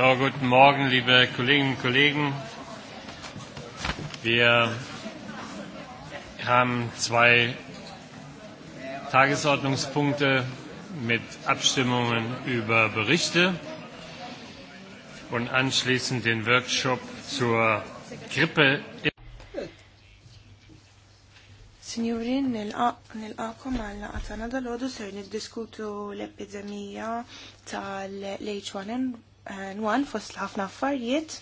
So, guten Morgen, liebe Kolleginnen und Kollegen. Wir haben zwei Tagesordnungspunkte mit Abstimmungen über Berichte und anschließend den Workshop zur Grippe. Signorin, nil-għakom għalla għatana dal-ħodu ser diskutu l-epidemija tal-H1N Nwan fost ħafna affarijiet.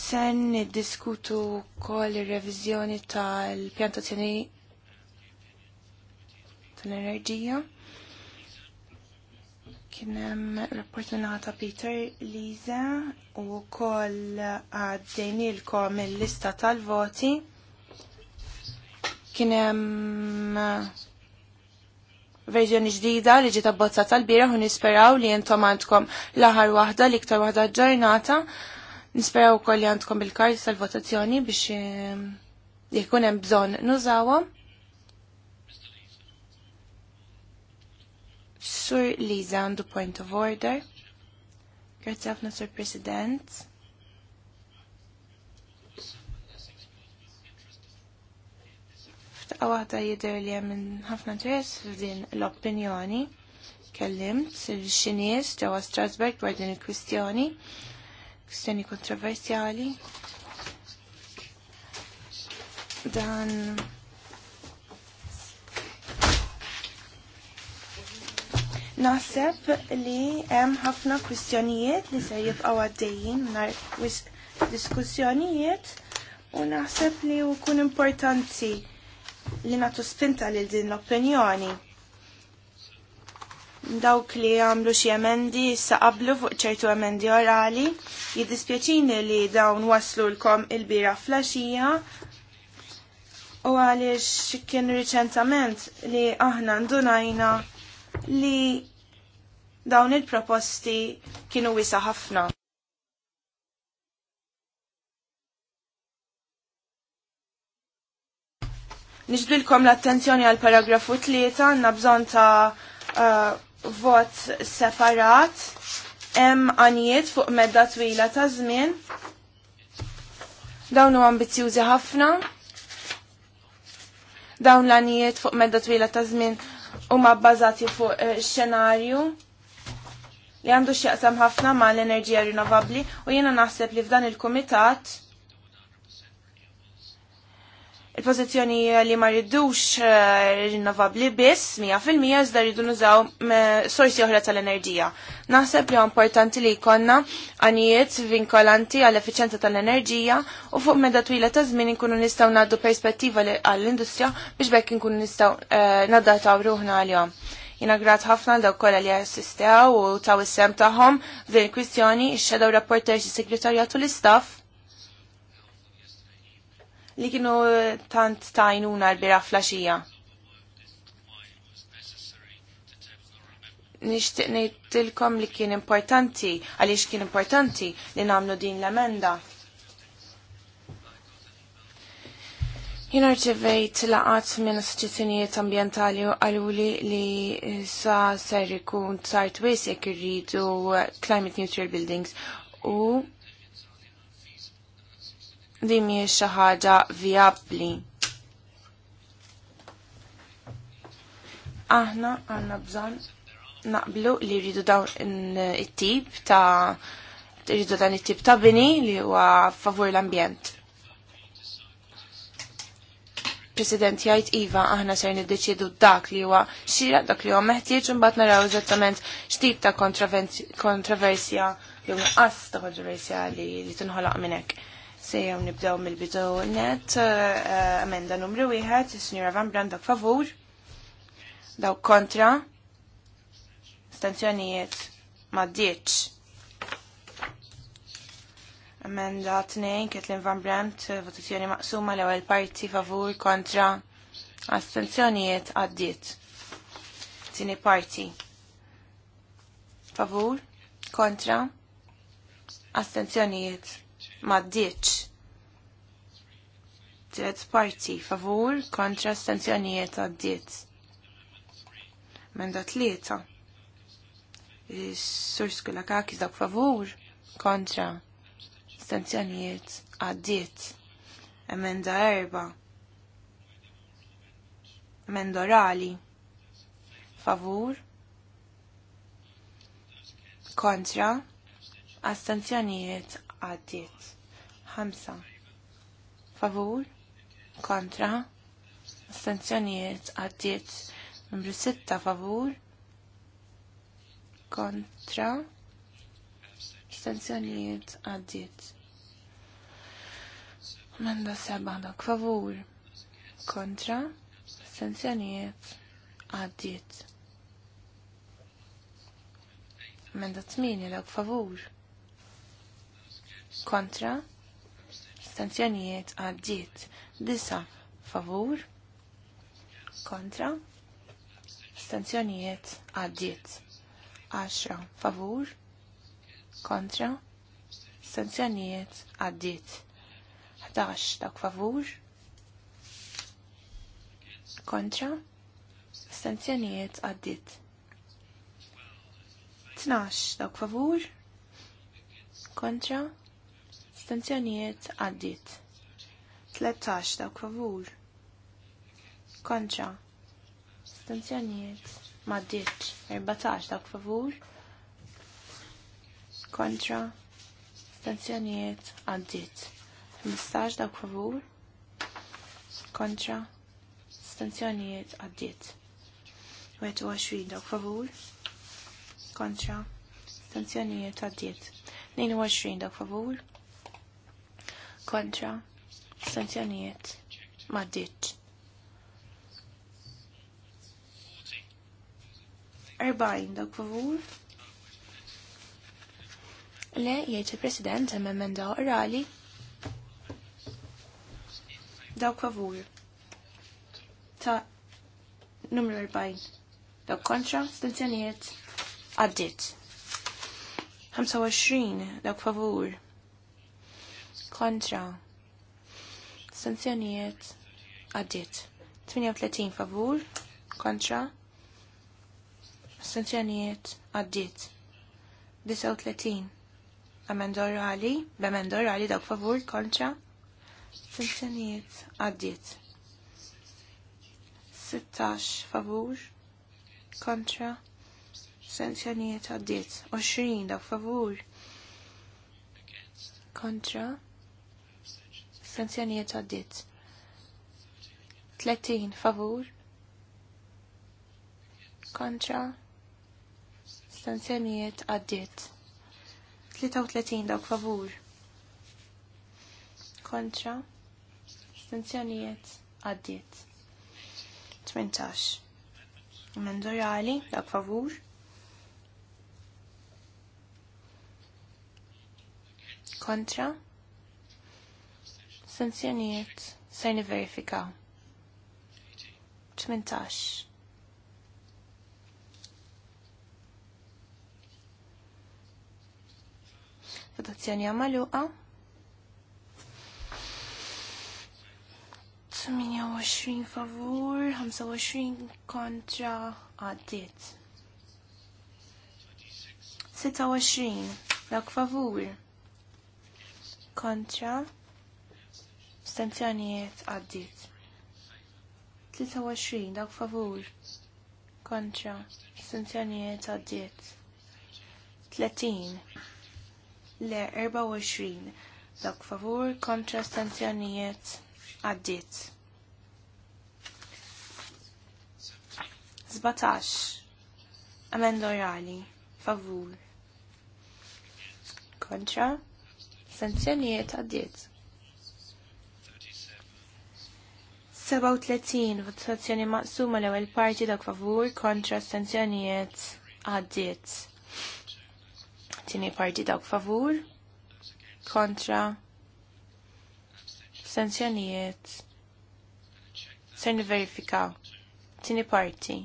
Sen niddiskutu kol ir revizjoni tal-pjantazzjoni tal-enerġija. Kien hemm rapport nata Peter Liza u kol għaddejnilkom il-lista tal-voti. Kienem verżjoni ġdida li ġiet abbozzata tal bieraħ u nisperaw li intom għandkom l-aħar waħda li iktar waħda ġġornata. Nisperaw ukoll li għandkom il-karti tal-votazzjoni biex ehm, jekun hemm bżonn nużawhom. Sur Liza għandu point of order. Grazie għafna, Sur President. Xtaqqa waħda jidher li hemm ħafna interess f'din l-opinjoni. Kellimt il-Xinies ġewwa Strasberg dwar din il-kwistjoni, kwistjoni kontroversjali. Dan Naħseb li hemm ħafna kwistjonijiet li se jibqgħu għaddejjin mingħajr diskussjonijiet u naħseb li jkun importanti li natu spinta lil din l-opinjoni. Dawk li għamlu xie emendi saqablu fuq ċertu emendi orali, jiddispjaċini li dawn waslu l-kom il-bira flasġija, u għalix kien riċentament li aħna ndunajna li dawn il-proposti kienu wisa ħafna. Nixbilkom l-attenzjoni għal paragrafu 3, għanna bżon ta' uh, vot separat, hemm għanijiet fuq medda twila ta' żmien. Dawn u ambizjużi ħafna. Dawn l-għanijiet fuq medda twila ta' żmien huma bbażati fuq eh, xenarju li għandu x'jaqsam ħafna ma' l-enerġija rinnovabbli u jiena naħseb li f'dan il-kumitat il-pozizjoni li ma rridux eh, rinnovabli biss 100% iżda rridu nużaw eh, sorsi oħra tal-enerġija. Naħseb li importanti li jkollna għanijiet vinkolanti għall effiċenza tal-enerġija u fuq meda twila ta' żmien inkunu nistgħu naddu perspettiva għall-industrija biex bekk inkunu nistgħu eh, nadataw ruħna għal-jom. Jina grat ħafna l kolla li assistew u taw is-sem tagħhom f'din il-kwistjoni ix-shadow rapporter is-segretarjat u l-istaff li kienu eh, tant tajnuna l-bira flaxija. nishtiq ngħidilkom li kien importanti, għaliex kien importanti li nagħmlu din l-emenda. Jien arċivejt laqat minn assoċjazzjonijiet ambjentali u għaluli li sa ser ikun sart wisek irridu climate neutral buildings u din mhijiex xi ħaġa vijabbli. Aħna għandna bżonn naqblu li rridu dawn it-tip ta' rridu dan it-tip ta' bini li huwa favur l-ambjent. President jgħid Iva aħna ser niddeċiedu dak li huwa xira dak li huwa meħtieġ mbagħad naraw eżattament x'tip ta' kontroversja jew nuqqas ta' kontroversja li, li tinħoloq minn hekk Sejjaw nibdew mill-bidu net, eh, eh, amenda numru wieħed, is-Sinjura Van dak favur, daw kontra, stanzjonijiet ma ditx. Amenda 2, Ketlin Van Brandt, votazzjoni maqsuma l-ewwel parti favur kontra astenzjonijiet għaddiet. Tini parti. Favur kontra astenzjonijiet ddiċ. Tiet parti favur kontra stanzjonijiet għaddiet. Menda tlieta. Is-sur skula kakis dak favur kontra stanzjonijiet għaddiet. Emenda erba. Emenda orali. Favur. Kontra. Astanzjonijiet għaddiet. Ħamsa. Favur, kontra, astenzjonijiet għaddiet. Numru 6 favur, kontra, astenzjonijiet għaddiet. Manda seba dak favur, kontra, astenzjonijiet għaddiet. Manda 8 dak favur, kontra stanzjonijiet għaddiet disa favur kontra stanzjonijiet għaddiet 10 favur kontra stanzjonijiet għaddiet 11 dak favur kontra stanzjonijiet għaddiet 12 dak favur kontra astenzjonijiet għaddit. 13 dawk favur kontra astenzjonijiet maddit. 14 dawk favur kontra astenzjonijiet għaddit. 15 dawk favur kontra stanzjonijiet għaddit. 21 dawk favur kontra stanzjonijiet għaddit. 22 dawk favur kontra sanzjonijiet ma ditt. Erbajn dak favur. Le jgħid il-President hemm emenda orali. Dak favur. Ta' numru 40. Dak kontra sanzjonijiet għaddit. 25 dak favur kontra sanzjonijiet għaddit 38 favur kontra sanzjonijiet għaddit 39 amendor għali b'amendor għali dawk favur kontra sanzjonijiet għaddit 16 favur kontra sanzjonijiet għaddit 20 dawk favur kontra astenzjonijiet għaddit. 30 favur kontra astenzjonijiet għaddit. 33 dawk favur kontra astenzjonijiet għaddit. 18 Mendorali, dawk favur. Kontra astenzjonijiet se niverifikaw. 18. Votazzjoni għamaluqa. 28 favur, 25 kontra għaddit. 26 dak favur kontra Astenzjonijiet għaddit. 23 dak favur. Kontra. Astenzjonijiet għaddit. 30. Le 24 dak favur. Kontra. Astenzjonijiet għaddit. 17. Amenda orali. Favur. Kontra. Sanzjonijiet għaddiet. 37 votazzjoni maqsuma l ewwel parti dak favur kontra astenzjonijiet għaddiet. Tini parti dak favur kontra astenzjonijiet. Sen nivverifikaw. Tini parti.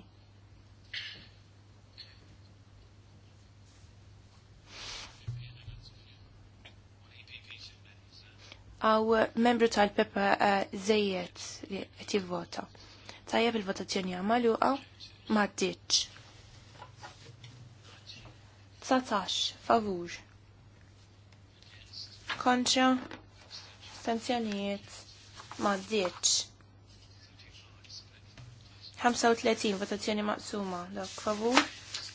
għaw membru tal-pepa eh, zejiet li qed jivvota. Tajjeb il-votazzjoni għamaluqa għaw ddiċ. 19 favur. Kontra stanzjonijiet ma 35 votazzjoni maqsuma dak favur.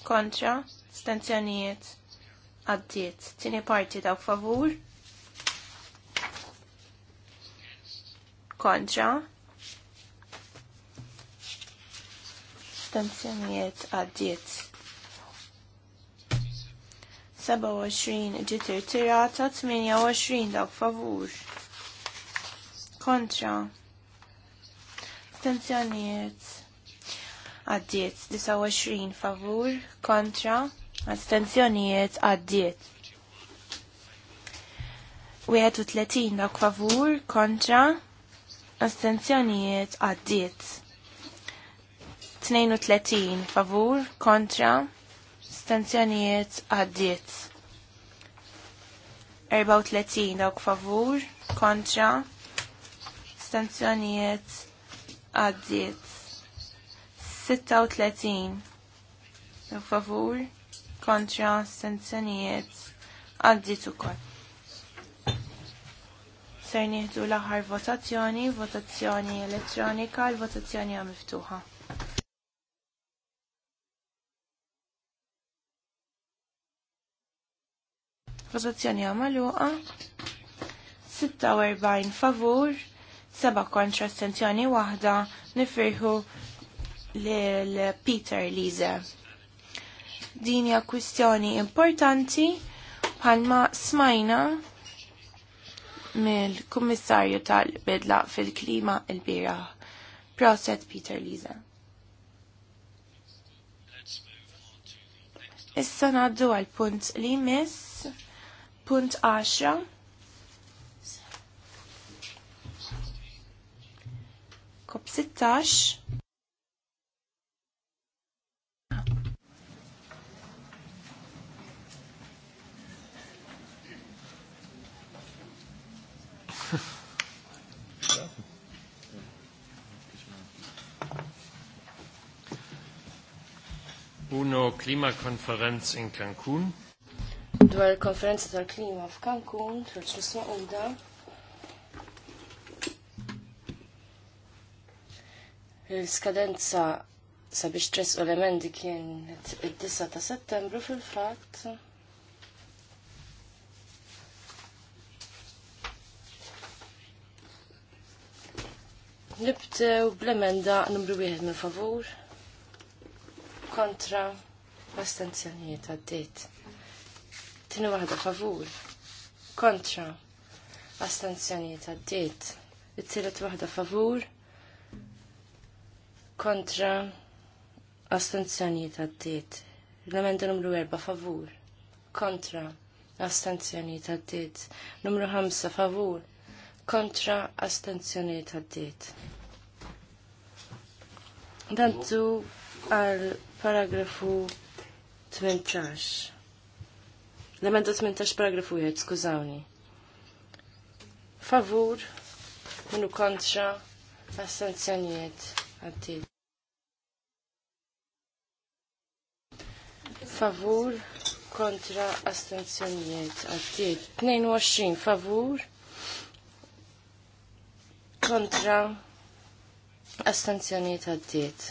Kontra stanzjonijiet għaddiet. Tini parti dak favur kontra stanzjonijiet għaddiet. 27 ġiet irtirata, 28 dawk favur. Kontra. Stanzjonijiet għaddiet, 29 favur. Kontra. Astenzjonijiet għaddiet. 31 dawk favur. Kontra astenzjonijiet għaddiet. 32 favur kontra astenzjonijiet għaddiet. 34 dawk favur kontra astenzjonijiet għaddiet. 36 dawk favur kontra astenzjonijiet għaddiet ukoll. Ser nieħdu l-aħħar votazzjoni, votazzjoni elettronika, l-votazzjoni hija miftuħa. Votazzjoni hija magħluqa. 46 favur, 7 kontra astenzjoni waħda nifirħu lil Peter Lise. Din hija kwistjoni importanti bħalma smajna mill-Kummissarju tal-Bidla fil-Klima il bira Proset Peter Liza. Issa naddu għal punt li miss, punt 10. Kop 16. Klimakonferenz in Cancun. Dwar konferenza tal-klima f'Cancun, tal ċlus maqda. Il-skadenza sabiex tres u l-emendi kien id-9 ta' settembru fil fat Nibdew bl-emenda numru 1 minn favur kontra Astenzjonijiet għaddit. Tini waħda favur. Kontra. Astenzjonijiet għaddit. It-tielet waħda favur. Kontra. Astenzjonijiet għaddit. L-emenda numru 4 favur. Kontra. Astenzjonijiet għaddit. Numru 5 favur. Kontra. Astenzjonijiet għaddit. Dantu għal paragrafu 18. L-emenda 18 paragrafu 1, skużawni. Favur, minu kontra, assenzjoniet, għattil. Favur, kontra, assenzjoniet, għattil. 22, favur, kontra, astenzjonijiet, għaddit.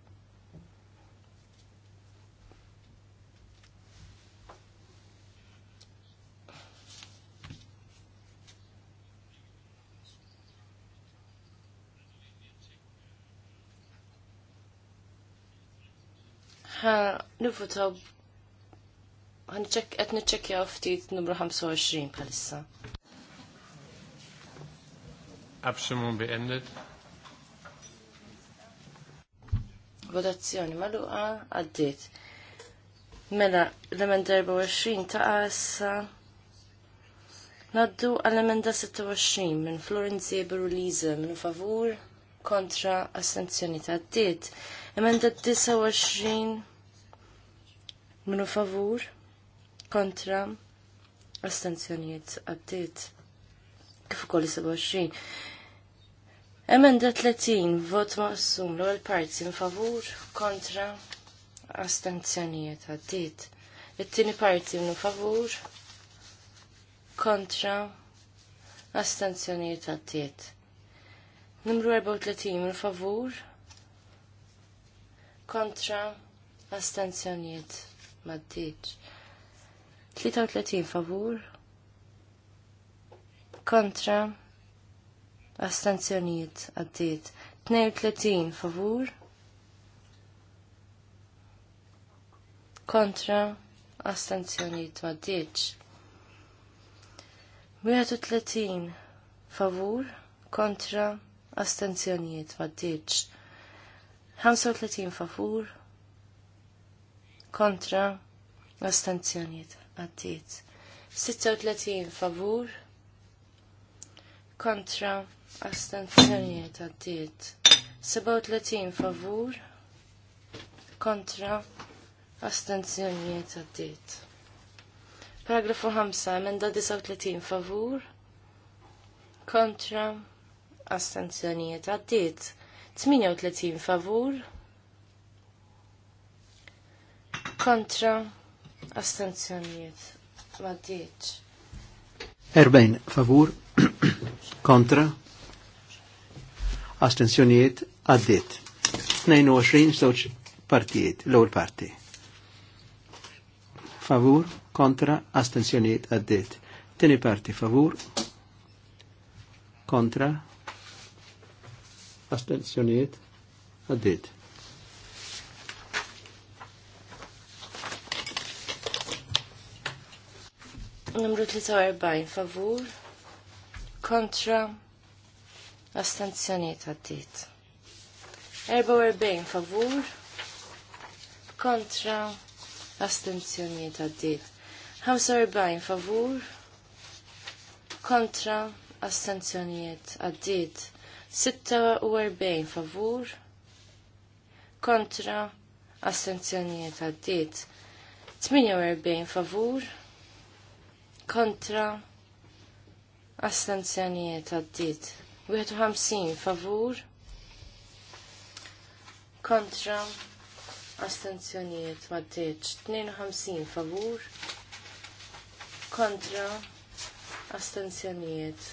Ha nifutaw għet nċekja ftit numru 25 bħalissa. bi endet. Votazzjoni maluqa għaddit. Mela, l-emenda 24 ta' għassa. Naddu għall-emenda 26 minn Florenzi Berulize minn favur kontra assenzjoni ta' għaddit. Emenda 29 Minu favur kontra astenzjonijiet għaddit. Kif ukoll 27. Emenda 30 vot maqsum l-ewwel parti minn favur kontra astenzjonijiet għaddit. It-tieni parti minn favur kontra astenzjonijiet għaddit. Numru 34 minn favur kontra astenzjonijiet maddiċ. 33 favur kontra astenzjonijiet għaddiet. 32 favur kontra astenzjonijiet maddiċ. 31 favur kontra astenzjonijiet maddiċ. 35 favur kontra l-astanzjoniet għaddiet. 36 favur kontra astanzjoniet għaddiet. 37 favur kontra astanzjoniet għaddiet. Paragrafu 5, emenda 39 favur kontra astanzjoniet għaddiet. 38 favur kontra astenzjoniet ma ddiċ. Erbejn, favur kontra astenzjoniet għaddit. 22 żewġ partijiet, l-ewwel parti. Favur kontra astenzjoniet għaddit. Tini parti favur kontra astenzjoniet għaddit. Numru 43 favur kontra astanzjoniet għaddit. 44 favur kontra Astanzjoniet għaddit. 45 favur kontra Astanzjoniet għaddit. 46 favur kontra Astanzjoniet għaddit. 48 favur Kontra, kontra astanzjonijiet għaddit. 51 favur kontra astanzjonijiet għaddit. 52 favur kontra astanzjonijiet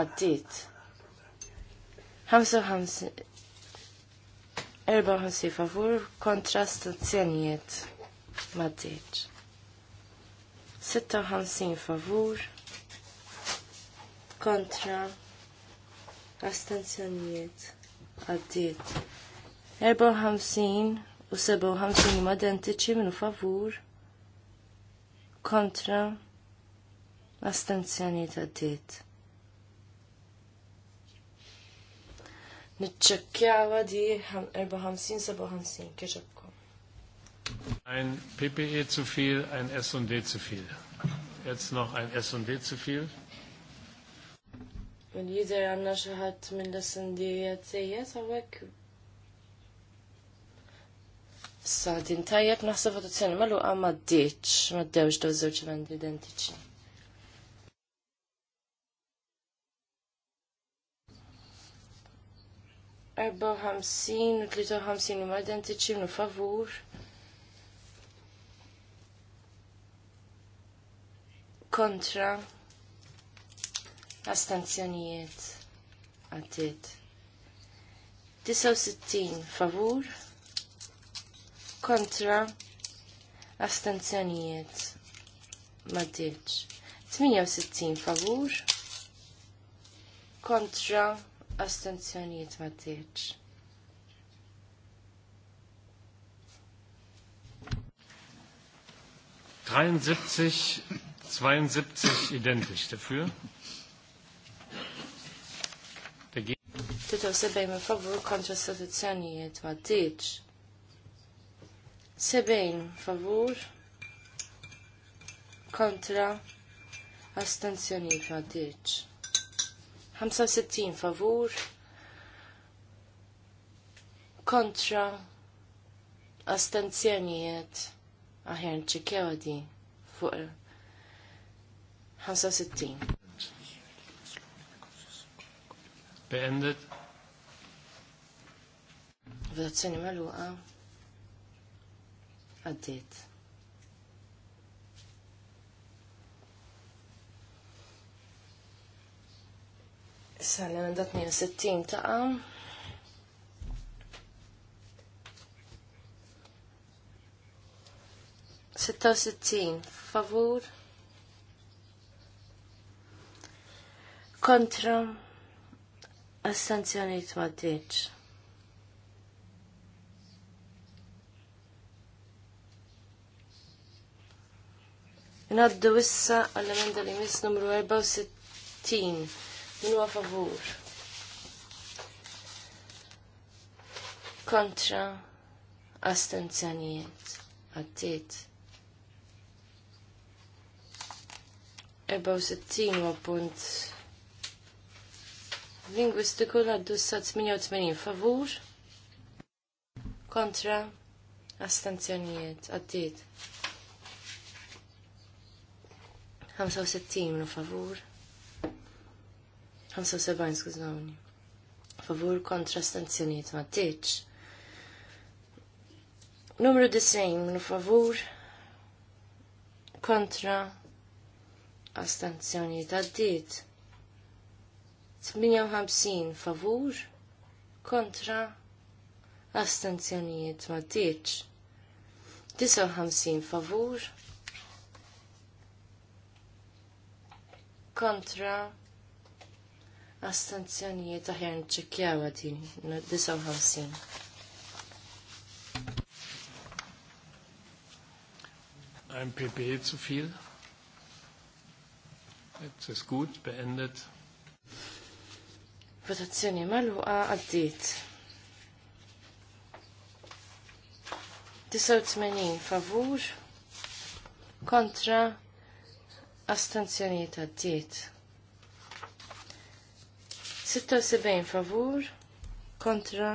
għaddit. 55 54 favur kontra stazzjonijiet ma' deċ. 56 favur kontra astenzjonijiet għaddit 54 u 57 madentiċi minu favur kontra astenzjonijiet għaddit Nitċekkjawa di 54-57 kieċab. Ein PPE zu viel, ein S&D zu viel. Jetzt noch ein S&D zu viel. Und Minn jider għanna xaħat minn l-SND jgħat għawek. Sa din tajjeb naħseb votazzjoni malu għamma ah, d-dieċ, ma d-dewġ daw żewġ vendi identiċi. Erba u ħamsin u tlita u ħamsin huma identiċi minn favur. kontra astanzjonijiet għaddit. 69 favur kontra astanzjonijiet maddiċ. 68 favur kontra astanzjonijiet maddiċ. Dreiundsiebzig 72 identisch dafür. Titaw sebej me favur kontra statizzjonijiet ma tiġ. Sebejn favur kontra astenzjonijiet ma tiġ. 65 favur kontra astenzjonijiet aħjar ċikjodi fuq 65. Beendet. Votazzjoni maluqa. Għaddit. Issa 62 taqa. Sitta u sittin, favur. kontra astenzjoniet ma ddiċ. Naddu issa għall-emenda li mis numru 64. Minu għafavur. Kontra astenzjonijiet. għattiet. 64 punt lingwistiku għaddu sa 88 favur kontra astenzjonijiet għaddit. 65 minu favur 75 skużawni favur kontra astenzjonijiet ma ddiċ. Numru 90 minu favur kontra astenzjonijiet għaddit. 58 favur kontra astenzjonijiet ma ddiċ. 59 favur kontra astenzjonijiet aħjar nċekjawa din 59. Ein PP e zu viel. Jetzt ist gut, beendet. Votazzjoni maluqa għaddit. 89 favur kontra astenzjoniet għaddit. 76 favur kontra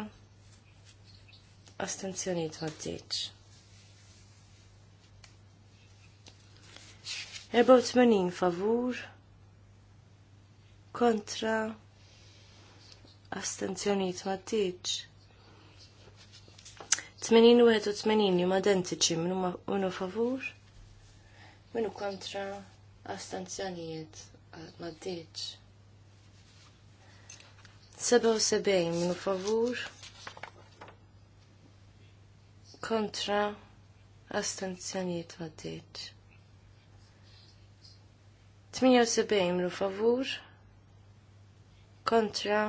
astenzjoniet għaddit. 84 favur kontra astenzjoniet ma tiġ. 81 juma identiċi minu favur, minu kontra astenzjoniet ma tiġ. 77 minu favur, kontra astenzjoniet ma tiġ. 78 minu favur, kontra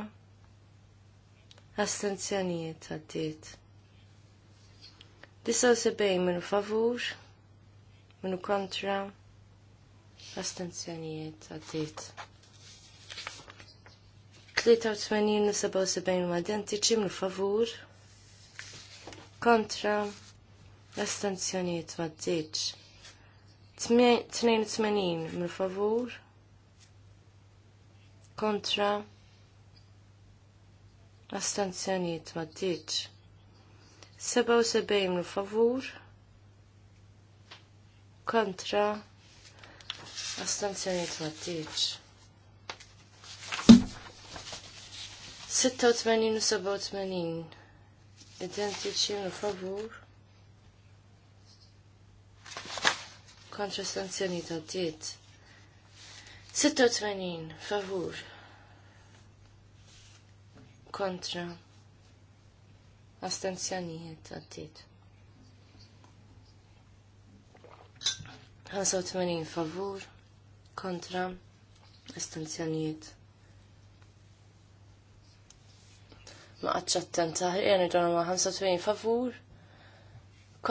astenzjonijiet għaddiet. 79 minu favur, minu kontra, astenzjonijiet għaddiet. 83 u 77 madentiċi minu favur, kontra, l-astanzjoniet ma d-dieċ. 82 mil favur kontra Astenzjoniet maddiċ. 77 l favur. Kontra. Astenzjoniet maddiċ. 86 u 87 identiċi u favur kontra stanzjoni ta' diet 86 favur kontra astenzjonijiet għaddit. 85 favur kontra astenzjonijiet. Ma qatx attenta ħirqen idona ma' 85 favur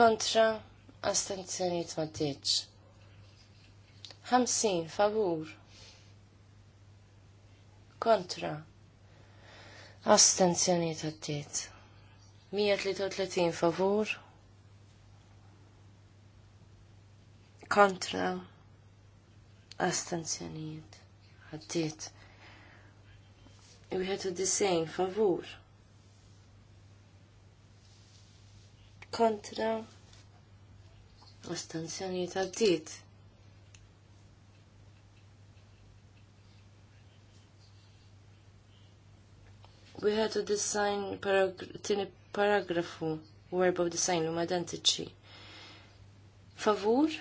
kontra astenzjonijiet għaddit. ddiċ. 50 favur kontra Astenzjoni ta' t-tiet. 133 favur. Kontra. Astenzjoni ta' t-tiet. Iwħet u disejn favur. Kontra. Astenzjoni ta' t-tiet. we had to design tini paragrafu u erba u design huma identiċi. Favur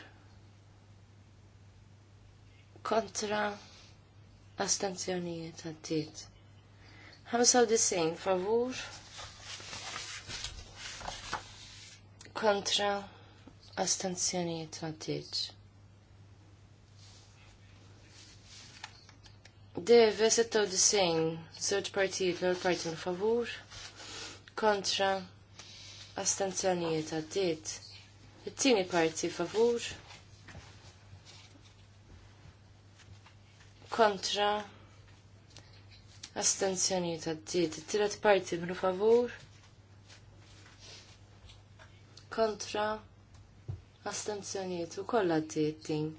kontra astenzjonijiet għaddiet. 95 favur kontra astenzjonijiet għaddiet. Deve 96 żewġ partijiet l-ewwel parti favur kontra astenzjonijiet għaddiet. It-tieni parti favur kontra astenzjonijiet għaddiet. It-tielet parti minn favur kontra astenzjonijiet u kollha għaddiet din.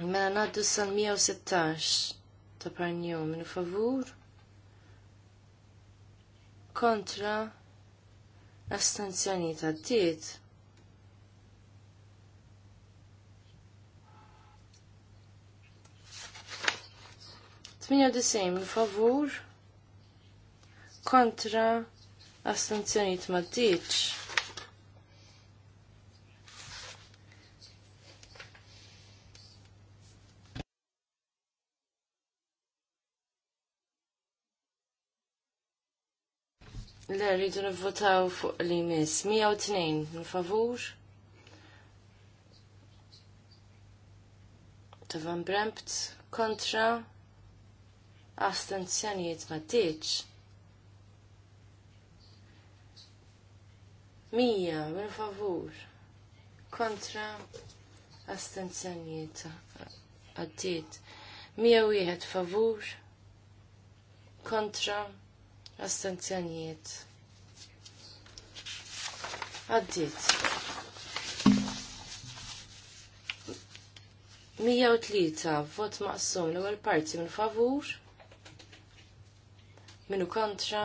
Mela naddu sal-116 ta' parnju minn favur kontra astanzjoni ta' diet. Tminja disejn minn favur kontra astanzjoni ta' diet. Le, rridu nivvotaw fuq li mis. 102, n-favur. Ta' Brempt kontra astenzjonijiet ma' diċ. Mija, minn favur. Kontra astenzjonijiet għaddit. Mija 101, favur. Kontra ma astenzjonijiet. Għaddit. 103 vot maqsum l-ewwel parti minn favur, minnu kontra,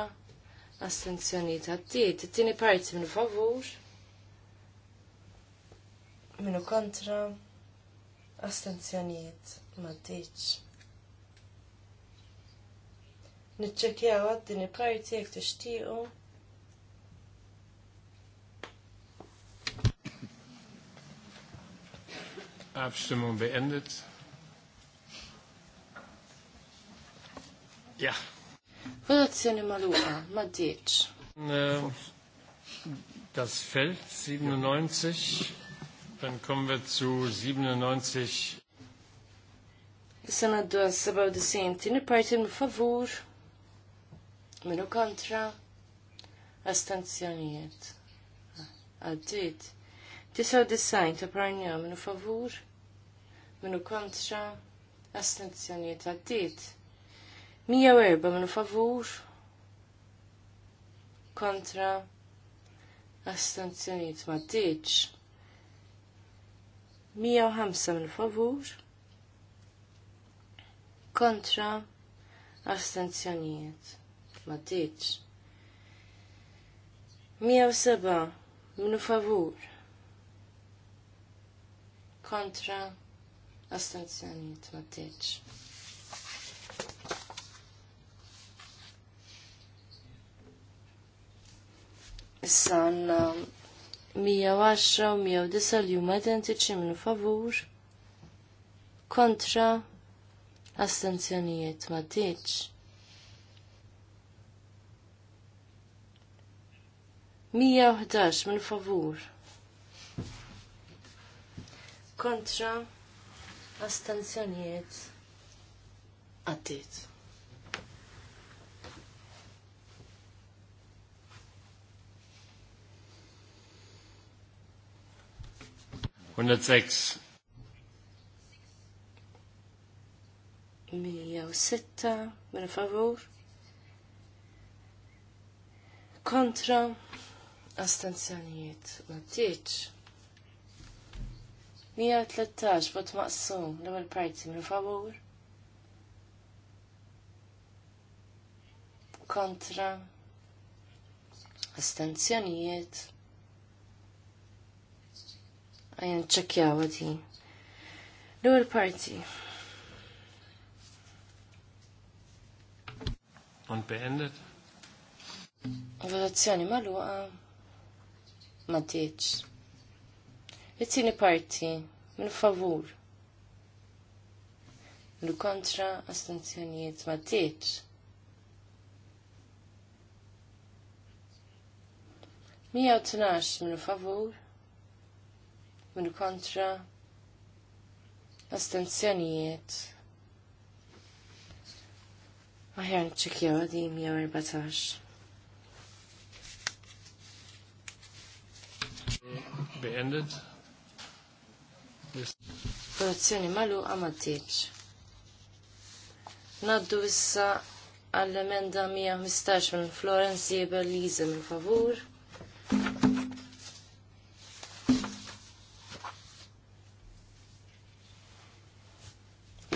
astenzjonijiet għaddit. It-tieni parti minn favur, minnu kontra, astenzjonijiet ma' Niċċekjaw għad-din il-parti jek tixtiequ. Abstimmung beendet. Ja. Votazzjoni maluqa, ma ddiċ. Eh, das Feld 97. Dann kommen wir zu 97. Sanaddu għas 97. Tini parti favur Minu kontra astanzjonijiet. Għaddit. Tisaw design ta' parnja minu favur. Minu kontra astanzjonijiet. Għaddit. erba minu favur. Kontra astanzjonijiet. Ma' u ħamsa minu favur. Kontra astanzjonijiet ma u seba' minu favur kontra astenzjoniet ma ddiċ. mija u 110 u 109 li huma identiċi minu favur kontra astenzjonijiet ma' diċ. 111 minn favur. Kontra astanzjoniet. għaddit. Hundertsechs. Mija u sitta, min favur. Kontra astenzjonijiet ma ddiċ. 113 bot maqsum l-ewwel prajti, minn favur. Kontra astenzjonijiet. Għajan ċekjaw għati. L-ewwel parti. Und beendet. Votazzjoni maluqa ma tiċ. Jittini parti minn favur. Minn kontra astenzjonijiet ma tiċ. Mija u tnax minn favur. Minn kontra astenzjonijiet. Aħjar nċekjaw għadim jew 14. beendet. Votazzjoni maluqa ma tibx. Naddu issa għall-emenda 115 minn Florence Jebel Lise minn favur.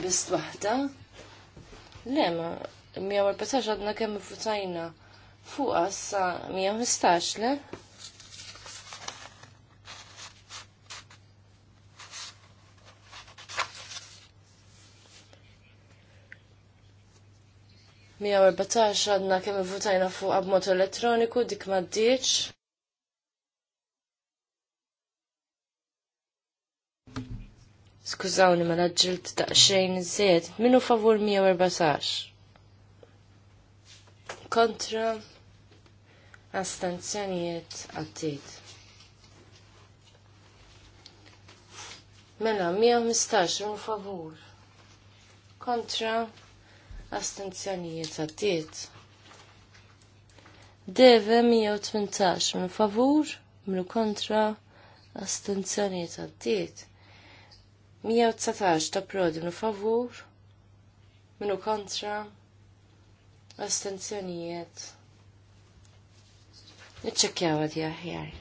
Bist wahda? Le, ma 114 għadna kemm futajna fuqa sa 115 le? 114 għadna kemm votajna fuq abmod elettroniku dik ma ddiċ. Skużawni ma naġġilt daqsxejn iżjed. Minu favur 114. Kontra astanzjonijiet għaddit. Mela 115 minu favur. Kontra astenzjonijiet għaddiet. Deve 118 minn favur, minn kontra, astenzjonijiet għaddiet. 119 ta' prodi minn favur, minn kontra, astenzjonijiet. Nitċekjaw għad jahjar.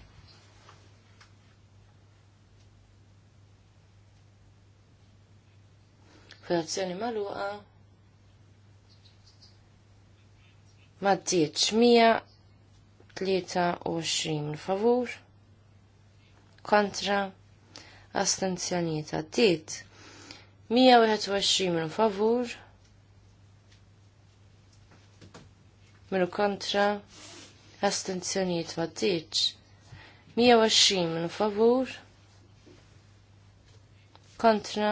Votazzjoni maluqa. ma tlieta 123 favur kontra u għaddit u minu favur minu kontra astenzjoniet ma mija u minn favur kontra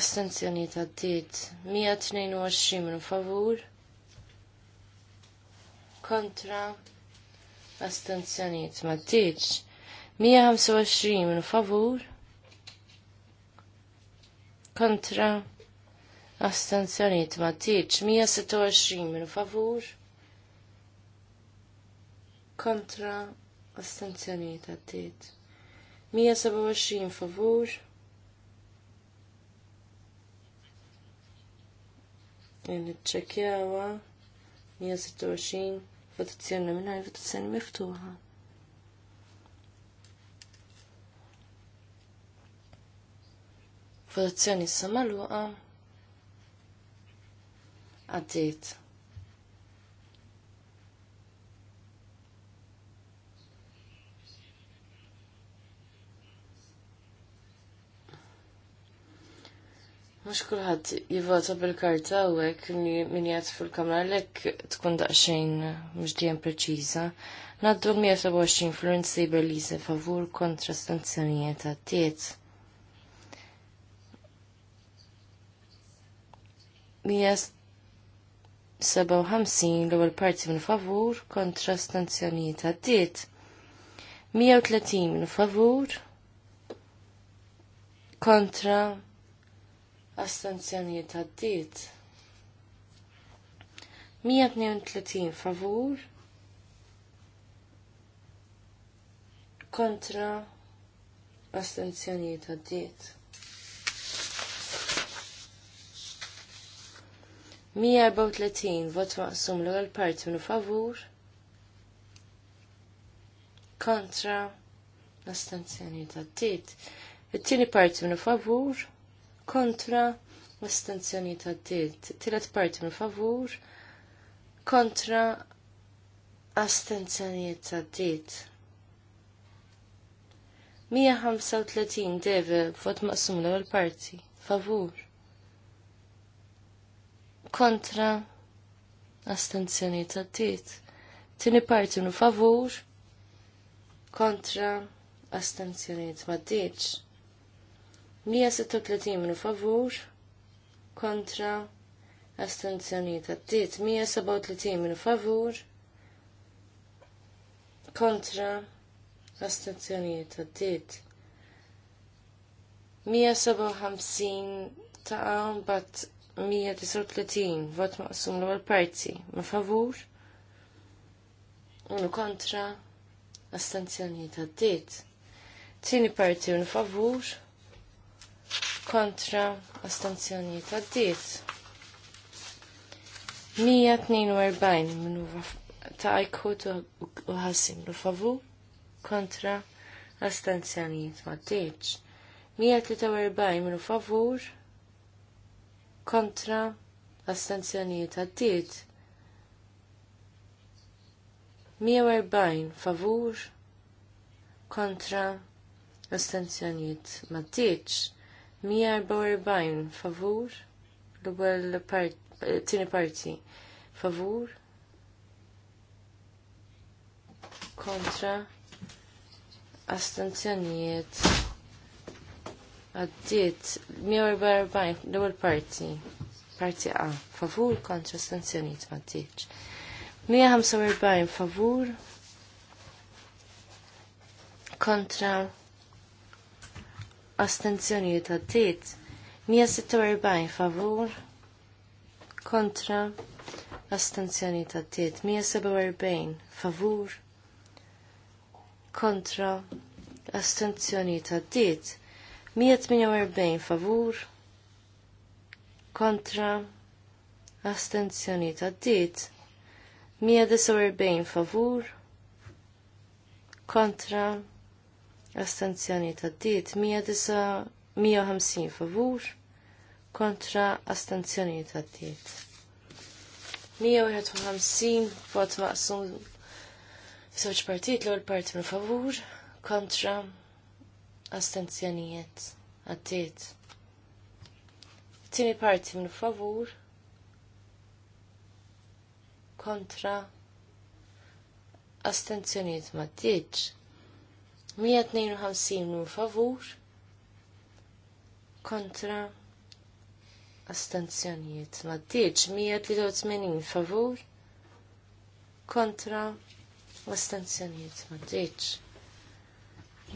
astenzjoniet għaddit 122 minu favur kontra astenzjoniet ma tiċ. 125 minu favur kontra astenzjoniet ma tiċ. 126 minu favur kontra astenzjoniet ma għaddit. 127 favur Nitċekjawa 126 votazzjoni nominali, votazzjoni miftuħa. Votazzjoni s-samaluqa, għaddit. Mux kullħat jivvota bil-karta u għek minn jgħat fil-kamra l-ek tkun daqsxejn mux dijem preċiza. Naddu 127 Florence Saber Lise favur kontra stanzjonijiet għattiet. ħamsin l-ewwel parti minn favur kontra stanzjonijiet għattiet. 130 minn favur kontra d għaddiet. 132 favur kontra astenzjonijiet għaddiet. 134 vot maqsum l għal parti minu favur kontra l-astanzjoni ta' t-tit. Il-tini parti minu favur kontra astenzjoni ta' dilt. Tilet parti minn favur kontra astenzjoni ta' dilt. 135 deve vot maqsum l-ewwel parti favur kontra astenzjoni ta' dilt. Tini parti minn favur kontra astenzjoni ta' dilt. 136 minu favur kontra astenzjoni astenzjoniet tit. 137 minu favur kontra astenzjoni astenzjoniet għaddit 157 ta' bat 139 vot maqsum l għal parti ma' favur unu kontra astenzjoni astenzjoniet tit. Tini parti unu favur kontra astenzjonijiet għaddiet. 142 minu ta' ajkut u ħassim lu favu kontra astenzjonijiet diet. 143 minu favur kontra astenzjonijiet għaddiet. 140 favur kontra astenzjonijiet maddiċ. 144 favur l-ewwel tieni parti favur kontra astenzjonijiet għaddiet 144 l-ewwel parti parti A favur kontra astenzjonijiet ma ddietx. 145 favur kontra astenzjoni astenzjonijiet tiet 146 favur kontra astenzjoni astenzjonijiet tiet 147 favur kontra astenzjoni astenzjonijiet tiet 148 favur kontra astenzjoni astenzjoni ta' tiet 149 favur kontra astenzjonijiet tiet 149 favur kontra astanzjani ta' diet 150 favur kontra astanzjani ta' diet. 151 vot maqsum żewġ partit l għol parti minn favur kontra astenzjonijiet għaddiet. Tini parti minn favur kontra astenzjoniet ma 152 minn favur kontra astanzjonijiet. Maddiċ 183 favur kontra astenzjonijiet. Maddiċ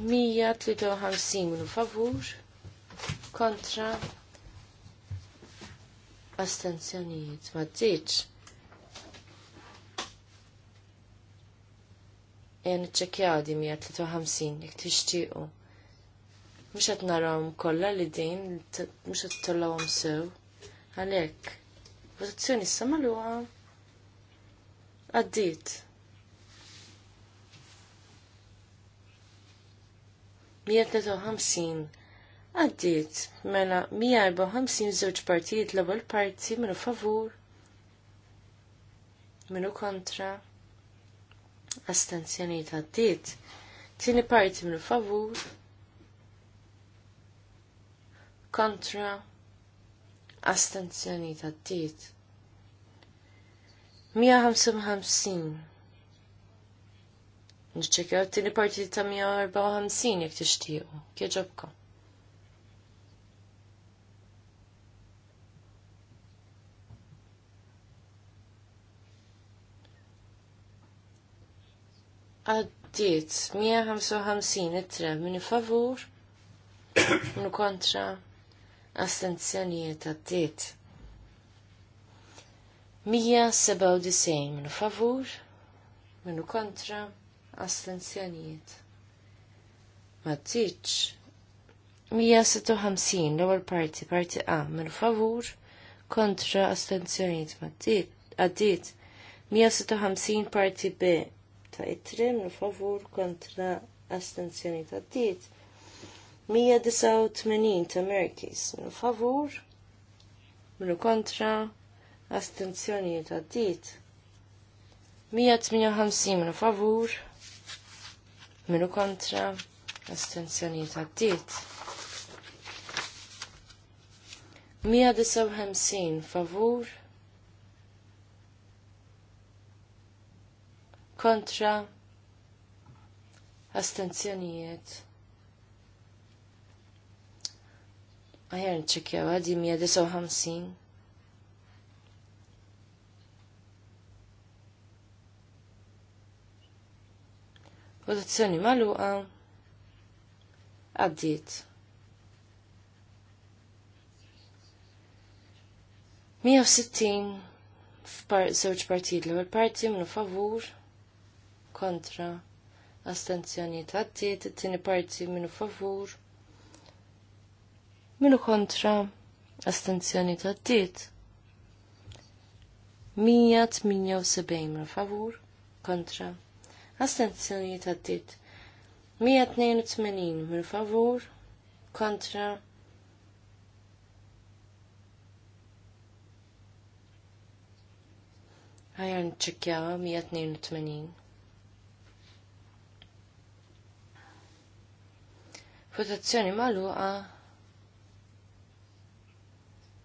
153 minn favur kontra astenzjonijiet Maddiċ jen ċekjaw di 153 jek tixtiequ. Mhux qed narahom kollha li din mhux qed tollawhom sew. Għalhekk, votazzjoni issa magħluqa għaddiet. Mija għaddiet mela 154 żewġ partijiet l-ewwel parti minnu favur minnu kontra d-diet, tini parti minn favur kontra d-diet. 155 Nċekjaw t-tini parti ta' 154 jek t-ixtiju, kieġobkom. Għaddiet 155 itra tre favur, minu kontra astenzjonijiet għaddiet. 197 minu favur, minu kontra astenzjonijiet. Maddiċ 156 l-ewwel parti, parti A minu favur, kontra astenzjonijiet maddiċ għaddiet 156 parti B ta' it-trim favur kontra astenzjoni ta' d-diet. 189 ta' Merkis minu favur minu kontra astenzjoni ta' d-diet. 158 minu favur minu kontra astenzjoni ta' d-diet. 159 favur kontra astenzjonijiet. Għajer nċekjaw għadi 159. Votazzjoni maluqa għaddit. 160 f'żewġ żewġ partijiet l-ewwel parti minnu favur kontra astenzjoni għaddiet, it-tieni parti minu favur minu kontra astenzjoni għaddiet. 178 minu favur kontra astenzjoni għaddiet. 182 minu favur kontra ħajan ċekjawa 182. Votazzjoni maluqa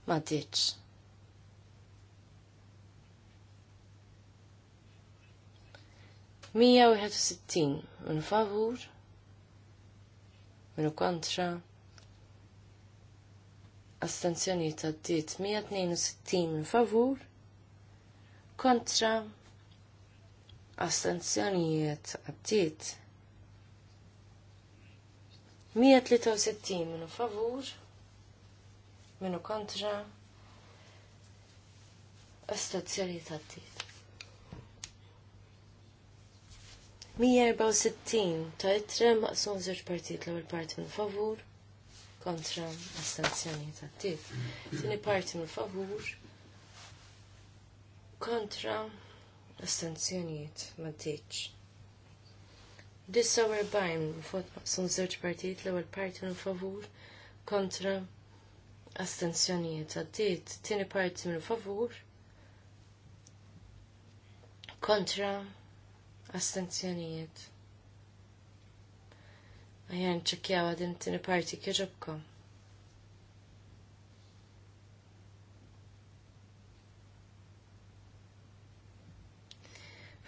ma ditx. Mija wieħed u sittin minn favur, minn kontra, astenzjoni ta' dit sittin minn favur, kontra astenzjonijiet għaddit 163 minu favur, minu kontra, astazzjoni tattit. 164 ta' itre maqsum zirġ partit l-ewwel parti minn favur kontra astanzjoni tattit. Tieni parti minn favur kontra astanzjonijiet tattit. 49 vot maqsum żewġ partijiet l-ewwel parti minn favur kontra astensjonijiet għaddiet, tieni parti minn favur kontra astensjonijiet Għajan ċekjaw għadin tini parti kieġobkom.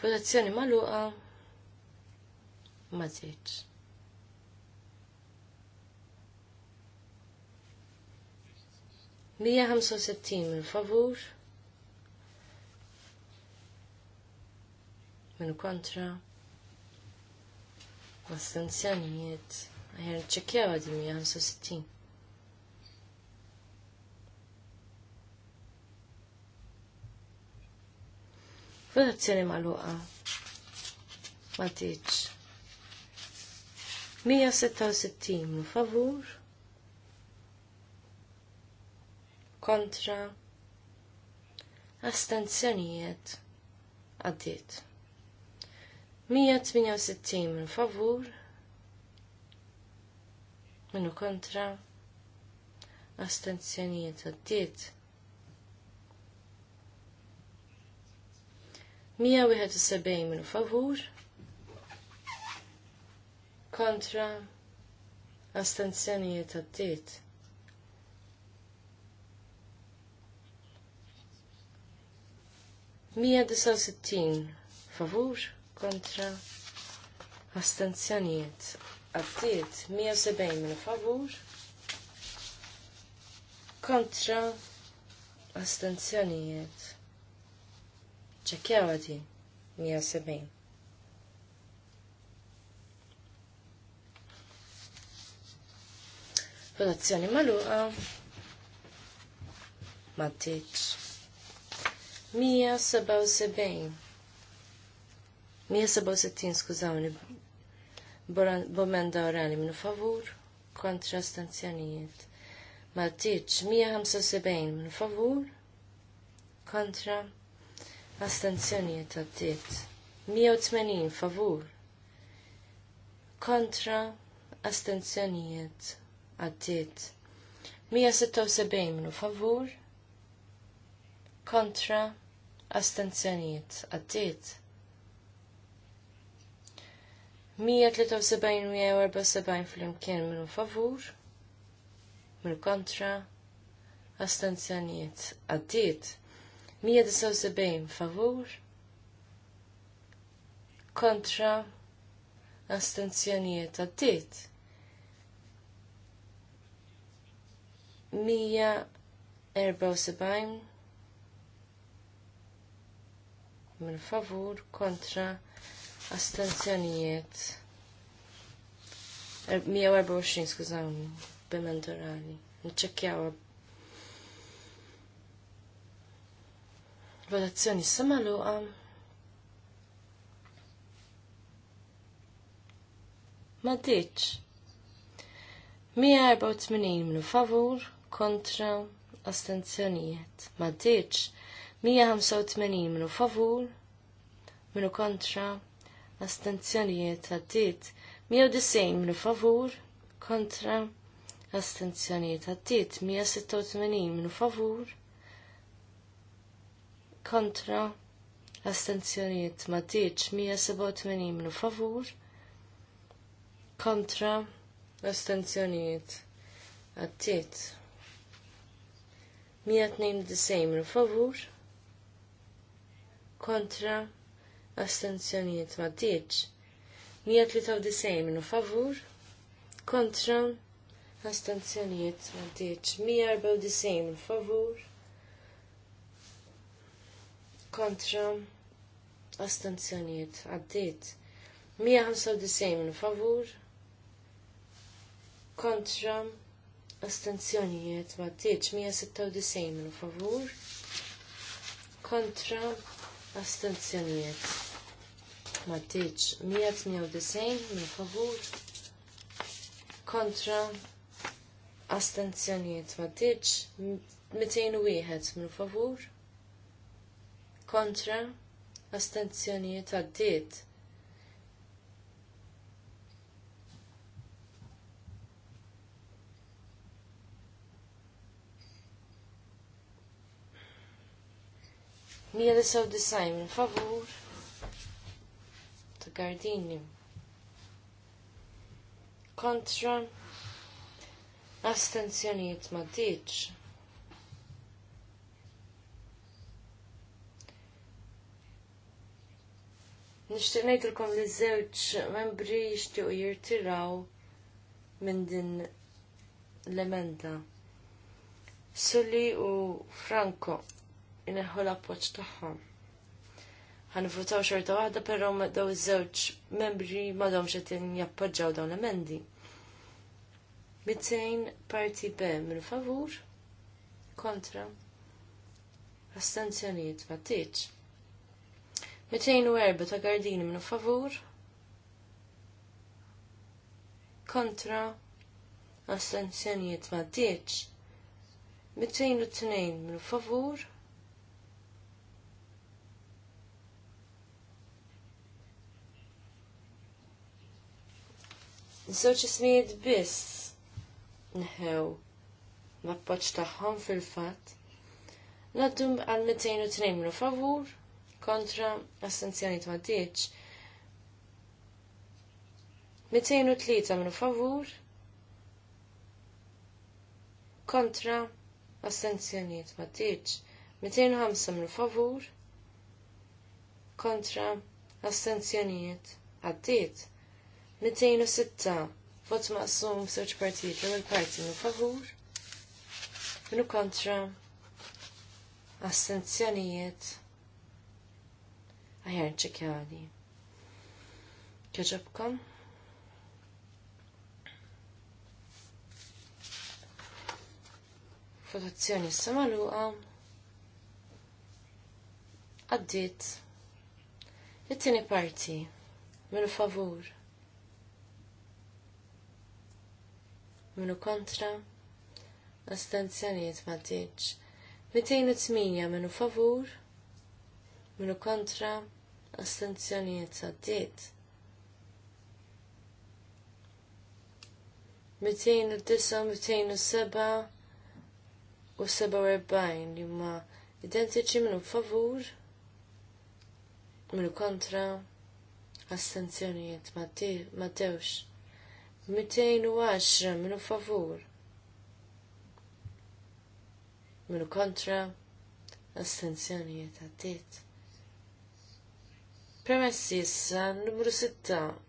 Votazzjoni maluqa ma zitx. Mija ħamsa sittin minn favur. Minn kontra. Astenzjonijiet. għajer ċekjaw għadi mija ħamsa sittin. Votazzjoni maluqa. Ma tiċ. 166 favur kontra astenzjonijiet għaddit. 168 favur minu kontra astenzjonijiet għaddit. 171 minu favur kontra astenzjonijiet għaddit. Mija disa favur kontra astenzjonijiet għaddit 170 minn favur kontra astenzjonijiet. ċekjaw għadi 170. relazzjoni maluqa. Mija 177. 167, skużawni. Bomenda orali minu favur kontra stanzjonijiet. Maddiċ 175 minu favur kontra astenzjonijiet għaddiet. 180 favur kontra astenzjonijiet għaddiet. 176 minu favur kontra astenzjoniet għaddiet. 173-174 fl-imkien minu favur minu kontra astenzjoniet għaddiet. 179 favur kontra astenzjoniet għaddiet. 174 minn favur kontra astenzjonijiet 124 er, skużawni b'emendorali nċekkjaw votazzjoni sama luqa ma ditx 184 minn favur kontra astenzjonijiet Maddiċ, 185 minu favur minu kontra astenzjonijiet għaddit 190 minu favur kontra astenzjonijiet għaddit 186 minu favur kontra astenzjonijiet Maddiċ, 187 minu favur, kontra astenzjonijiet. ddiċ 187 minu favur kontra astenzjonijiet għaddit 192 minn favur kontra astenzjonijiet ma ddiċ. 193 minn favur kontra astenzjonijiet ma ddiċ. 194 minn favur kontra astenzjonijiet għaddiet. 195 minn favur kontra astenzjonijiet ma ddiċ 196 minn favur kontra astenzjonijiet ma ddiċ 198 minn favur kontra astenzjonijiet ma ddiċ 201 minn favur kontra astenzjonijiet għaddiet 199 minn favur ta' Gardini. Kontra astenzjoniet ma' diċ. Nishtiq ngħidilkom li żewġ membri jixtiequ jirtiraw minn din l-emenda. Sulli u Franco ineħħu l-appoġġ tagħhom. Ħanvutaw xorta waħda però daw iż-żewġ membri ma dawm qed jappoġġaw dawn l-emendi. 200 parti B minn favur kontra astenzjonijiet ma tiċ. erba ta' gardini minn favur kontra astenzjonijiet ma tiċ. tnejn minn favur Żewġ ismijiet biss nħew l-appoġġ tagħhom fil-fatt. Naddum għal 202 minu favur kontra assenzjoni t diċ. 203 minu favur kontra assenzjoniet t diċ. 205 minu favur kontra t għaddiet. 206 vot maqsum f'żewġ partijiet l-ewwel parti minn favur minu kontra assenzjonijiet aħjar ċekjali. Kieġobkom? Votazzjoni s-samaluqa. Għaddit. It-tini parti. minn favur. minu kontra, astenzjoniet ma 208 minu favur, minu kontra, astenzjoniet għaddiet. 209, 207 u 47 li huma identiċi minu favur, minu kontra, astenzjonijiet ma dewx. 210 minu favur. Minu kontra astenzjonijiet għaddit. Premessi issa numru 6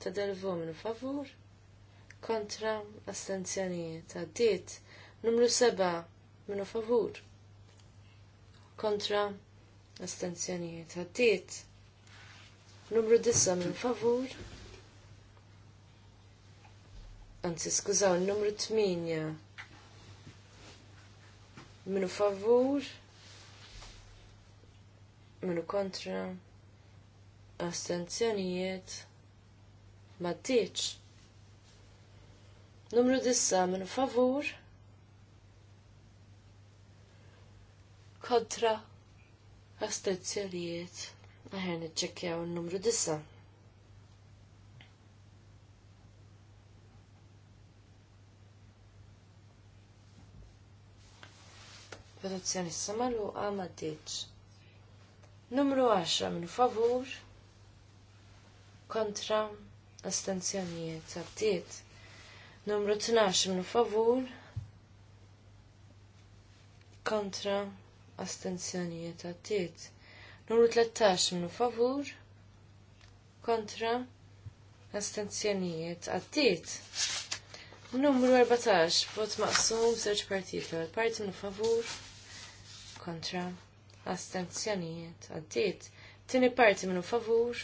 ta' delvu minu favur. Kontra astenzjonijiet għaddit. Numru 7 minu favur. Kontra astenzjonijiet għaddit. Numru 10 minu favur anzi skużaw, numru 8. Minu favur, minu kontra, astenzjonijiet, ma tiċ? Numru 9 minu favur, kontra, astenzjonijiet. Aħer nitċekjaw n-numru 9. votazzjoni s-samalu għama d-dieċ. Numru 10 minn favur kontra astenzjonijiet għaddiet. Numru 12 minn favur kontra astenzjonijiet għaddiet. Numru 13 minn favur kontra astenzjonijiet għaddiet. Numru 14, vot maqsum, search partijiet l parti minn favur kontra astenzjonijiet għaddit, Tini parti minnu favur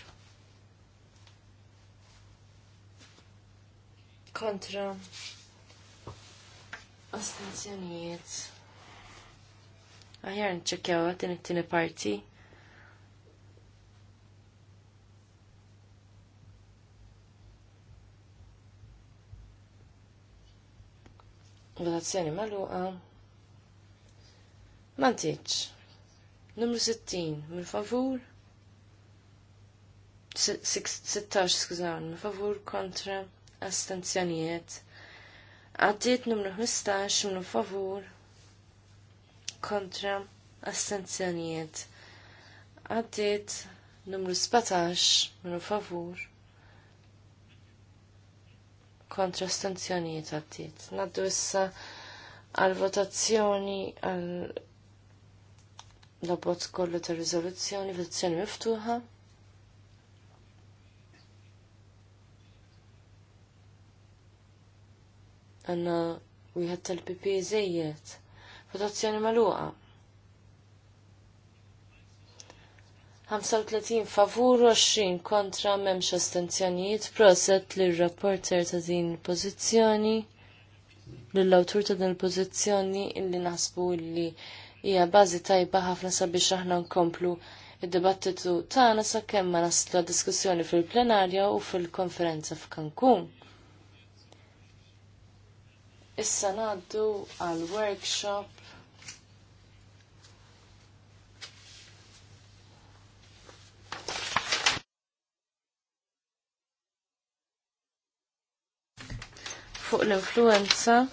kontra astenzjonijiet. Aħjar nċekjaw din it-tini parti. Votazzjoni maluqa. Mantiċ. Numru 60, min favur. 16, skużan, min favur kontra astenzjonijiet. Għaddit numru 15, min favur kontra astenzjonijiet. Għaddit numru 17, min favur kontra astenzjonijiet għaddit. Naddu issa għal-votazzjoni għal, -votazzjoni, għal l-abbozz kollu ta' riżoluzzjoni, votazzjoni miftuħa. Għanna wieħed tal-PP żejjed. Votazzjoni magħluqa. 35 favur 20 kontra m'hemmx astenzjonijiet proset lir rapporter ta' din pożizzjoni lill-awtur ta' din il-pożizzjoni illi naħsbu illi hija bażi tajba ħafna sabiex aħna nkomplu id-dibattitu tagħna sakemm ma naslu diskussjoni fil-plenarja u fil-konferenza f'Cancun. Issa ngħaddu għal workshop fuq l-influenza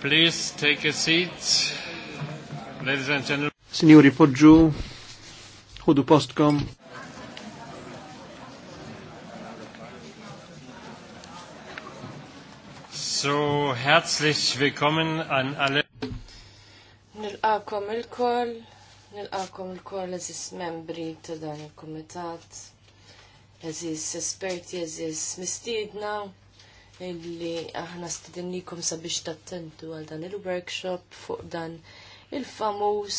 Please take a seat. Ladies and gentlemen. Signori Poggiù, Hudu Postcom. So, herzlich willkommen an alle. Nil'akom il-koll, nil'akom il-koll eżis membri ta' dan il-komitat, eżis esperti, eżis mistidna illi aħna stidinnikom sabiex tattentu għal dan il-workshop fuq dan il-famuż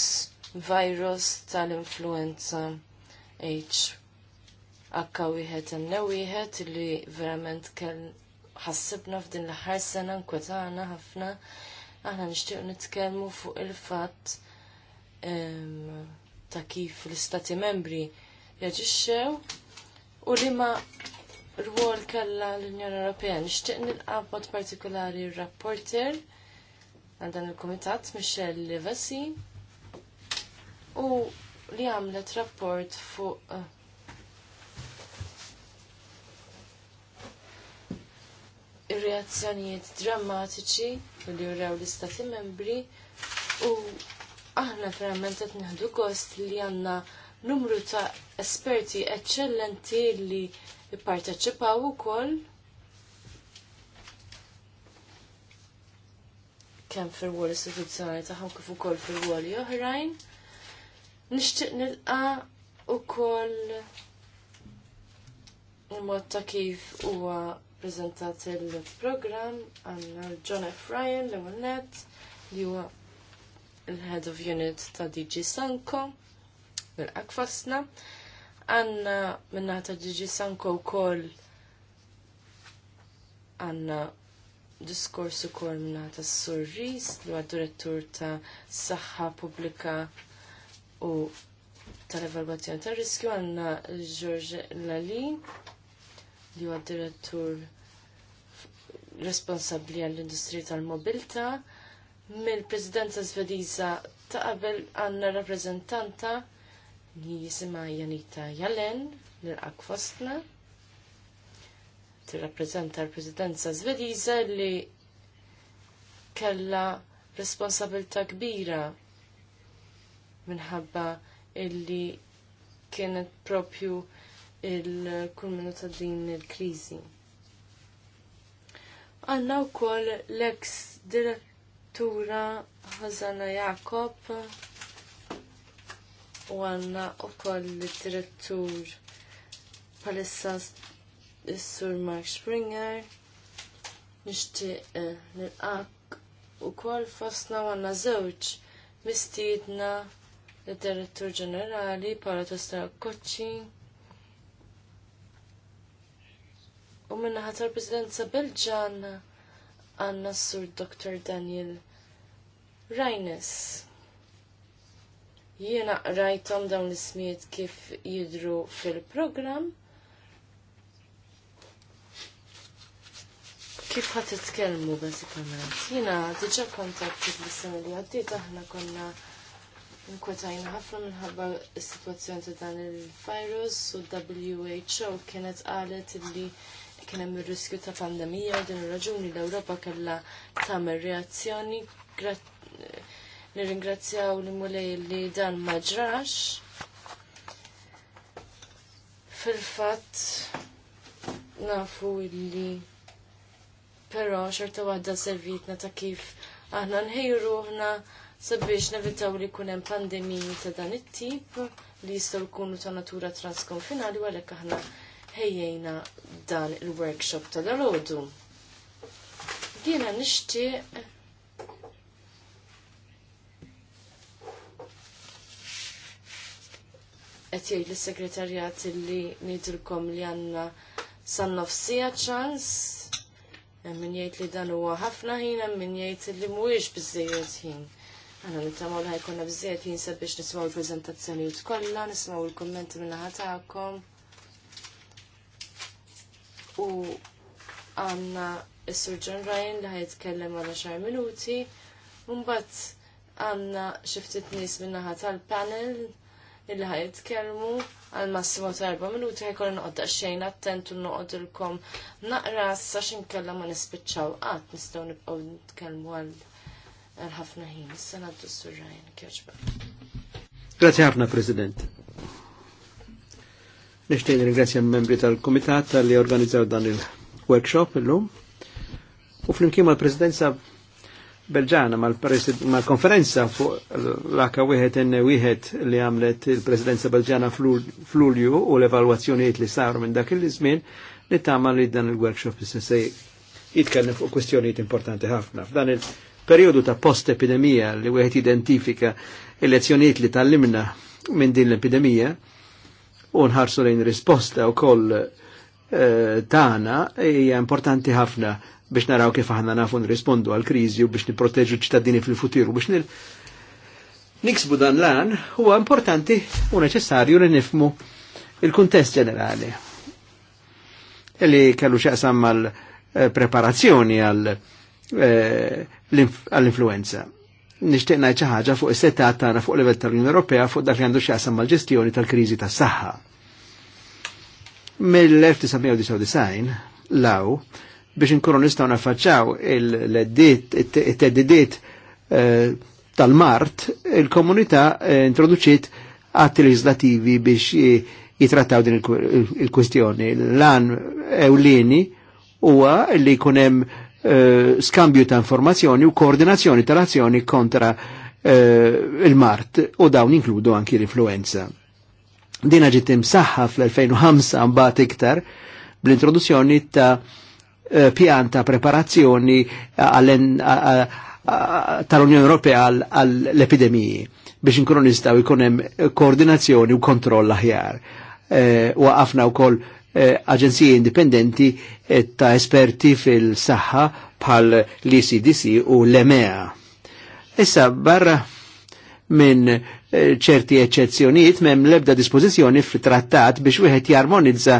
virus tal-influenza H. Akka wieħed imna wieħed li verament kell ħassibna f'din l-ħar sena nkwetana ħafna aħna nixtieq nitkellmu fuq il-fatt ta' kif l-istati membri jaġixxew u li ma rwol kalla l-Unjoni Ewropea. Nixtieq nilqabod partikolari r-rapporter għal dan il-Kumitat Michelle Livesi u li għamlet rapport fuq eh, ir-reazzjonijiet drammatiċi li uraw l-istati membri u aħna verament qed nieħdu gost li għandna numru ta' esperti eċċellenti li ipparteċipaw ukoll kemm fil-wol istituzzjoni tagħhom kif ukoll fil-woli oħrajn. Nixtieq nilqa' ukoll il ta' kif huwa prezentat il-programm għandna John F. Ryan l net li huwa il-Head of Unit ta' DG Sanko mill-Akfasna għanna ta' ġiġi sanko kol għanna diskorsu kol ta' s-surris li għad-direttur ta' saħħa publika u tal-evalvazzjoni ta' riskju għanna George Lali li huwa direttur responsabbli għall-industrija tal-mobilta mill-Presidenza Svediża ta' qabel għandna rappreżentanta jisima Janita Jalen nilqak fostna tirrappreżenta l-Presidenza Svediża li kellha responsabilità kbira minħabba illi kienet propju il-kulminu ta' din il-kriżi. Għanna wkoll l-ex direttura Hazana Jakob u għanna u koll direttur palissa s-sur Mark Springer nishti eh, nil-ak u koll fosna għanna zewċ mistiedna l direttur ġenerali Paolo Tosta Kocci U minna ħatar Presidenza Belġana għanna s-sur Dr. Daniel Reines. Jiena rajtom dawn l ismiet kif jidru fil-program. Kif ħat t-tkelmu basikament? Jiena diġa kontaktit l-sena li għaddit aħna konna nkwetajna ħafna minħabba s-situazzjoni ta' dan il-virus u WHO kienet qalet li kien hemm ir-riskju ta' pandemija u din ir-raġuni l-Ewropa kellha tagħmel reazzjoni Nirringrazzjaw li mulej li dan ma ġrax. Fil-fatt nafu li però xorta waħda servitna ta' kif aħna nħejruħna sabiex nevitaw li kunem pandemiji ta' dan it-tip li jistaw jkunu ta' natura transkonfinali għalek aħna ħejjena dan il-workshop ta' dal-ħodu. Dina nishtiq qed jgħid s segretarjat li ngħidilkom li għandna sa nofsija ċans. Hemm min jgħid li dan huwa ħafna ħin, hemm min jgħid li mhuwiex biżejjed ħin. Aħna nittamaw li ħajkonna bżiet jinsa biex nismaw il-prezentazzjoni u tkolla, nismaw il-kommenti minna ħatakom. U għanna s-Sur John Ryan li ħajtkellem għana xar minuti. għandna għanna xiftit nis minna naħa tal-panel illi ħajitkellmu għal massimo ta' erba' minuti ħajkolli noqgħod daqsxejn attent u noqgħodilkom naqra sa x'inkella ma nispiċċaw qatt nistgħu nibqgħu nitkellmu għal ħafna ħin. Issa ngħaddu s-surrajn kjoġba. Grazie ħafna President. Nixtieq ringrazzja membri tal-Kumitat tal-li organizzaw dan il-workshop illum u flimkien mal-Presidenza Belġana mal-konferenza mal fuq l-H1N1 li għamlet il-Presidenza Belġana fl-Ulju u l-evalwazzjonijiet li saru minn dak il-żmien li tama li dan il-workshop se jitkellem fuq kwestjonijiet importanti ħafna. F'dan il-periodu ta' post-epidemija li wieħed identifika il-lezzjonijiet li tallimna minn din l-epidemija u nħarsu lejn risposta u koll eh, tana hija importanti ħafna biex naraw kif aħna nafu nrispondu għal kriżi u biex niproteġu ċittadini fil-futur u biex nil... niksbu dan lan huwa importanti u neċessarju li nifmu il-kuntest ġenerali. Illi kellu xaqsam mal eh, preparazzjoni eh, għall influenza Nishtiq ngħid xi ħaġa fuq is-setat tagħna fuq livell tal-Unjoni Ewropea fuq dak li għandu x'jaqsam mal-ġestjoni tal-kriżi tas-saħħa. Mill-1999 law biex inkunu nistgħu nafaċċaw il-teddidiet eh, tal-Mart, il-komunità eh, introduċiet atti legislativi biex jitrattaw din il-kwestjoni. L-an ewlieni huwa li kunem eh, skambju ta' informazzjoni u koordinazzjoni tal-azzjoni kontra il-Mart u dawn inkludu anki l-influenza. Dina ġittim saħħa fl-2005 mbagħad iktar bl-introduzzjoni ta' Eh, pjanta preparazzjoni eh, eh, tal-Unjoni Ewropea għall-epidemiji biex nkunu nistaw ikun hemm koordinazzjoni u kontroll aħjar. ħafna wkoll aġenziji indipendenti ta' esperti fil-saħħa bħal l-ECDC u l-EMEA. Issa barra minn eh, ċerti eccezzjonijiet mem lebda dispożizzjoni fil-trattat biex wieħed jarmonizza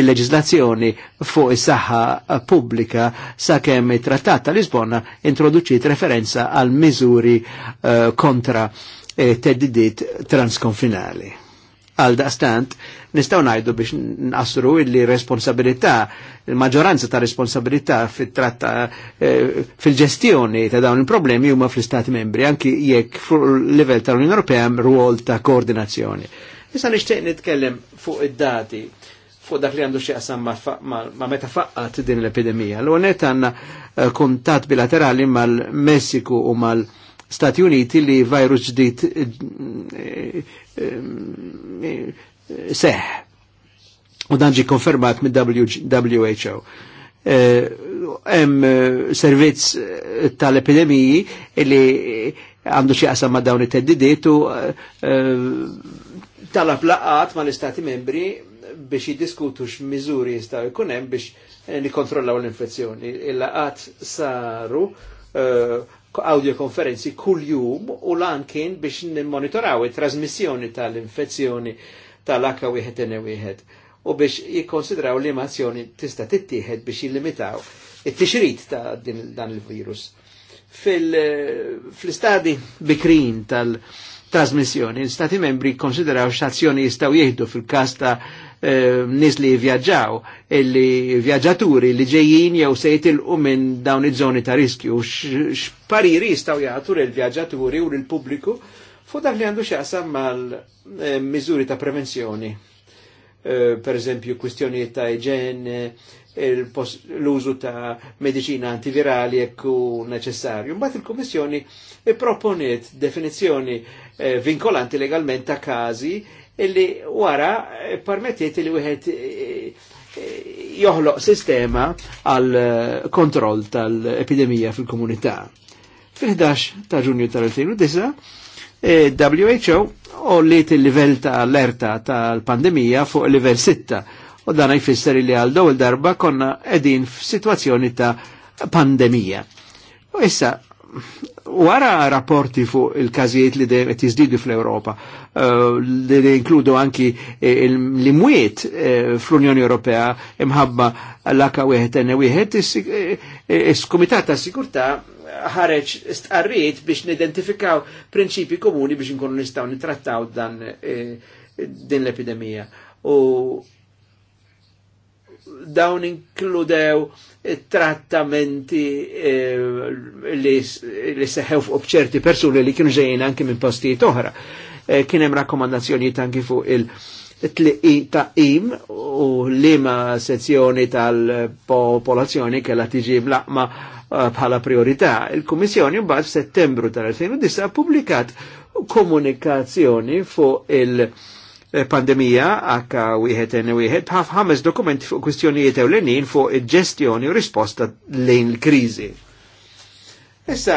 il-leġislazzjoni fuq is-saħħa pubblika sakemm it-Trattat tal Lisbona introduċiet referenza għal miżuri eh, kontra eh, teddidiet transkonfinali. Għal daqstant, nistaw najdu biex nqassru illi responsabilità, il-maġoranza ta' responsabilità fit-tratta eh, fil-ġestjoni ta' dawn il-problemi huma fl-Istati membri, anki jekk fuq il livell tal-Unjoni Ewropea ruol ta' koordinazzjoni. Issa nixtieq nitkellem fuq id-dati fuq dak li għandu xie qasam ma meta faqqat din l-epidemija. L-għonet għanna eh, kuntatt bilaterali mal-Messiku u mal-Stati Uniti li virus ġdid eh, seħ. U dan ġi konfermat minn WHO. Hemm eh, servizz eh, tal-epidemiji li għandu xi qasam ma' dawn it-teddidiet u eh, talab laqat ma' l-istati membri biex jiddiskutu x'miżuri jistgħu jkun hemm biex nikontrollaw l-infezzjoni. Il-laqat saru audio konferenzi kull jum u lan kien biex nimmonitoraw it-trasmissjoni tal-infezzjoni tal-H1N1 u biex jikkonsidraw li mazzjoni tista' tittieħed biex jillimitaw it-tixrid ta' dan il-virus. Fil-istadi bikrin tal- trasmissjoni. Stati membri konsideraw x'azzjoni jistgħu jihdu fil kasta ta' eh, nis li vjaġġaw, illi vjaġġaturi li ġejjin jew se jitilqu minn dawn iż-żoni ta' riskju, x'pariri jistgħu jagħtu il vjaġġaturi u l pubbliku fuq dak li għandu xaqsam mal-miżuri eh, ta' prevenzjoni. Eh, per eżempju, kwistjonijiet ta' iġen, l-użu ta' medicina antivirali ekku neċessarju. Mbagħad il-Kummissjoni proponiet definizzjoni Eh, vinkolanti legalment ta' każi illi wara eh, permettiet li wieħed eh, joħloq sistema għal kontroll tal-epidemija fil-komunità. Fil-11 ta' ġunju tal-2009, WHO ollit il-livell ta' allerta tal-pandemija fuq il-livell 6 u dan jfisser li għal dawl darba konna edin f-situazzjoni ta' pandemija. U issa wara rapporti fu il kazijiet li dejjem qed jiżdiedu fl-Ewropa uh, li inkludu anki eh, l-imwiet eh, fl-Unjoni Ewropea imħabba l-aka wieħed n wieħed is-Kumitat ta' Sikurtà ħareġ stqarriet biex nidentifikaw prinċipi komuni biex nkunu nistgħu nittrattaw dan din l-epidemija. U dawn inkludew trattamenti eh, li, seħew fuq ċerti persuni li kienu ġejjin anki minn postijiet oħra. Eh, kien hemm rakkomandazzjonijiet anki fuq il- tliqi ta' im u lima sezzjoni tal-popolazzjoni kella tiġi mlaqma eh, bħala priorità. Il-Kummissjoni mbagħad f'Settembru tal-2009 pubblikat komunikazzjoni fuq il- Eh, pandemija akka wieħed n wieħed ħames dokumenti fuq kwistjonijiet ewlenin fuq il-ġestjoni u risposta lejn l-kriżi. Issa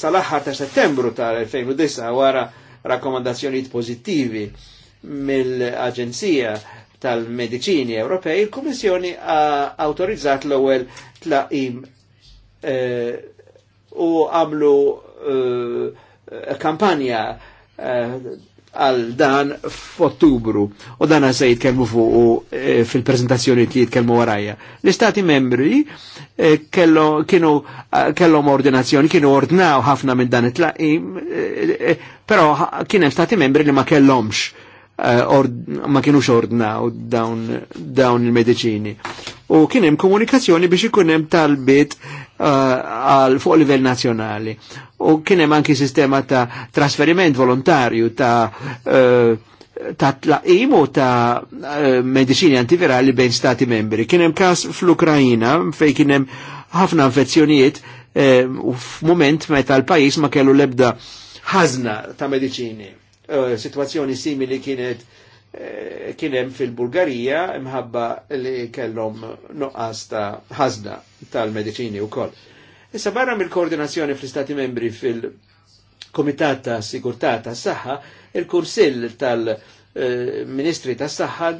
sal-aħħar ta' settembru tal-2009 wara rakkomandazzjonijiet pożittivi mill-Aġenzija tal-Mediċini Ewropej, il-Kummissjoni ha autorizzat l-ewwel tlaqim eh, u għamlu eh, kampanja għal dan f'Ottubru u dan se jitkelmu fuq e, fil-prezentazzjoni li jitkellmu warajja. L-Istati membri e, kienu kellhom ordinazzjoni, kienu ordnaw ħafna minn dan it-tlaqim, e, e però kien hemm stati membri li ma kellhomx Eh, ma kienux ordnaw dawn, dawn il-medicini. U kien hemm komunikazzjoni biex ikun hemm talbiet eh, għal fuq livell nazzjonali. U kien hemm anki sistema ta' trasferiment volontarju ta' uh, ta' tlaqim u ta' medicini antivirali bejn stati membri. Kien hemm każ fl-Ukrajina fejn kien hemm ħafna infezzjonijiet u f'mument meta l-pajjiż ma kellu lebda ħazna ta' medicini Eh, situazzjoni simili kienet eh, kienem fil-Bulgarija imħabba li kellhom noqqas ta' ħażna tal-mediċini wkoll. Issa barra mill-koordinazzjoni fl-Istati membri fil-Komitat ta' Sigurtà ta' Saħħa, il-Kursill tal-Ministri ta' Saħħa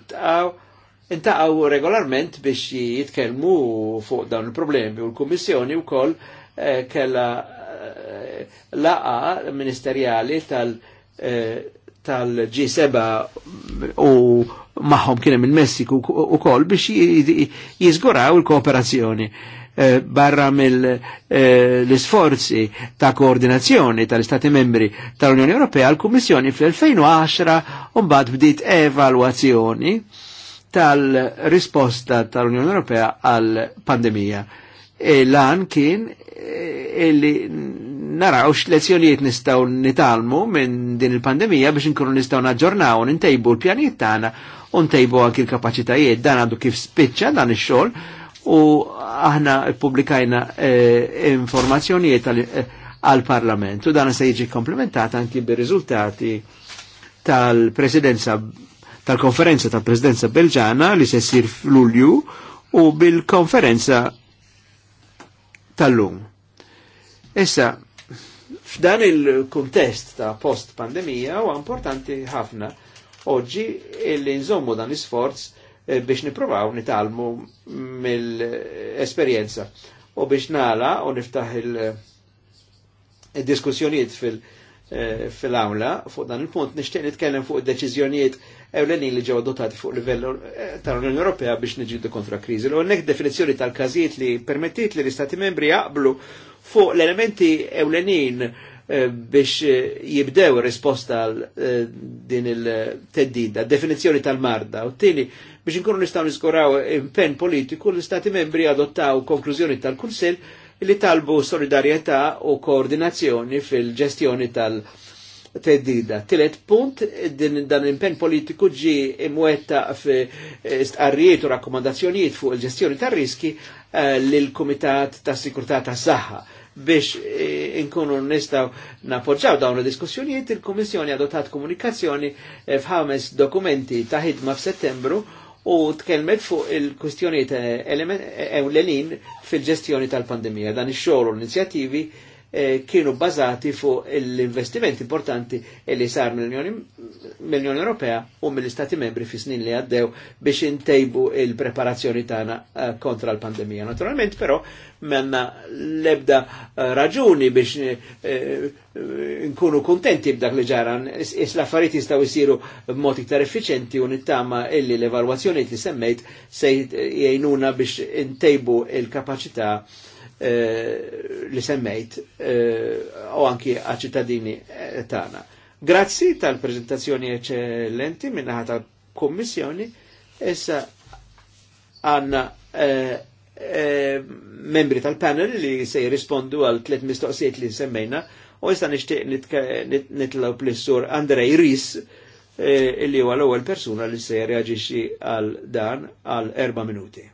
intaqgħu regolarment biex jitkellmu fuq dawn il-problemi u l-Kummissjoni wkoll eh, kella laqa ministerjali tal- -Ministeriali Eh, tal-G7 u maħom kienem il-Messiku u kol biex jizguraw il-kooperazzjoni eh, barra mill-sforzi eh, ta' koordinazzjoni tal-Istati membri tal-Unjoni Ewropea, l-Kummissjoni fl-2010 bad bdiet evalwazzjoni tal-risposta tal-Unjoni Ewropea għal-pandemija. E lan kien naraw x-lezzjonijiet nistaw nitalmu minn din il-pandemija biex nkunu nistaw naġġornaw, nintejbu l-pjanijiet tagħna u ntejbu anki l-kapaċitajiet dan għandu kif spiċċa dan ix-xogħol u aħna ppubblikajna eh, informazzjonijiet għal-Parlament eh, u dan se jiġi komplementat anki bir-riżultati tal-presidenza tal-konferenza tal-presidenza belġana li se sir f'Lulju u bil-konferenza tal-lum. Issa, F'dan il-kuntest ta' post-pandemija huwa importanti ħafna oġġi li nżommu dan l-isforz eh, biex niprovaw nitalmu mill-esperjenza. U biex nala u niftaħ il-diskussjonijiet eh, fil- eh, fil-għamla fuq dan il-punt nishtiq nitkellem fuq deċiżjonijiet ewlenin li ġew adottati fuq livell tal-Unjoni Ewropea biex niġġieldu kontra kriżi. U hekk definizzjoni tal-każijiet li permettit li l-Istati membri jaqblu fuq l-elementi ewlenin eh, biex eh, jibdew risposta għal eh, din il-teddida, definizjoni tal-marda. U t-tini, biex nkunu nistaw niskuraw impen politiku, l-Stati membri adottaw konklużjoni tal-Kunsel li talbu solidarietà u koordinazzjoni fil-ġestjoni tal-teddida. Tilet punt, din dan impen politiku ġi imwetta f'istqarrijiet u rakkomandazzjonijiet fuq il-ġestjoni tal-riski l komitat tas-Sikurtà Saha. saħħa biex e, inkunu nistaw napoġġaw dawn il-diskussjonijiet, il-Komissjoni adottat komunikazzjoni e, f'ħames dokumenti ta' ħidma f'Settembru u tkellmet fuq il-kustjonijiet e, ewlenin fil-ġestjoni tal-pandemija. Dan ix-xogħol u l-inizjattivi Eh, kienu bazati fuq l-investimenti importanti li sar mill-Unjoni Ewropea u mill-Istati membri fi snin li għaddew biex intejbu il-preparazzjoni tagħna eh, kontra l-pandemija. Naturalment però menna lebda ebda eh, raġuni biex nkunu kontenti b'dak li ġaran, is l-affarijiet jistgħu jsiru b'mod iktar effiċenti u nittama illi l-evalwazzjoni li semmejt se jgħinuna biex intejbu il-kapaċità Eh, li semmejt u eh, anki għacittadini ċittadini eh, tagħna. Grazzi tal-prezentazzjoni eccellenti minnaħa tal-Kommissjoni, issa għanna membri tal-panel li se jirrispondu għal tliet mistoqsijiet li semmejna u issa nixtieq nitlaw plissur Andrej Ris illi huwa l-ewwel persuna li se reaġixxi għal dan għal erba' minuti.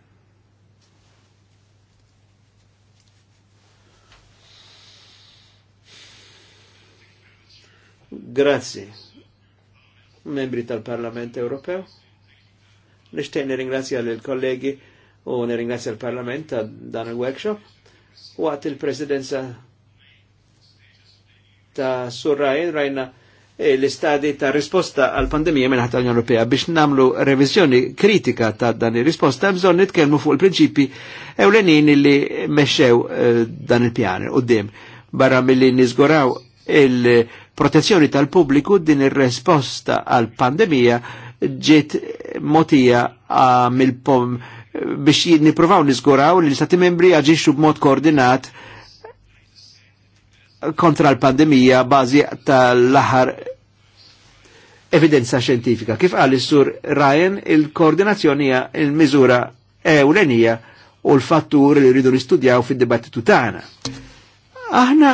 Grazzi, membri tal-Parlament Ewropew. Nishtiq nirringrazzja l-kollegi u nirringrazzja l-Parlament ta' dan il-workshop. Waqt il-presidenza ta' Surrajn rajna eh, l-istadi ta' risposta għal pandemija minn ħat l-Unjoni Ewropea biex namlu revizjoni kritika ta' dan il-risposta bżon nitkellmu fuq il-prinċipi ewlenin li meċew eh, dan il-pjan u d-dim barra mill-li nizguraw il- protezzjoni tal-pubbliku din ir-resposta għal pandemija ġiet motija ah, mill-pom biex niprofaw nizguraw li l-istati membri għagġiċu b'mod koordinat kontra l-pandemija bazi tal-laħar evidenza xjentifika. Kif għal sur Ryan, il-koordinazzjoni hija il-miżura ewlenija u l-fattur li rridu nistudjaw fid-dibattitu tagħna. Aħna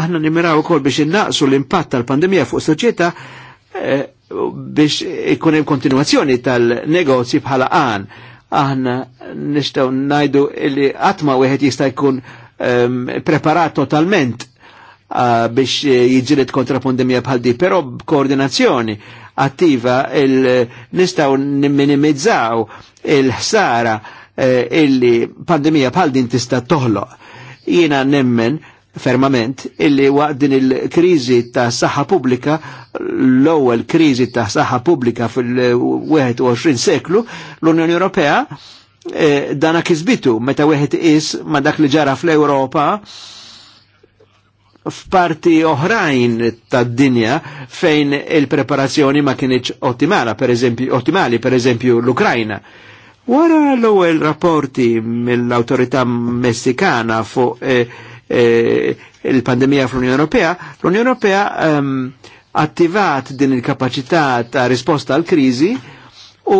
aħna nimiraw ukoll biex innaqsu l-impatt tal-pandemija fuq soċjetà eh, biex ikun hemm kontinuazzjoni tal-negozji bħala qan. Aħna nistgħu ngħidu li qatt ma wieħed jista' jkun ehm, preparat totalment eh, biex jiġġieled kontra pandemija bħal di, però b'koordinazzjoni attiva il, nistaw minimizzaw il-ħsara eh, illi pandemija bħal din tista' toħloq. Jiena nemmen fermament illi waqt din il-kriżi ta' saħħa pubblika l-ewwel kriżi ta' saħħa pubblika fil-21 seklu l-Unjoni Ewropea eh, dana kisbitu meta wieħed is ma' dak li ġara fl-Ewropa f'parti oħrajn tad-dinja fejn il-preparazzjoni ma kienieċ ottimala, per eżempju, ottimali, per eżempju l-Ukrajna. Wara l-ewwel rapporti mill-awtorità Messikana fuq eh, Eh, il-pandemija fl-Unjoni Ewropea, l-Unjoni Ewropea ehm, attivat din il-kapacità ta' risposta għal kriżi u,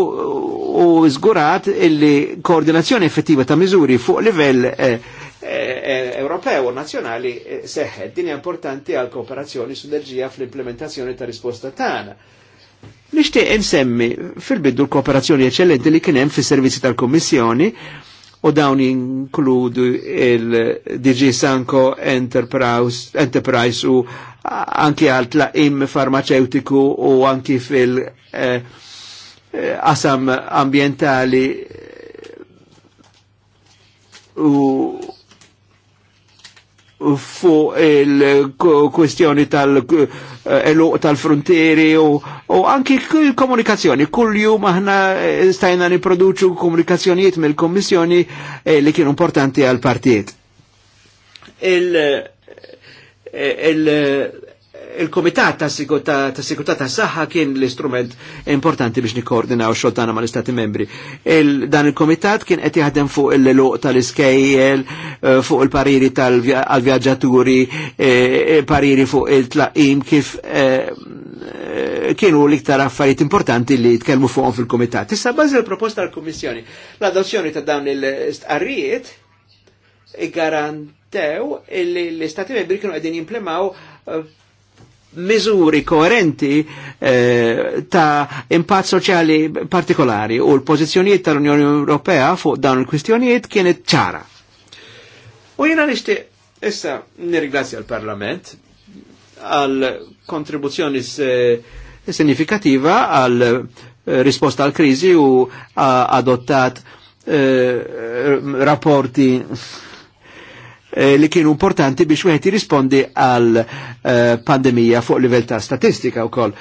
u zgurat illi koordinazzjoni effettiva ta' miżuri fuq livell eh, eh, Ewropew u nazzjonali seħed Din importanti għal kooperazzjoni sinerġija fl-implementazzjoni ta' risposta tagħna. Nishtiq insemmi fil-biddu l-kooperazzjoni eccellenti li kien hemm fis-servizzi tal-Kummissjoni u dawn jinkludu il-DG Sanko Enterprise, Enterprise u anki għal tlaqim farmaceutiku u anki fil-qasam eh, eh ambientali u fuq il-kwestjoni tal frontieri u anki komunikazzjoni. Kull jum aħna eh, stajna niproduċu komunikazzjonijiet mill-kommissjoni eh, li kienu importanti għal-partijiet. Eh, il-Komitat ta' Sigurtà ta' Saħħa kien l-istrument importanti biex nikkoordinaw xoltana ma' l-Istati membri. Il dan il-Komitat kien qed jaħdem fuq il-luq tal-iskejjel, eh, fuq il-pariri tal-vjaġġaturi, eh, eh, pariri fuq il-tlaqim kif kienu l-iktar affarijiet importanti li tkellmu fuqhom fil-Komitat. Issa baż il proposta tal-Kummissjoni, l-adozzjoni ta' dawn il istqarrijiet garantew li l-Istati membri kienu qegħdin jimplemaw miżuri koerenti eh, ta' impatt soċjali partikolari u l-pożizzjonijiet tal-Unjoni Ewropea fuq dawn il-kwistjonijiet kienet ċara. U jiena nixtieq issa nirgrazzja l-Parlament għal kontribuzzjoni sinificativa għal eh, risposta għal krizi u eh, adottat eh, rapporti Eh, li kienu importanti biex wieħed jirrispondi għal eh, pandemija fuq livell ta' statistika wkoll.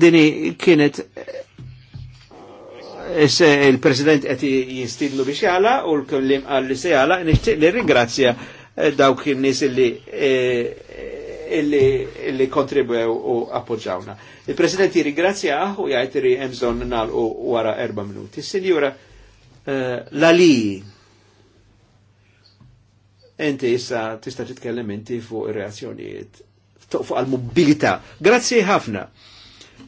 Dini kienet eh, il-President qed jistidlu biex jala u l-kellim għal li se jala nixtieq li ringrazzja dawk in-nies illi illi kontribwew u appoġġawna. Il-President jirringrazzja u jgħid li hemm bżonn nagħlqu wara erba' minuti. Sinjura Lali Enti issa tista' titkellem inti fuq ir-reazzjonijiet fuq għal mobilita Grazzi ħafna.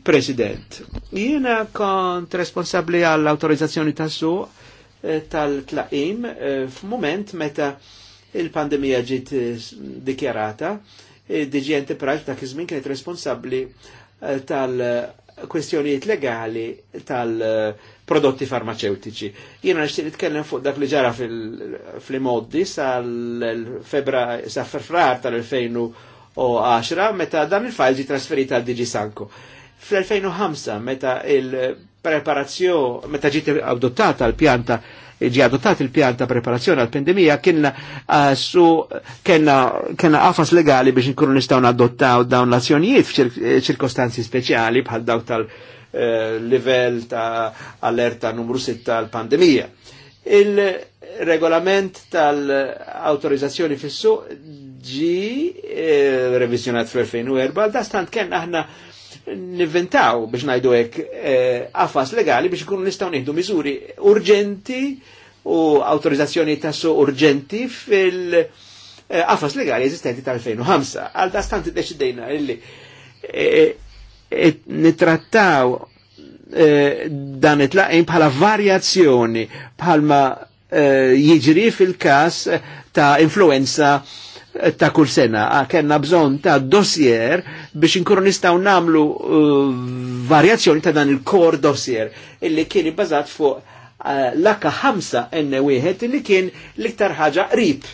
President, jiena kont responsabli għall-autorizzazzjoni tassu eh, tal-tlaqim eh, f'moment meta il-pandemija ġiet eh, dikjarata, DG Enterprise dak iż-żmien kienet responsabli tal-kwestjonijiet legali tal- prodotti farmaceutici. Jiena nixtieq nitkellem fuq dak li ġara fil-modi sal febra sal-ferfrar tal-2010 meta dan il-fajl ġi trasferita għal Digi Sanko. Fl-2005 meta il-preparazzjoni, meta ġiet adottata l-pjanta ġi adottat il pjanta preparazzjoni għal pandemija kienna eh, su kienna għafas legali biex nkunu nistaw nadottaw dawn l-azzjonijiet f'ċirkostanzi eh, speċjali bħal dawk tal- Eh, livell ta' allerta numru 6 tal-pandemija. Il-regolament tal-autorizzazzjoni fissu ġi eh, revizjonat fl-2004, da stant kien aħna nivventaw biex najdu hekk eh, għafas legali biex ikunu nistgħu nieħdu miżuri urġenti u autorizzazzjoni tassu urġenti fil-qafas legali eżistenti tal-2005. Għal da stant id-deċidejna illi nitrattaw eh, dan it-laqim bħala varjazzjoni bħalma eh, jiġri fil-kas ta' influenza ta' kull sena. Ah, kenna bżon ta' dossier biex inkunu nistaw namlu eh, varjazzjoni ta' dan il-core dossier illi kien bazat fuq uh, l akka wieħed n illi kien l-iktar ħaġa qrib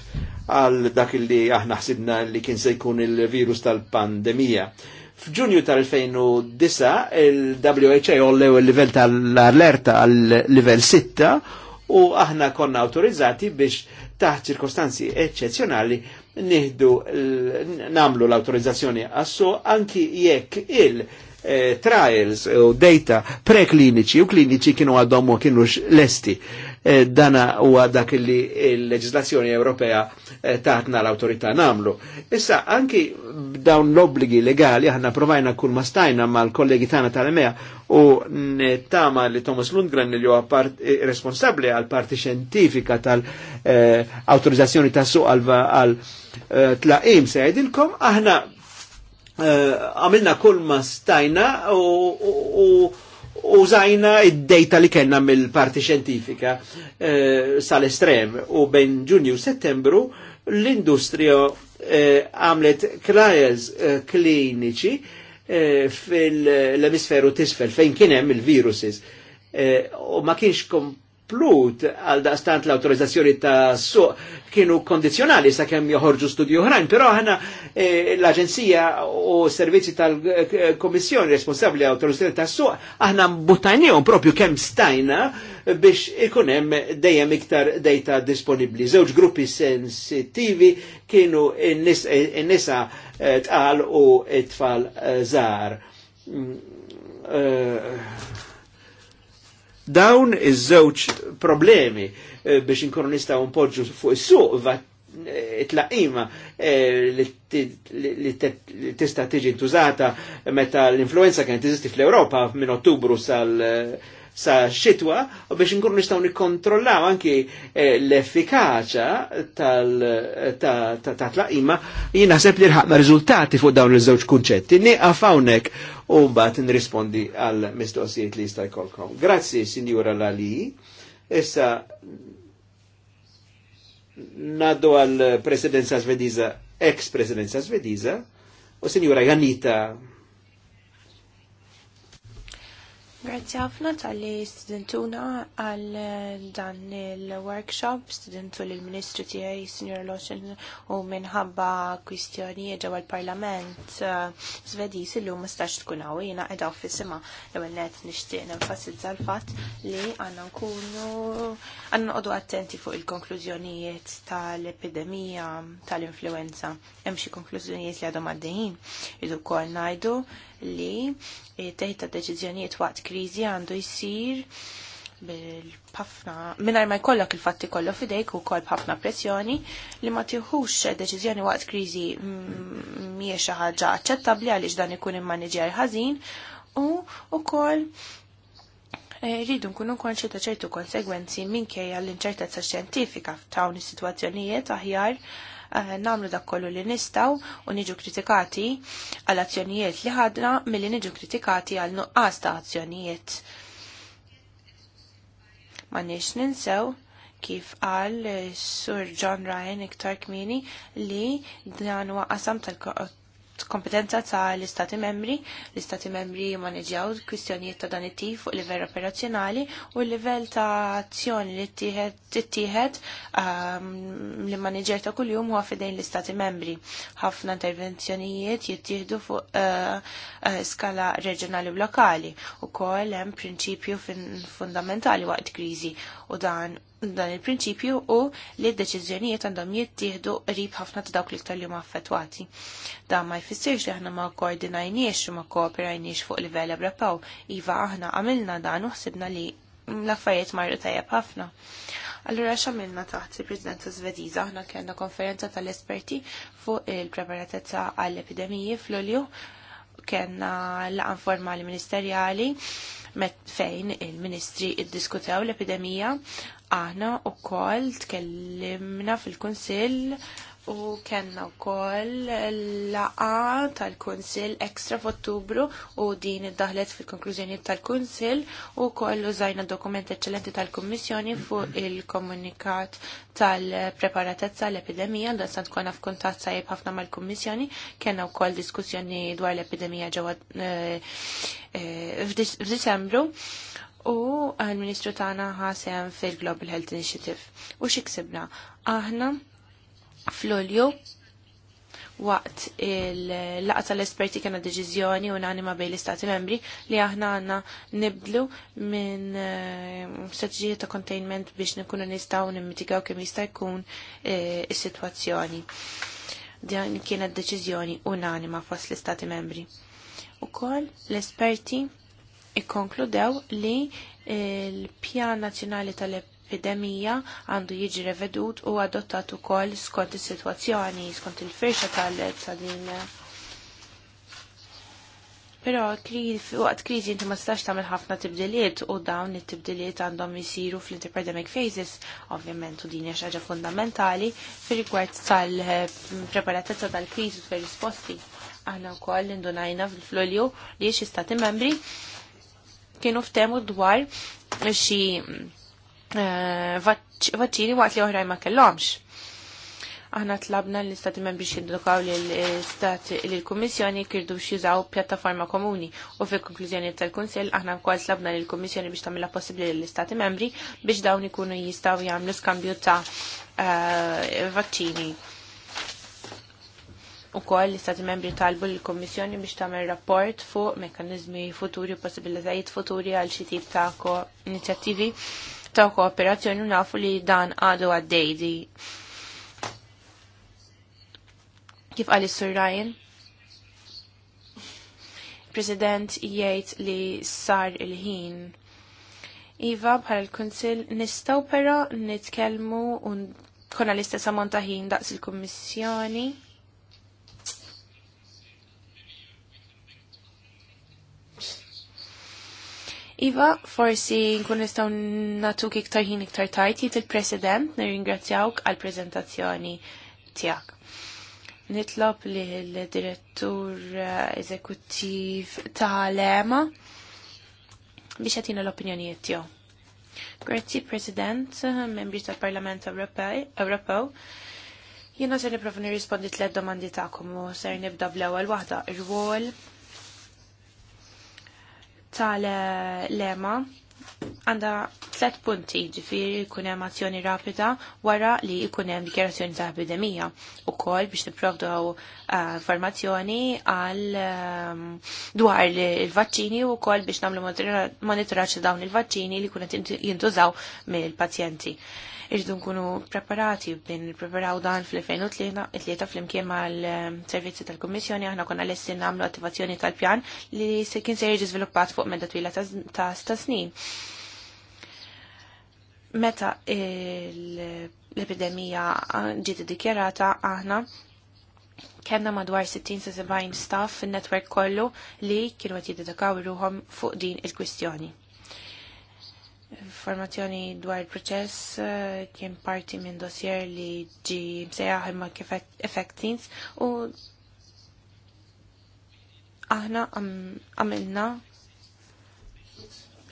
għal dak li aħna ħsibna li kien se jkun il-virus tal-pandemija. F'Ġunju tal-2009 il-WHA ollew il-livell tal-allerta għal-livell 6 u aħna konna autorizzati biex taħt ċirkostanzi eccezjonali nieħdu namlu l-autorizzazzjoni għassu anki jekk il- E, trials u data prekliniċi u kliniċi kienu għadhom u kienu lesti. E, dana u dak li l-leġislazzjoni Ewropea Eh, taħtna l autorita namlu. Issa, anki dawn l-obbligi legali, aħna provajna kull mastajna stajna ma l-kollegi tagħna tal-EMEA u tama li Thomas Lundgren li huwa eh, responsabli għal parti xentifika tal-autorizzazzjoni eh, ta' suq għal tlaqim se jgħidilkom, aħna għamilna kull mastajna stajna u użajna id-data li kellna mill-parti xjentifika sal-estrem u bejn ġunju settembru L-industrija eh, għamlet trials eh, kliniċi eh, fil-emisferu tisfel fejn kien hemm il-viruses u ma kienx kom maqplut għal daqstant l-autorizzazzjoni ta' suq kienu kondizjonali sa' kem joħorġu studio oħrajn, pero ħana eh, l-Aġenzija u servizzi tal-Komissjoni responsabli autorizzazzjoni ta' suq ħana mbuttajnijom propju kem stajna biex ikunem dejjem iktar data disponibli. Zewġ gruppi sensitivi kienu n-nisa eh, tqal u t-tfal zar. Eh, Dawn iż-żewġ problemi eh, biex inkunu nistgħu npoġġu fuq is-suq eh, it-laqima eh, li tista' tiġi ntużata meta l-influenza kienet tiżisti fl-Ewropa minn Ottubru sal sa xitwa u biex nkunu nistgħu nikkontrollaw anki eh, l-effikaċa tal-tlaqima jien naħseb li rħaqna riżultati fuq dawn iż-żewġ kunċetti. Nieqaf hawnhekk u mbagħad nirrispondi għal mistoqsijiet li jista' jkollkom. Grazzi, Sinjura Lali. Issa naddu għal presidenza Svediża, ex presidenza Svediża, u Sinjura Janita Grazzi ħafna tal-li studentuna għal eh, dan il-workshop, studentu l-Ministru tiegħi, Sr. Loxen, u minħabba kwistjonijiet ġewwa l-Parlament eh, Svediż illum ma stax tkun hawn jiena qiegħda fis-sima l-ewwel nixtieq nenfasizza l-fatt li għandna nkunu għandna noqogħdu attenti fuq il-konklużjonijiet tal-epidemija tal-influenza. Hemm xi konklużjonijiet li għadhom għaddejjin. Idu wkoll ngħidu li teħi ta' deċiżjonijiet waqt kriżi għandu jsir bil-ħafna, minar ma jkollok il-fatti kollu fidejk u koll ħafna pressjoni li ma tiħux deċiżjoni waqt kriżi mie xi ħaġa aċċettabbli għaliex dan ikun immaneġjar ħażin u wkoll eh, rridu nkunu konxi ta' ċertu konsegwenzi minkejja l-inċertezza xjentifika f'dawn is-sitwazzjonijiet aħjar Eh, namlu dak kollu li nistaw u niġu kritikati għal azzjonijiet li ħadna milli niġu kritikati għal nuqqas ta' azzjonijiet. Ma nix ninsew kif qal Sur John Ryan iktar kmini li dan huwa qasam tal kompetenza ta' l-Istati membri, l-Istati membri maneġjaw kwistjonijiet ta' dan it tif fuq livell operazzjonali u l-livell ta' azzjoni li tittieħed ehm, li maneġġer ta' kuljum huwa fidejn l-Istati membri. Ħafna intervenzjonijiet jittieħdu fuq eh, eh, skala reġjonali u lokali u kol hemm prinċipju fundamentali waqt kriżi u dan dan il-prinċipju u li d-deċiżjonijiet għandhom jittieħdu qrib ħafna ta' dawk l-iktar li huma affettwati. Dan ma jfissirx li aħna ma koordinajniex u ma kooperajniex fuq livell Ewropew, iva aħna għamilna dan u ħsibna li l-affarijiet marru tajjeb ħafna. Allura xamilna taħt il-Presidenza Zvediza, aħna kellna konferenza tal-esperti fuq il-preparatezza għall-epidemiji fl-Ulju kellna laqan formali ministerjali met fejn il-ministri id-diskutew l-epidemija Aħna u koll tkellimna fil-Konsil u kenna u koll laqa tal-Konsil ekstra f'Ottubru u din id-daħlet fil-konklużjoni tal-Konsil u koll użajna dokument eccellenti tal-Kommissjoni fuq il-komunikat tal-preparatezza l-epidemija da sant konna f'kuntat sajib ħafna mal-Kommissjoni kenna u koll diskussjoni dwar l-epidemija ġewwa eh, eh, f'Diċembru u għal-Ministru tagħna ħasem fil-Global Health Initiative. U xiksibna? Aħna fl ulju waqt il-laqa tal-esperti kena deċiżjoni u nanima bej l-Istati membri li aħna għanna nibdlu minn eh, strategija ta' containment biex nkunu nistaw nimmitigaw kemm jista' jkun eh, is-sitwazzjoni. Dan kienet deċiżjoni unanima fost l-Istati membri. U koll l-esperti ikkonkludew li il-Pjan Nazzjonali tal-Epidemija għandu jiġi revedut u adottat ukoll skont is-sitwazzjoni, skont il-firxa tal-din Pero waqt kriżi inti ma stax tagħmel ħafna tibdiliet u dawn it-tibdiliet għandhom jisiru fl-interpandemic phases, ovvjament u din hija xaġa fundamentali fir-rigward tal-preparatezza tal-kriżi u fir-risposti. Aħna wkoll indunajna fil-flulju li xi stati membri kienu ftemu dwar xi eh, vaċċini waqt li oħrajn ma kellhomx. Aħna tlabna l-Istati Membri biex jiddukaw l-Kummissjoni kirdu biex jużaw pjattaforma komuni u fil konklużjoni tal kunsel aħna kwa tlabna l-Kummissjoni biex tagħmilha possibbli l-Istati Membri biex dawn ikunu jistgħu jagħmlu skambju ta' eh, vaċċini koll l-Istati Membri talbu l-Kommissjoni biex tagħmel rapport fuq mekkaniżmi futuri u possibilitajiet futuri għal xi tip ta' inizjattivi ta' kooperazzjoni u nafu li dan għadu għaddejdi. Kif qal is-Sur Ryan? President jgħid li sar il-ħin Iva, bħal il konsil nistaw pero nitkelmu un konna l-istess ammont ta' ħin daqs il-Kummissjoni. Iva, forsi nkun nistgħu natuk iktar ħin iktar tajt jit il-President nirringrazzjawk għal prezentazzjoni tiegħek. Nitlob li l-direttur eżekuttiv eh, ta' Lema biex jagħtina l-opinjonijiet tiegħu. Grazzi President, membri tal-Parlament Ewropew. Jiena se nipprova nirrispondi tliet domandi tagħkom u ser nibda bl-ewwel waħda ir wol tal-lema għanda tlet punti ġifiri jkun hemm azzjoni rapida wara li jkun hemm dikjerazzjoni ta' epidemija kol biex nipprovdu eh, informazzjoni għal ehm, dwar il-vaċċini u wkoll biex nagħmlu monitoraġġ dawn il-vaċċini li kunet jintużaw mill-pazjenti irridu nkunu preparati bin preparaw dan fl-2003 fl-imkien mal-servizzi tal-Kommissjoni aħna konna l-essin namlu attivazzjoni tal-pjan li se kien se jiġi żviluppat fuq medda twila ta' sta' snin. Meta l-epidemija ġiet iddikjarata aħna kenna madwar 60-70 staff fin netwerk kollu li kienu għet jiddedakaw ruħom fuq din il-kwistjoni informazzjoni dwar il-proċess eh, kien parti minn dossier li ġi msejaħ imma kif effektins u aħna għamilna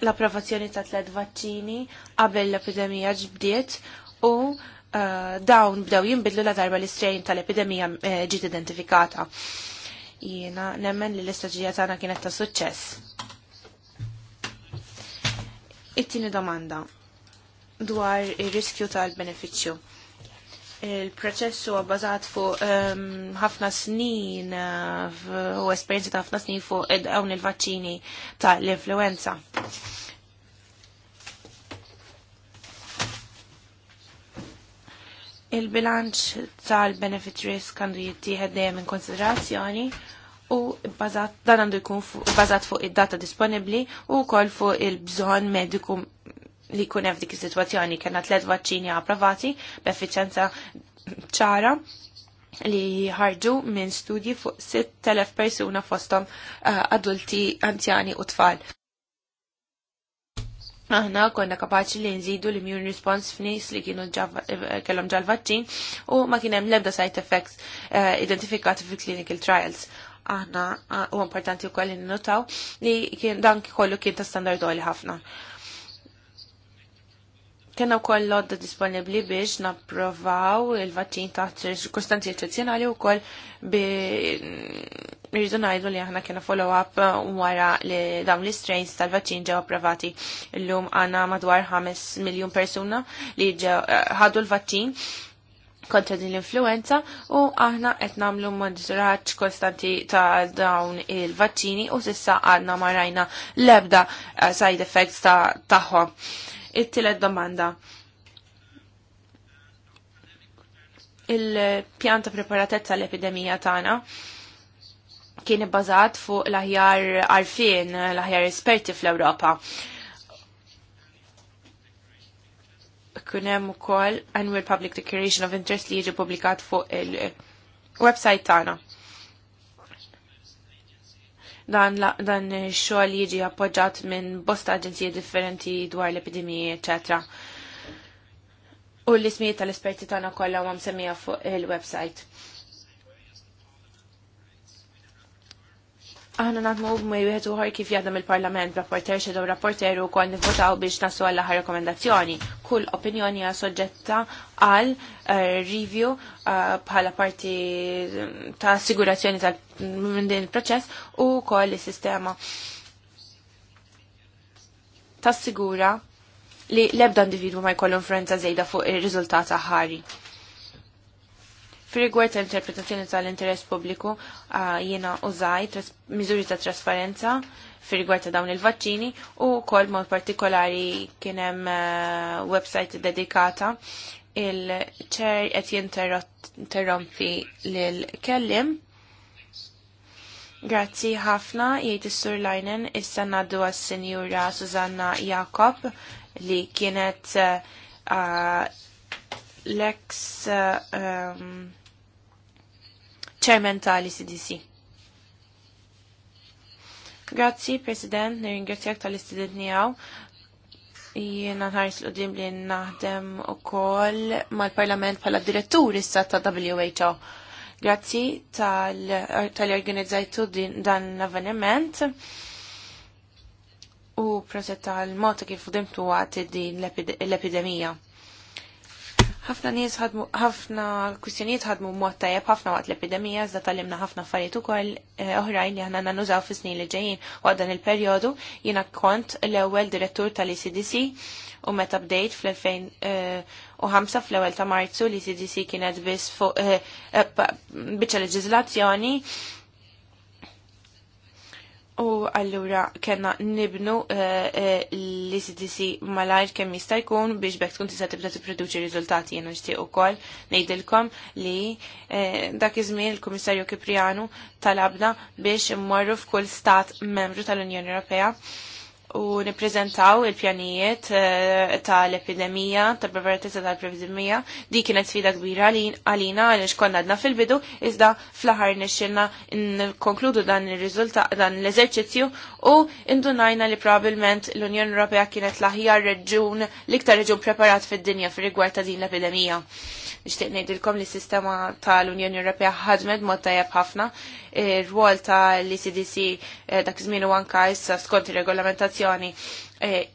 l-approvazzjoni ta' tlet vaċċini qabel l-epidemija ġbdiet u eh, dawn bdew jinbidlu la darba l-istrejn tal-epidemija eh, ġiet identifikata. Jiena nemmen li l-istaġija tagħna kienet ta' suċċess It-tieni domanda dwar ir-riskju tal-benefiċċju. Il-proċess huwa bbażat fuq ehm, ħafna um, snin eh, u esperjenza ta' ħafna snin fuq dawn il-vaċċini tal-influenza. Il-bilanċ tal-benefit risk għandu jittieħed dejjem in konsiderazzjoni u bazat, dan għandu jkun bazat fuq id-data disponibli u kol fuq il-bżon mediku li kun hemm dik is-sitwazzjoni kellna tliet vaċċini approvati b'effiċenza ċara li ħarġu minn studji fuq 6,000 persuna fostom uh, eh, adulti, anzjani u tfal. Aħna konna kapaċi li nżidu l-immune response f'nies li kienu eh, kellhom ġal vaċċin u ma kien hemm l-ebda side effects uh, identifikati fil clinical trials aħna u importanti u koll notaw li kien dan kollu kien ta' standard għali ħafna. Kena u koll lodda disponibli biex napprovaw il vaċin ta' ċirkustanzi eccezjonali u koll bi rridu najdu li aħna kena follow-up wara li dawn l-strains tal-vaċċin ġew approvati. Illum għana madwar 5 miljon persuna li ġew ħadu l vaċin kontra din l-influenza u aħna qed nagħmlu monitoraġġ kostanti ta' dawn il-vaċċini u sissa għadna ma rajna l-ebda eh, side effects ta' tagħhom. It-tielet domanda. Il-pjanta preparatezza l-epidemija tagħna kien ibbażat fuq l-aħjar arfin, l-aħjar esperti fl-Ewropa. kunem u koll Annual Public Declaration of Interest li jiġi publikat fuq il-website tagħna. Dan, la, dan xogħol jiġi appoġġat minn bosta aġenziji differenti dwar l-epidemiji, eċetera. U l-ismijiet tal-esperti tagħna kollha huma msemmija fuq il-website. Aħna nadmu b'mej wieħed uħor kif jadam il-Parlament rapporter xedew rapporter u kol nifotaw biex nasu għall aħħar rekomendazzjoni. Kull opinjoni hija soġġetta għal eh, review eh, bħala parti mm, ta' assigurazzjoni tal minn din il-proċess u kol is-sistema tassigura li l-ebda ma jkollu influenza zejda fuq ir-riżultat ħari fir tal interpretazzjoni tal-interess pubbliku jiena użaj miżuri ta' trasparenza fir ta' dawn il-vaċċini u wkoll mod partikolari kien hemm e, website dedikata il-ċer qed jinterrompi l kellim. Grazzi ħafna jgħid is-Sur Lajnen issa ngħaddu għas-Sinjura Susanna Jakob li kienet e, l-ex uh, um, ċermen tal-ICDC. Grazzi, President, nirringrazzjak tal-istudentni għaw. Jiena nħaris l-qdim li naħdem u koll mal-Parlament pala direttur issa ta' WHO. Grazzi tal-organizzajtu dan l-avveniment u proset tal-mota kif dimtu għati din l-epidemija ħafna nies ħadmu ħafna kwistjonijiet ħadmu mod tajjeb ħafna waqt l-epidemija iżda tallimna ħafna affarijiet ukoll eh, oħrajn li aħna nużaw fis-snin li ġejjin waqt dan il-perjodu jiena kont l-ewwel direttur tal-ECDC u meta bdejt fl-2005 fl-ewwel ta' Marzu l-ECDC kienet biss fuq eh, eh, biċċa leġiżlazzjoni U allura kena nibnu eh, eh, l-ICDC malajr kemm jista' jkun biex bekk tkun tista' tibda tipproduċi riżultati jien nixtieq ukoll ngħidilkom li eh, dak iż-żmien il-Kummissarju Kiprianu talabna biex immorru f'kull stat membru tal-Unjoni Ewropea u nippreżentaw il-pjanijiet eh, tal-epidemija, tal-preparatezza tal-epidemija, di kienet sfida kbira għalina għalix konna għadna fil-bidu, iżda fl-ħar nixxilna konkludu dan l-eżerċizzju u indunajna li probabilment l-Unjoni Ewropea kienet l-aħjar reġun, l-iktar reġun preparat fid-dinja fil rigward ta' din l-epidemija. Nixtieq ngħidilkom li s-sistema tal-Unjoni Ewropea ħadmet mod tajjeb ħafna, il eh, rwol tal-ECDC Eh, dak iż-żmien u anka issa skont ir-regolamentazzjoni eh,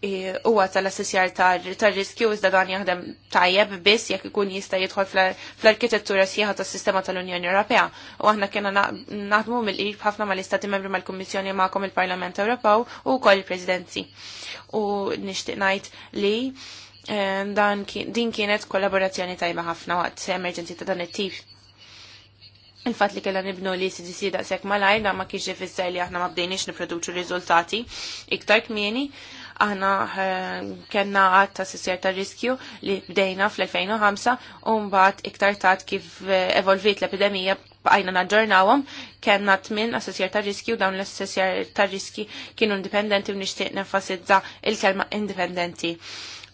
huwa tal-assessjar tar-riskju iżda dan jaħdem tajjeb biss jekk ikun jista' jidħol fl-arkitettura sieħa tas-sistema tal-Unjoni Ewropea. U aħna kena naħdmu mill-qrib ħafna mal-Istati Membri mal-Kummissjoni magħkom il-Parlament Ewropew u wkoll il-Presidenzi. U nixtieq ngħid li eh, dan din kienet kollaborazzjoni tajba ħafna waqt emerġenzi ta' dan it-tip Il-fat li kella nibnu li CDC daqsek malajna ma kiex jifisser li aħna ma bdejniex niproduċu riżultati iktar kmieni. Aħna eh, kena għad ta' sisjer ta' riskju li bdejna fl-2005 u mbagħad iktar tat kif eh, evolvit l-epidemija bqajna naġġornawhom kellna tmien assessjar ta' riski u dawn l-assessjar ta' riski kienu indipendenti u nixtieq nenfasizza il-kelma indipendenti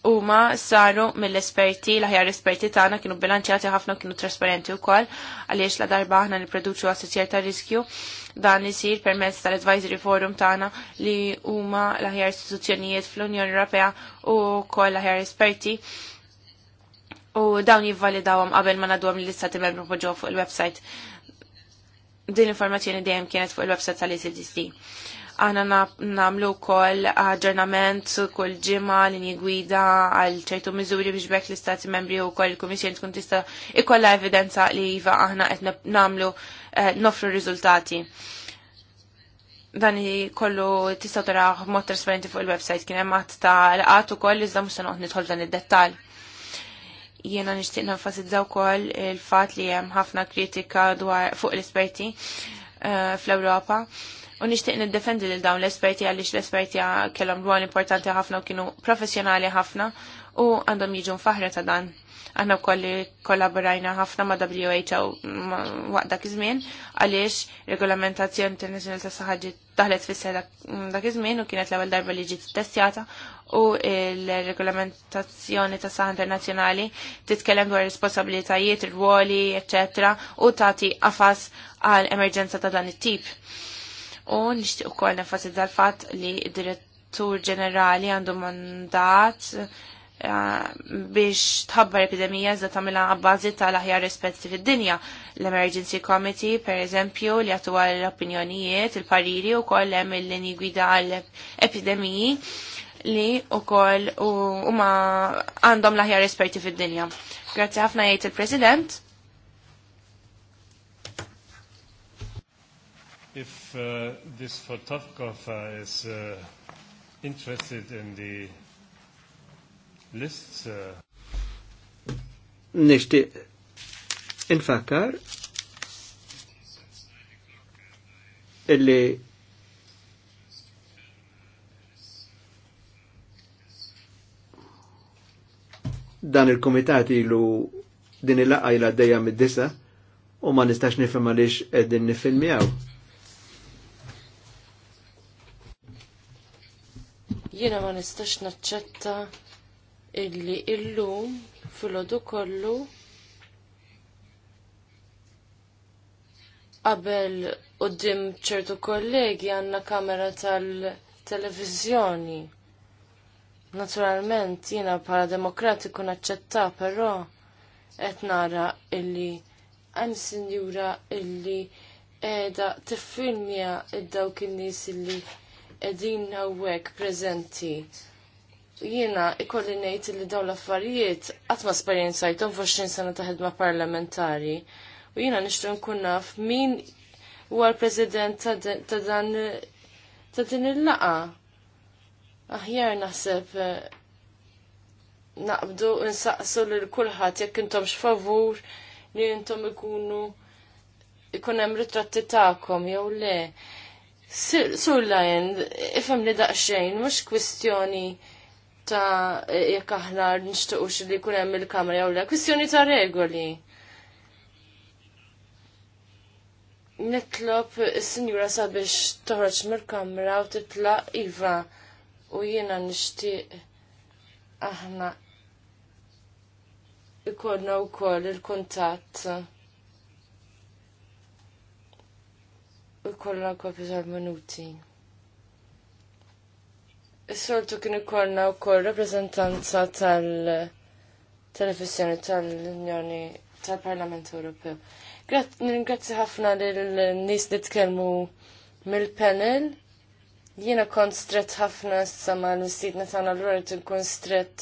huma saru mill-esperti, l-ħjar esperti tagħna kienu bilanċjati ħafna kienu trasparenti wkoll għaliex la darba aħna nipproduċu assoċjer ta' riskju dan isir permezz tal-Advisory Forum tagħna li huma l-aħjar istituzzjonijiet fl-Unjoni Ewropea u wkoll l-aħjar esperti. U dawn jivvalidawhom qabel ma nadwhom li l-istati membru fuq il-website. Din l-informazzjoni dejjem kienet fuq il-website tal-ECDC. Aħna namlu kol aġġornament kull ġimma li gwida għal ċertu miżuri biex bekk l-istati membri u kol il-Komissjoni tkun tista' ikolla evidenza li jiva aħna qed namlu eh, nofru riżultati. Dan kollu tista' taraħ mod trasparenti fuq il-website kien hemm qatt ta' laqat ukoll iżda mhux se noqgħod nidħol dan id-dettall jiena nixtieq nenfasizza wkoll il-fatt li hemm ħafna kritika dwar fuq l-esperti uh, fl-Ewropa. Uh, U nixtieq niddefendi lil dawn l-esperti għaliex l-esperti kellhom rwol importanti ħafna u kienu professjonali ħafna u għandhom jiġu faħra ta' dan. Aħna wkoll kollaborajna ħafna ma' WHO waqt dak iż-żmien għaliex regolamentazzjoni internazzjonali tas saħħa daħlet fis dak iż-żmien u kienet l-ewwel darba li ġiet testjata u l-regolamentazzjoni tas saħħa internazzjonali titkellem dwar responsabilitajiet, ir-ruoli, eċċetera, u tagħti qafas għal emerġenza ta' dan it-tip u nixtieq ukoll nenfasizza l-fatt li direttur ġenerali għandu mandat eh, biex tħabbar epidemija iżda tagħmilha għabbazi tal-aħjar rispetti fid-dinja. L-Emergency Committee, per eżempju, li għatuwa l-opinjonijiet, il-pariri u koll hemm il-lini gwida l-epidemiji li u koll u ma għandhom laħjar esperti fil-dinja. Grazie ħafna jgħid il-President. uh, this photographer is uh, interested in the lists. Uh... Nishti infakkar illi dan il-komitat ilu din il-laqqa ila d mid-disa u ma nistax nifhem għaliex qegħdin nifilmjaw. Jiena ma nistax naċċetta illi illum fil-ħodu kollu qabel dim ċertu kollegi għandna kamera tal-televizjoni. Naturalment jiena bħala demokratiku naċċetta, però qed nara illi hemm sinjura illi edha tiffilmja id-dawk in-nies illi edin hawnhekk prezenti. Jiena ikolli ngħid li dawn l-affarijiet qatt ma sperjenzajthom f'għoxrin sena ta' ħedma parlamentari. U jiena nixtru nkun naf min huwa l-president ta' dan ta' din il-laqa. Aħjar naħseb eh, naqbdu nsaqsu lil kulħadd jekk intom x'favur li intom ikunu ikun hemm ritratti tagħkom jew le. Sur Lion, ifem li daqxejn, mux kwistjoni ta' jekk aħna nixtuqux li kun hemm il-kamra jew le, kwistjoni ta' regoli. Nitlob is-sinjura sabiex toħroġ mill-kamra u titlaq iva u jiena nixtieq aħna ikollna wkoll il-kuntatt ikollna kopju tal-minuti. Is-soltu kien ikollna wkoll rappreżentanza tal-televizjoni tal-Unjoni tal-Parlament Ewropew. Ningrazzi ħafna lil-nies li tkellmu mill-panel. Jiena kont stret ħafna issa mal-mistidna tagħna l-għura tinkun stret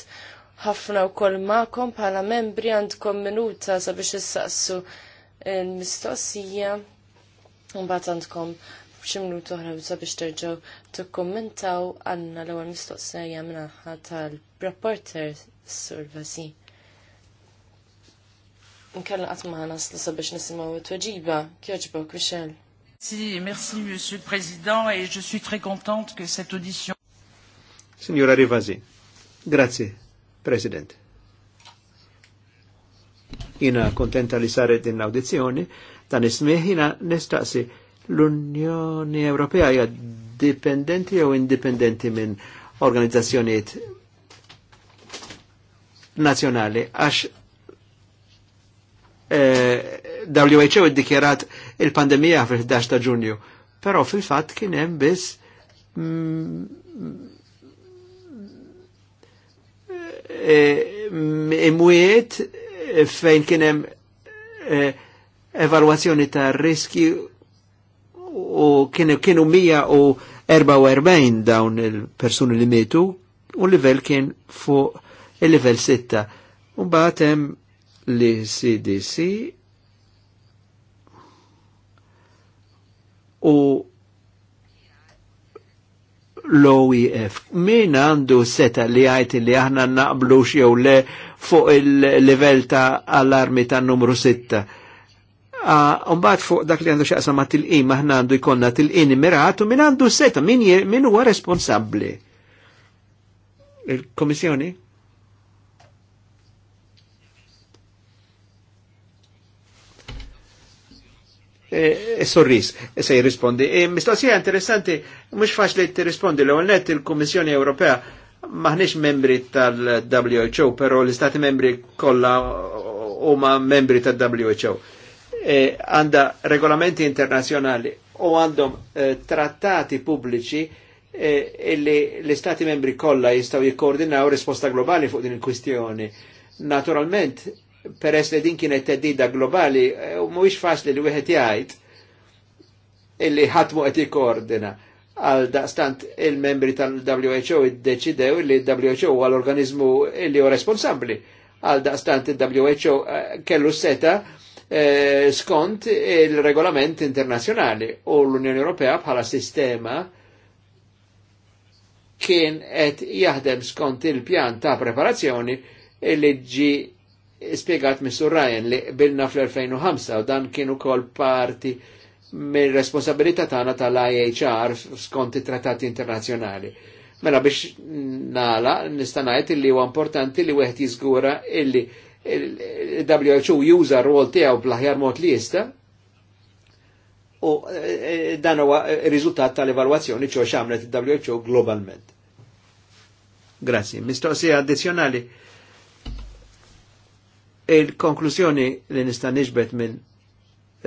ħafna wkoll magħkom bħala membri għandkom minuta sabiex issaqsu l-mistoqsija. Mbagħad għandkom xi minut oħra biex terġgħu tikkummentaw għandna l-ewwel mistoqsija minaħħa tal-reporter Sur Vasi. Nkella qatt ma naslu sabiex nisimgħu it-tweġiba, kjoġbok Michel. Si, merci Monsieur le Président et je suis très contente que cette audition. Signora Rivasi, grazie President. Ina kontenta li saret din l dan ismiħ jina nistaqsi l-Unjoni Ewropea hija dipendenti jew indipendenti minn organizzazzjonijiet nazzjonali għax eh, WHO iddikjerat il-pandemija fil-11 ta' Ġunju. Però fil-fatt kien hemm biss mm, eh, mm, imwiet fejn kien hemm eh, evalwazzjoni ta' riski u kienu, kienu 144 dawn il-persuni li mietu u l kien fuq il-level 6. Unbaħt hemm li CDC u l-OEF. Min għandu seta li għajti li aħna naqblux jew le fuq il-level ta' allarmi ta' numru Ah, Umbat fuq dak li għandu xaqsa ma til-in, maħna għandu jkonna til-in imiratu u min għandu seta, min, min huwa responsabli. Il-Komissjoni? E, e, sorris, e se jirrispondi. E, Mistoqsija interessanti, mux faċli t-rispondi l-għonet il-Komissjoni Ewropea maħniex membri tal-WHO, pero l-Istati membri kolla u ma membri tal-WHO Eh, għanda eh, regolamenti internazjonali u għandhom eh, trattati pubbliċi eh, illi l-Istati membri kollha jistgħu jikkoordinaw risposta globali fuq din il-kwistjoni. Naturalment, peress li din kienet teddida globali, u eh, mhuwiex faċli li wieħed jgħid illi ħatmu qed jikkoordina għal daqstant il-membri tal-WHO id-deċidew li WHO għal l-organizmu li u responsabli għal daqstant il-WHO eh, kellu seta' Eh, skont il-regolament internazjonali u l-Unjoni Ewropea bħala sistema kien qed jaħdem skont il-pjan ta' preparazzjoni li ġi spiegat Mr. Ryan li bilna fl-2005 u dan kienu kol parti mill responsabilità tagħna tal-IHR skont it-trattati internazzjonali. Mela biex nala nista' ngħid li huwa importanti li wieħed jiżgura illi il-WHO juża r-rol tiegħu bl-aħjar li jista' u eh, eh, dan huwa eh, rizultat tal-evalwazzjoni ċo xamlet il-WHO globalment. Grazzi. Mistoqsi addizzjonali. Il-konklusjoni li nista' niġbet minn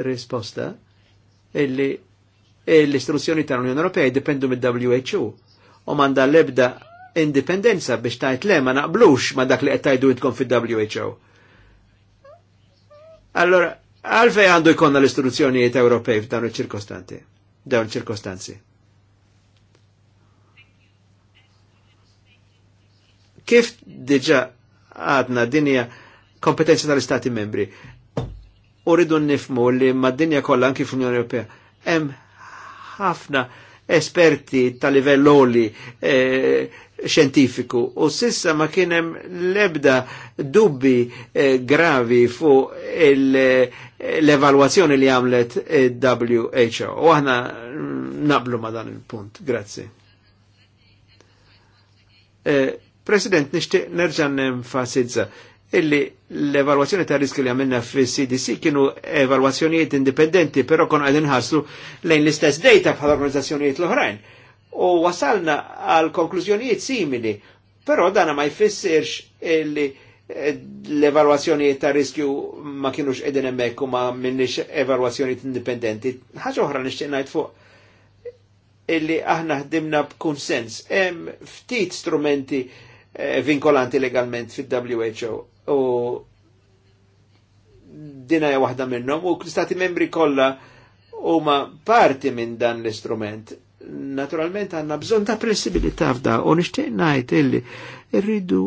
risposta illi l-istruzzjoni tal-Unjoni Ewropea jiddependu mid who u manda l-ebda indipendenza biex tajt le ma naqblux ma dak li qed tajdu intkom fil-WHO. Allora, għalfej għandu jkonna l-istruzzjonijiet Ewropej f'dawn il-ċirkostanti, dawn il-ċirkostanzi. Kif diġa għadna dinja kompetenza tal-Istati membri? Uridu nifmu li ma dinja kollha anki fl-Unjoni Ewropea hemm ħafna esperti tal livell oli eh, xentifiku u sissa ma kienem lebda dubbi eh, gravi fu eh, l-evaluazzjoni li għamlet eh, WHO. U aħna mm, nablu ma dan il-punt. Grazzi. Eh, President, nishtiq nerġan enfasizza illi l-evaluazzjoni ta' risk li għamilna fi CDC kienu evaluazzjonijiet indipendenti, pero kon għadin ħaslu lejn l-istess data bħal organizzazzjonijiet l-oħrajn u wasalna għal konklużjonijiet simili, però dana ma jfissirx li eh, l-evalwazzjoni ta' riskju ma kienux edin emmek u ma minnix evalwazzjoni indipendenti. ħaġa oħra nixtieq fuq illi aħna ħdimna b'kunsens. Hemm ftit strumenti eh, vinkolanti legalment fil-WHO u dina waħda minnhom u l-istati membri kollha huma parti minn dan l-istrument naturalment għanna bżon ta' flessibilità f'da u nixtieq ngħid illi rridu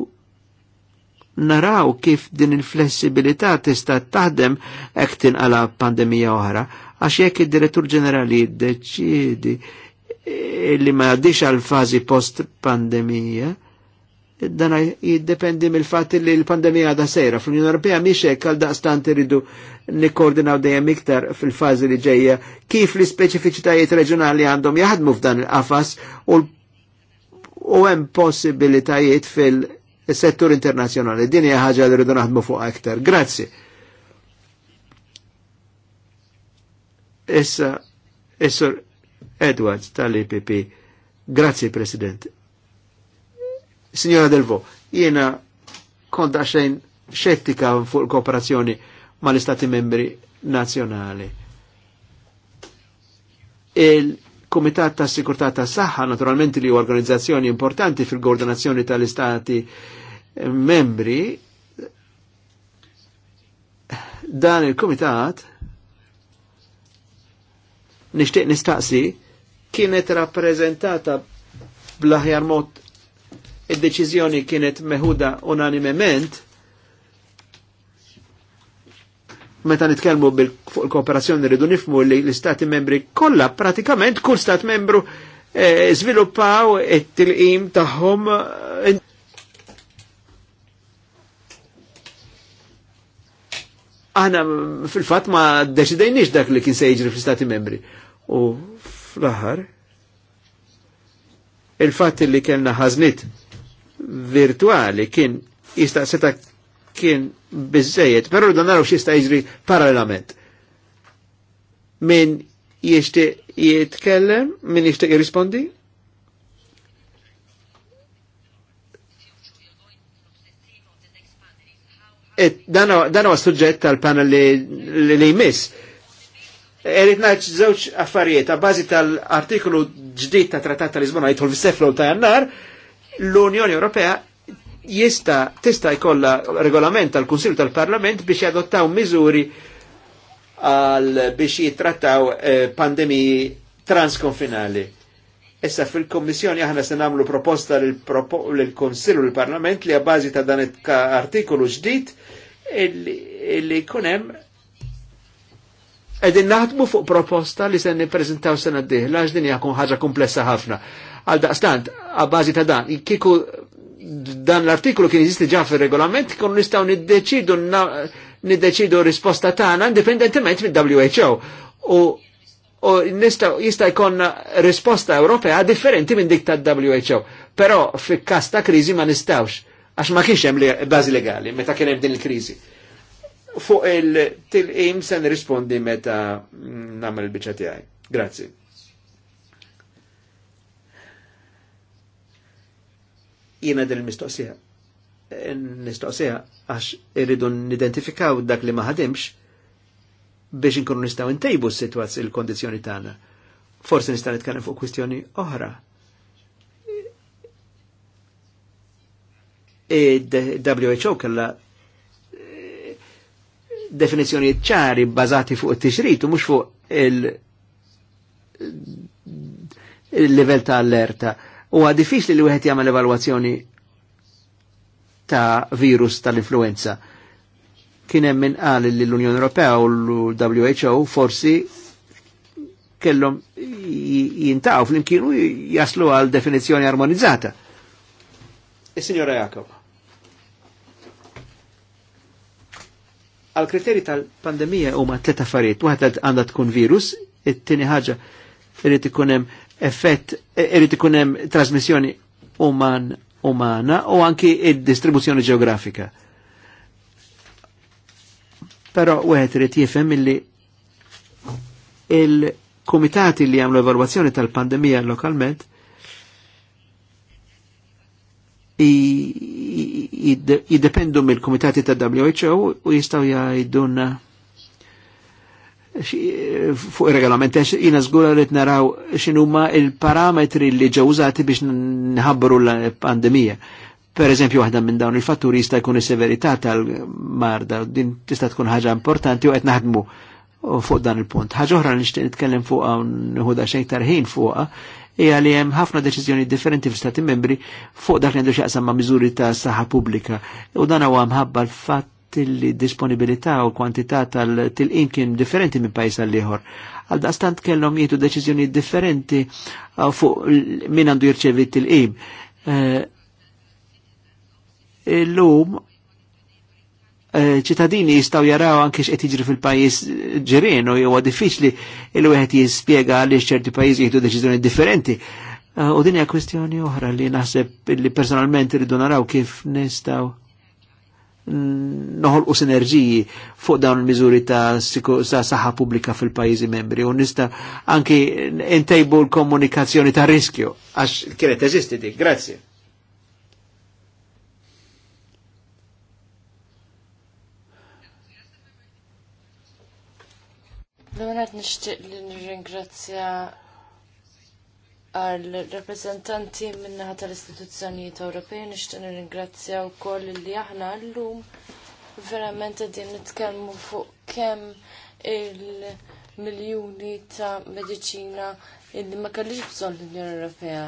naraw kif din il-flessibilità tista' taħdem hekk tinqala pandemija oħra għax jekk id-direttur ġenerali jiddeċiedi li ma għaddix għal fażi post pandemija Dana jiddependi mill fat li l-pandemija da sejra. Fl-Unjoni Ewropea miex hekk għal daqstant iridu nikkoordinaw dejjem iktar fil-fażi li ġejja kif li speċifiċitajiet reġjonali għandhom jaħdmu f'dan il-qafas u hemm possibilitajiet fil-settur internazzjonali. Din hija ħaġa li rridu naħdmu fuq aktar. Grazzi. Issa, Edwards tal-IPP. Grazzi, President Signora Delvo, jiena kont xejn xettika fuq kooperazzjoni mal-Istati membri nazjonali. Il-Komitat ta' Sikurtà ta' Saħħa, naturalment li organizzazzjoni importanti fil-koordinazzjoni tal-Istati membri, dan il-Komitat nishtiq nistaqsi kienet rappresentata bl mod il deċiżjoni kienet meħuda unanimement meta nitkellmu fuq il-kooperazzjoni rridu nifmu li l-istati membri kollha pratikament kull stat membru żviluppaw eh, it-tilqim tagħhom eh, aħna fil-fatt ma deċidejniex dak li kien se jiġri fl-istati membri. U fl-aħħar il-fatt li kellna ħażnit virtuali kien jista seta kien bizzejiet, pero rridu naraw xista jiġri parallelament. Min jishti jitkellem, min jishti jirrispondi? Dan huwa suġġett tal-panel li jmiss. Erit naċ zewċ affarijiet, a bazi tal artiklu ġdid ta' Trattat ta' Lisbona jitħol fis seflu ta' jannar, l-Unjoni Ewropea jista tista' jkollha regolament tal-Kunsil tal-Parlament biex jadottaw miżuri għal biex jittrattaw eh, pandemiji transkonfinali. Issa fil-Kommissjoni aħna se nagħmlu proposta lill-Konsil u l-Parlament li għabbażi ta' dan artikolu ġdid li jkun hemm qegħdin naħdmu fuq proposta li se nippreżentaw sena d għax din hija ħaġa komplessa ħafna Għal daqstant, għabbażi ta' dan, kiku dan l-artikolu kien jizisti ġa fil-regolament, kon nistaw niddeċidu niddeċidu risposta tagħna indipendentement mill-WHO. U u nistaw jista' jkun risposta Ewropea differenti minn dik tad-WHO. Però fi każ ta' kriżi ma nistawx għax ma kienx hemm bażi legali meta kien hemm din il-kriżi. Fuq il til im sen rispondi meta mm, namel il-biċċa tiegħi. Grazie. Jiena din mistoqsija nistoqsija għax irridu nidentifikaw dak li maħadimx biex inkunu nistaw intejbu s situazzi il-kondizjoni tagħna. Forsi nista' nitkellem fuq kwistjoni oħra. WHO kella definizjoni ċari bazati fuq it-tixrit u mux fuq il-level ta' allerta. U għadifix li l-wieħed jagħmel evalwazzjoni ta' virus tal-influenza. Kien hemm min li l-Unjoni Ewropea u l-WHO forsi kellhom jintaw fl-imkienu jaslu għal definizzjoni armonizzata. is e, signora Jakob. għal kriteri tal-pandemija huma tlet affarijiet. Waħda għandha tkun virus, it-tieni ħaġa irid ikun hemm effett, irrit ikun hemm trasmissjoni uman, umana u anki id-distribuzzjoni ġeografika. Però wieħed irid jifhem illi il kumitati li għamlu evalwazzjoni tal-pandemija lokalment jiddependu mill kumitati tal WHO u jistaw jgħidunna fuq il-regolament, jina zgura li t-naraw xinuma il-parametri li ġawżati biex nħabru l-pandemija. Per eżempju, waħda minn dawn il-fatturi jista' jkun is-severità tal-marda, din tista' tkun ħaġa importanti u qed naħdmu fuq dan il-punt. Ħaġa oħra nixtieq nitkellem fuq nħuda xejn tarħin fuqha hija li hemm ħafna deċiżjoni differenti fl-Stati membri fuq dak li għandu x'jaqsam ma' miżuri ta' saħħa pubblika. U dan huwa mħabba l-fatt fatt disponibilità u kwantità tal-tilqim kien differenti minn pajis għall-ieħor. Għal dastant kellhom jietu deċiżjoni differenti uh, fuq min għandu jirċevi tilqim. Uh, illum uh, ċittadini jistaw jaraw anke x'qed jiġri fil-pajjiż ġirien u huwa diffiċli il wieħed jispjega għaliex ċerti pajjiżi jieħdu deċiżjoni differenti. U din hija kwestjoni oħra li naħseb li personalment irridu naraw kif nistaw noħolqu sinerġiji fuq dawn il-miżuri ta' saħħa pubblika fil-pajjiżi membri u nista' anki intejbu l-komunikazzjoni ta' riskju għax kienet eżisti dik. Grazzi. L-għanat nishtiq li nirringrazzja għal rappresentanti minnaħa tal-istituzzjonijiet Ewropej nixtieq nirringrazzja wkoll li aħna llum verament qegħdin nitkellmu fuq kemm il-miljuni ta' mediċina illi ma kellix bżonn l-Unjoni Ewropea.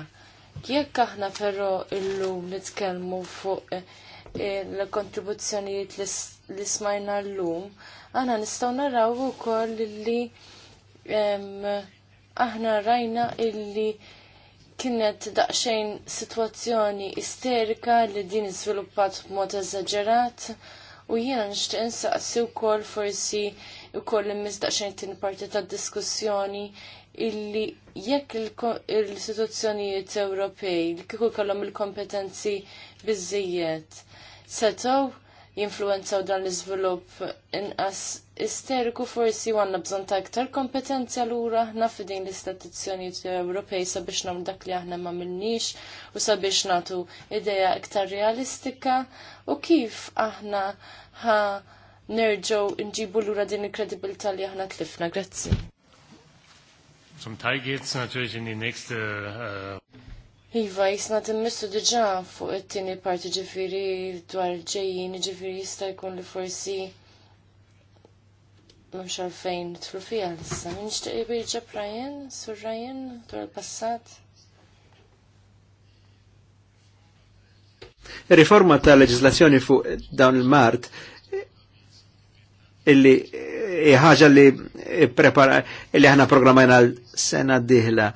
Jekk aħna però llum nitkellmu fuq il kontribuzzjonijiet li smajna l-lum, għana nistaw naraw u koll li aħna rajna illi kienet daqsxejn situazzjoni isterika li din iżviluppat b'mod eżaġerat u jiena nixtieq insaqsi wkoll forsi wkoll immiss daqsxejn tin parti tad-diskussjoni illi jekk l-istituzzjonijiet Ewropej li kieku kellhom il-kompetenzi biżżejjed setgħu jinfluenzaw dan l izvilup inqas isteriku forsi għandna bżonn ta' iktar kompetenza lura ħna f'din l-istituzzjonijiet Ewropej sabiex nagħmlu dak li aħna ma minnix u sabiex nagħtu idea iktar realistika u kif aħna ħa nerġgħu nġibu lura din il-kredibilità li aħna tlifna. Grazzi. Zum Teil geht's natürlich in die nächste äh Iva, jisna timmissu diġa fuq it-tini parti ġifiri dwar ġejjin, ġifiri jista' jkun li forsi memx għalfejn tru fija l-issa. Min xtaq ġab Ryan, sur Ryan, dwar il-passat? Riforma ta' leġislazzjoni fuq dawn il-mart illi eh, ħaġa li eh, prepara illi ħana programmajna l-sena diħla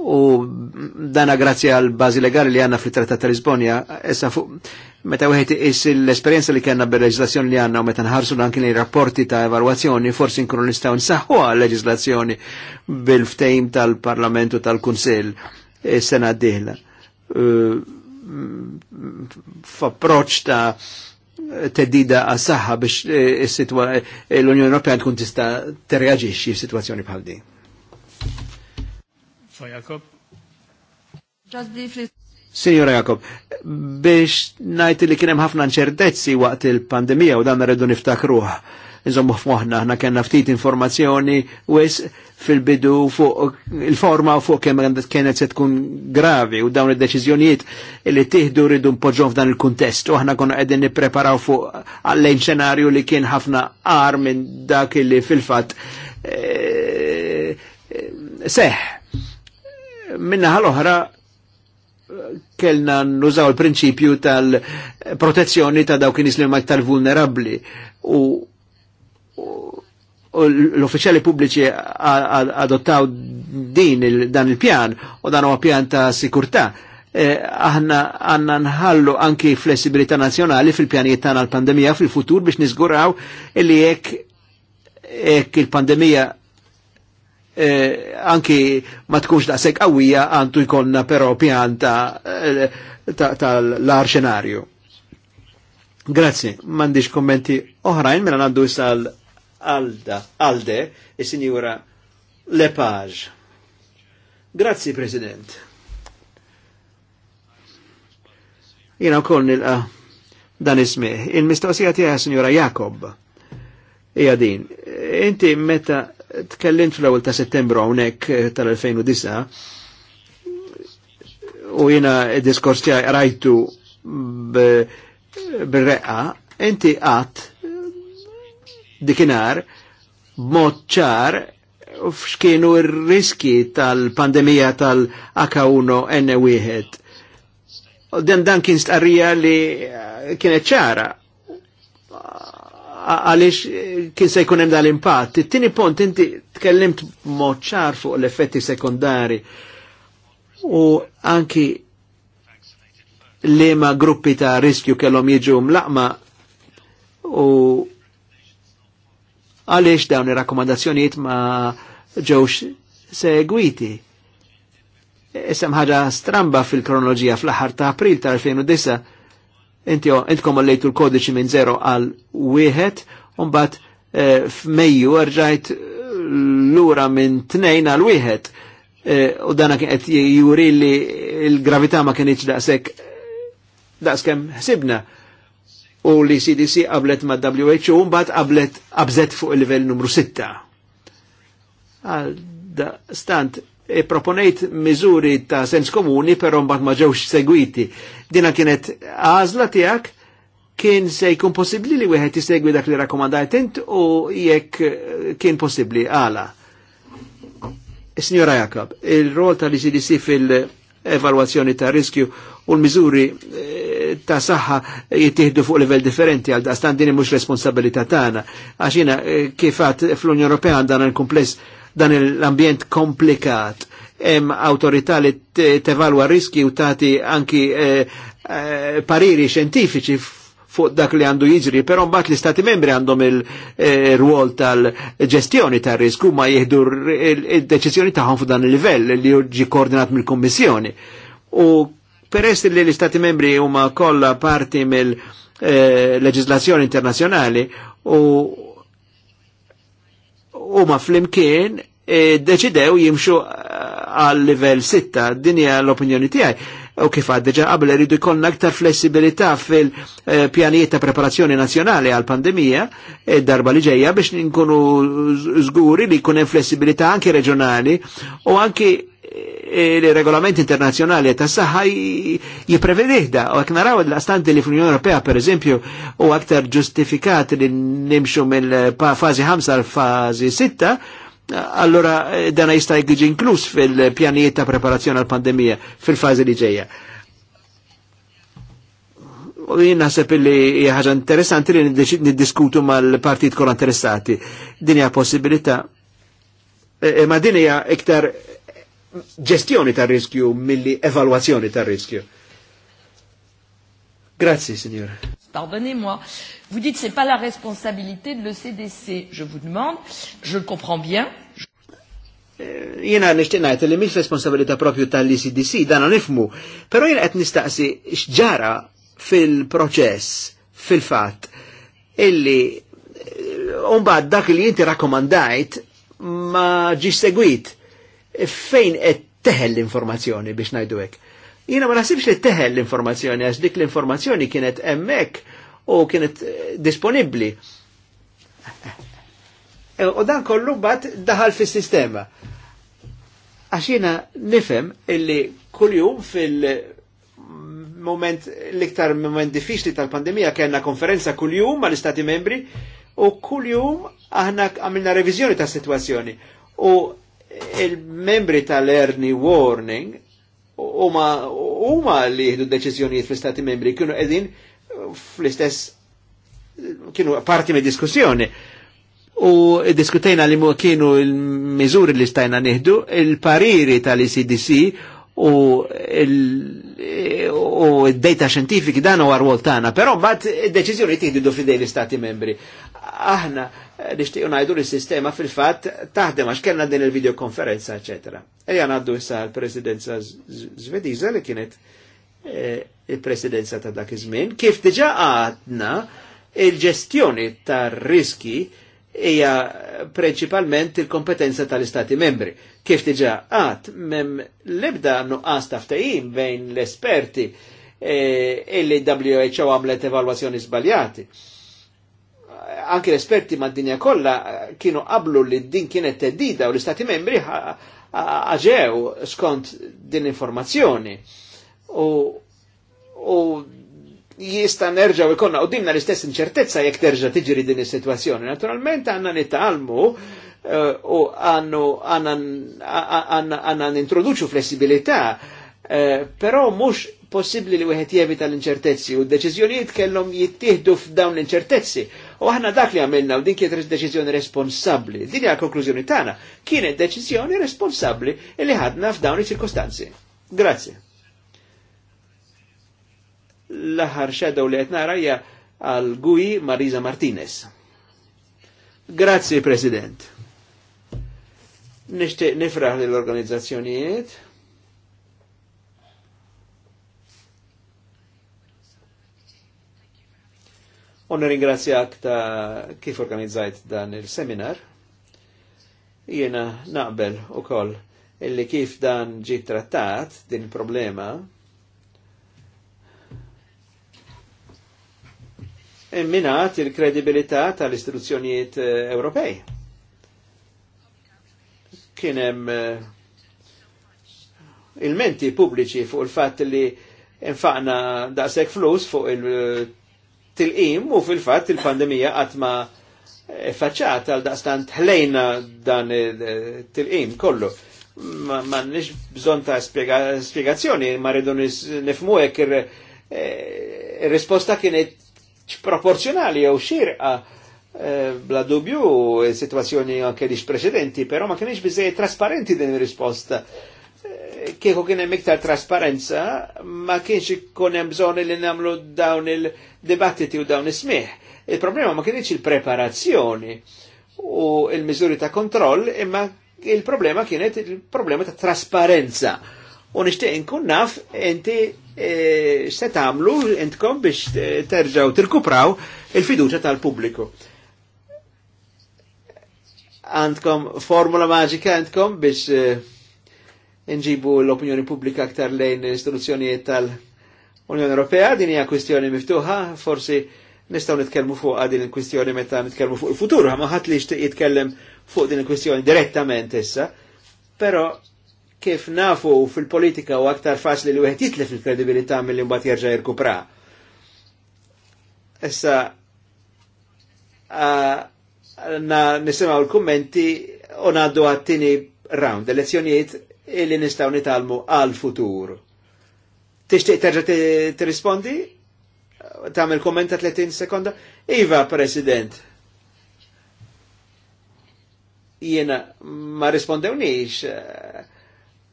u dana grazzi għal bazi legali li għanna fil-Trattat ta' Lisbonja essa fuq meta wieħed is l-esperjenza li kellna bil leġislazzjoni li għanna u meta nħarsu anke li rapporti ta' evalwazzjoni forsi nkunu nistgħu nsaħħu għal-leġislazzjoni bil-ftejm tal-Parlamentu tal-Kunsill is-sena eh, diħla. dieħla F'approċċ ta' teddida għas-saħħa biex e, l-Unjoni Ewropea tkun tista' terreaġixxi f'sitwazzjoni bħal din. Signora Jakob, biex najti li kienem ħafna nċertezzi waqt il-pandemija u dan rridu niftakruha nżommu f'moħna, ħna kena ftit informazzjoni wis fil-bidu fuq il-forma u fuq kemm kienet se tkun gravi u dawn id-deċiżjonijiet li tieħdu ridu mpoġġhom f'dan il-kuntest u aħna konna qegħdin nippreparaw fuq għallejn xenarju li kien ħafna għar minn dak li fil-fatt e, e, seħ. Minna ħal-oħra kellna nużaw il-prinċipju tal-protezzjoni ta' dawk nies li ma tal-vulnerabli u l-uffiċjali pubbliċi adottaw din il dan il-pjan u dan huwa pjan ta' sikurtà. Eh, aħna għanna nħallu anki flessibilità nazjonali fil-pjanijiet tagħna l-pandemija fil-futur biex niżguraw li jekk jekk il-pandemija eh, anki ma tkunx daqshekk qawwija għandu jkollna però pjan ta' e, tal-arxenarju. Grazzi, m'għandix kommenti oħrajn mela ngħaddu issa Alda, Alde, e signora Lepage. Grazzi, President. Jina u koll nilqa dan ismi. Il-mistoqsija tija signora Jakob. Ija din. Inti meta tkellimt fl-ewwel ta' Settembru hawnhekk eh, tal-2009 u jina diskors tiegħi rajtu b reqqa inti għat dikinar b'moċċar ċar f'xkienu r-riski tal-pandemija tal-H1N1. Dan dan kien starrija li eh, kienet ċara għaliex eh, kien se jkun hemm dal-impatt. it pont inti tkellimt mod ċar fuq l-effetti sekundari. u anki li ma gruppi ta' riskju kellhom jiġu mlaqma u Għaliex dawn ir-rakkomandazzjonijiet ma ġewx segwiti. Isem ħaġa stramba fil-kronoloġija fl-aħħar ta' April tal-2009 inti intkom għallejtu l-kodiċi minn 0 għal 1 Umbat e, f'Mejju rġajt eh, l-ura minn tnejn għal wieħed eh, u dana kienet juri li l-gravità ma kienieċ daqshekk daqskemm ħsibna u li CDC qablet ma' WHO mbagħad qablet qabżet fuq il-livell numru 6. Għal stant e proponejt miżuri ta' sens komuni però mbagħad ma ġewx segwiti. Dina kienet għażla tiegħek kien se jkun possibbli li wieħed jisegwi dak li rakkomandajt int u jekk eh, kien possibbli għala. E signora Jakob, il-rol tal-ICDC fil-evalwazzjoni ta' riskju u l-miżuri eh, ta' saħħa jittieħdu fuq livell differenti għal daqstan dini mhux responsabilità tagħna. Għax jiena eh, kifat fl-Unjoni Ewropea għandna l-kumpless dan l-ambjent komplikat hemm awtorità li tevalwa riski u tagħti anki eh, pariri xjentifiċi fuq dak li għandu jiġri, però mbagħad l-istati membri għandhom il-rwol tal-ġestjoni tar-risku ma jieħdu il-deċiżjoni tagħhom f'dan il-livell li jiġi koordinat mill-Kummissjoni. U Peress li l-Istati membri huma kollha parti mill-leġislazzjoni eh, internazzjonali u huma flimkien e, deċidew jimxu eh, għal livell 6 din hija l-opinjoni tiegħi u kif għaddeġa qabel rridu jkollna aktar flessibilità fil-pjanijiet eh, ta' preparazzjoni nazzjonali għal pandemija e, darba li ġejja biex nkunu żguri li jkun hemm flessibilità anke reġjonali u anki E il-regolament internazjonali ta' saħħa jiprevedihda u għak naraw l-astanti li fl-Unjoni Ewropea per eżempju u aktar ġustifikat li nimxu mill-fazi 5 għal fazi 6 allora eh, dana jista' jiġi inkluż fil-pjanijiet ta' preparazzjoni għal pandemija fil-fazi li ġejja. U jien naħseb li ħaġa interessanti li niddiskutu mal-partit kol interessati. Dinja possibilità. E, e ma dinja iktar ġestjoni ta' riskju milli evalwazzjoni ta' riskju. Grazie, signora. Pardonnez-moi. Vous dites que ce n'est pas la responsabilité de le CDC. Je vous demande, je le comprends bien. Eh, jena nishtinajt li mil responsabilita propju tal-ECDC, dana nifmu, pero jena qed nistaqsi xġara fil-proċess, fil-fat, illi eh, umbad dak li jinti rakomandajt ma ġiġ segwit fejn qed teħel l-informazzjoni biex ngħidu hekk. Jiena ma naħsibx li teħel l-informazzjoni għax dik l-informazzjoni kienet hemmhekk u kienet eh, disponibbli. E, u dan kollu bat daħal fis-sistema. Għax jiena nifhem illi kuljum fil- moment, l-iktar moment diffiċli tal-pandemija kellna konferenza kuljum mal istati membri u kuljum aħna għamilna revizjoni ta' situazzjoni. U il-membri tal-Erni Warning huma li jieħdu deċizjonijiet fl-Stati membri kienu edin uh, fl-istess uh, kienu parti me diskussjoni u diskutejna li kienu il mizuri li stajna nieħdu il-pariri tal-ICDC u il-data xjentifiki dan u rwol tagħna, però mbagħad deċizjoni tiħdu fidej l-Istati membri. Aħna Eh, nishtiq unajdu li sistema fil-fat taħdem għax kellna din il-videokonferenza, ecc. Eja għaddu issa l-presidenza zvediza li kienet eh, il-presidenza ta' dak iż-żmien, kif diġa għadna il-ġestjoni tar riski hija principalment il-kompetenza tal-Istati membri. Kif diġa għad, mem lebda nuqqas taftajim bejn l-esperti eh, illi WHO għamlet evalwazzjoni sbaljati anki l-esperti mad dinja kollha eh, kienu qablu li din kienet teddida u l-istati membri aġew skont din informazzjoni. U, u jista nerġaw ikonna u dimna l-istess inċertezza jekk terġa tiġri din is-sitwazzjoni. Naturalment għandna nittalmu eh, u għanna nintroduċu flessibilità, eh, però mhux possibbli li wieħed jevita l-inċertezzi u d-deċiżjonijiet kellhom jittieħdu f'dawn l-inċertezzi U aħna dak li għamilna u din kienet deċiżjoni responsabbli. Din hija konklużjoni tagħna kienet deċiżjoni responsabbli li ħadna f'dawn is-sirkostanzi. Grazzi. L-aħħar xedew li qed nara hija għal Gui Marisa Martinez. Grazzi President. Nixtieq nifraħ lill-organizzazzjonijiet U nirringrazzjak ta' kif organizzajt dan il-seminar. Jena naqbel u koll illi kif dan ġi trattat din problema imminat il-kredibilità tal-istituzzjonijiet eh, Ewropej. Kienem eh, il-menti pubbliċi fuq il-fat li infaqna daqseg flus fuq il- til-qim u fil-fat il-pandemija għatma eh, faċċat għal daqstan tħlejna dan eh, til-qim kollu. Ma nix bżon ta' spiegazzjoni, ma rridu nifmu ek ir-risposta eh, kienet proporzjonali u xirqa bla dubju situazzjoni anke li precedenti, però ma kienx bizzej trasparenti din il risposta kieku kienem hemm iktar trasparenza ma kienx ikun bżon li namlu dawn il-dibattiti u dawn ismiħ. Il-problema ma kienx il-preparazzjoni u il mizuri ta' kontroll, imma il-problema kienet il-problema ta' trasparenza. U nishtiq inkun naf inti e, se tagħmlu intkom biex e, terġaw tirkupraw il fiduċa tal-pubbliku għandkom formula maġika għandkom biex e, nġibu l-opinjoni pubblika aktar lejn istituzzjonijiet tal-Unjoni Ewropea, din hija kwistjoni miftuħa, forsi nistgħu nitkellmu fuq din il-kwistjoni meta nitkellmu fuq il-futur, ma ħadd li jitkellem fuq din il-kwistjoni direttament issa, però kif nafu fil-politika u aktar faċli li wieħed jitlef il-kredibilità milli mbagħad jerġa' jirkupra. Issa nisimgħu l-kummenti u ngħaddu għat-tieni round, elezzjonijiet li nistaw nitalmu għal-futur. Tixtieq terġa' tirrispondi? Tagħmel kommenta 30 sekonda? Iva, President. Jiena ma rispondewnix eh,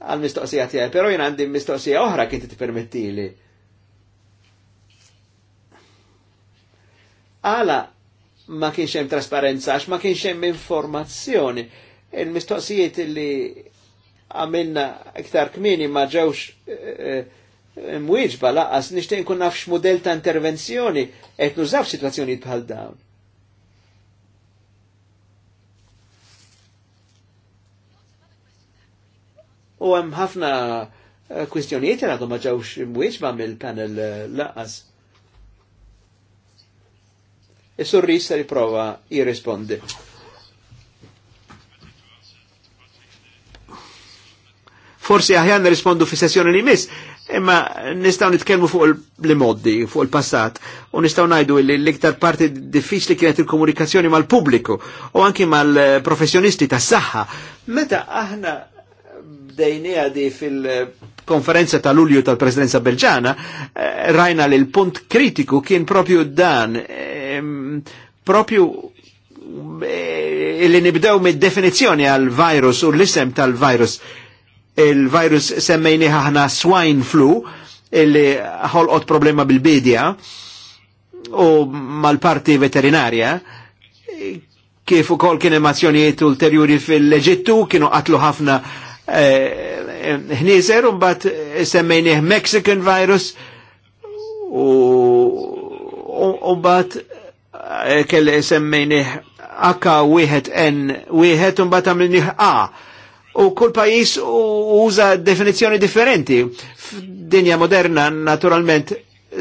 għal-mistoqsija tiegħi, però jien għandi mistoqsija oħra kien tippermettili. Għala ma kienx hemm trasparenza għax ma kienx hemm informazzjoni. Il-mistoqsijiet li għamilna iktar kmini ma ġewx eh, eh, mwieġba laqas nishtiq nkun nafx model ta' intervenzjoni qed nużaw situazzjoni bħal dawn. U hemm ħafna eh, kwistjonijiet li ma ġewx mwieġba mill-panel laqas. Is-surris se jipprova jirrispondi. forsi aħjan nirrispondu fi sessjoni li miss, imma nistaw nitkelmu fuq l moddi fuq il-passat, u nistaw najdu li l-iktar parti diffiċli kienet il-komunikazzjoni mal publiku u anki mal-professjonisti ta' saħħa Meta aħna bdejnija di fil-konferenza tal-Ulju tal-Presidenza Belġana, eh, rajna li l-punt kritiku kien propju dan, ehm, propju eh, li nibdew mid-definizjoni għal-virus u l-isem tal-virus. tal virus il-virus semmejni ħahna swine flu illi ħolqot problema bil-bidja u mal-parti veterinarja kif ukoll kien emazzjonijiet ulterjuri fil-Eġittu kienu qatlu ħafna eh, ħnieżer eh, u mbagħad semmejnih Mexican virus u mbagħad kelli semmejnih H1N1 u mbagħad għamilnih eh, A u kull pajis uża definizjoni differenti. F'dinja moderna, naturalment,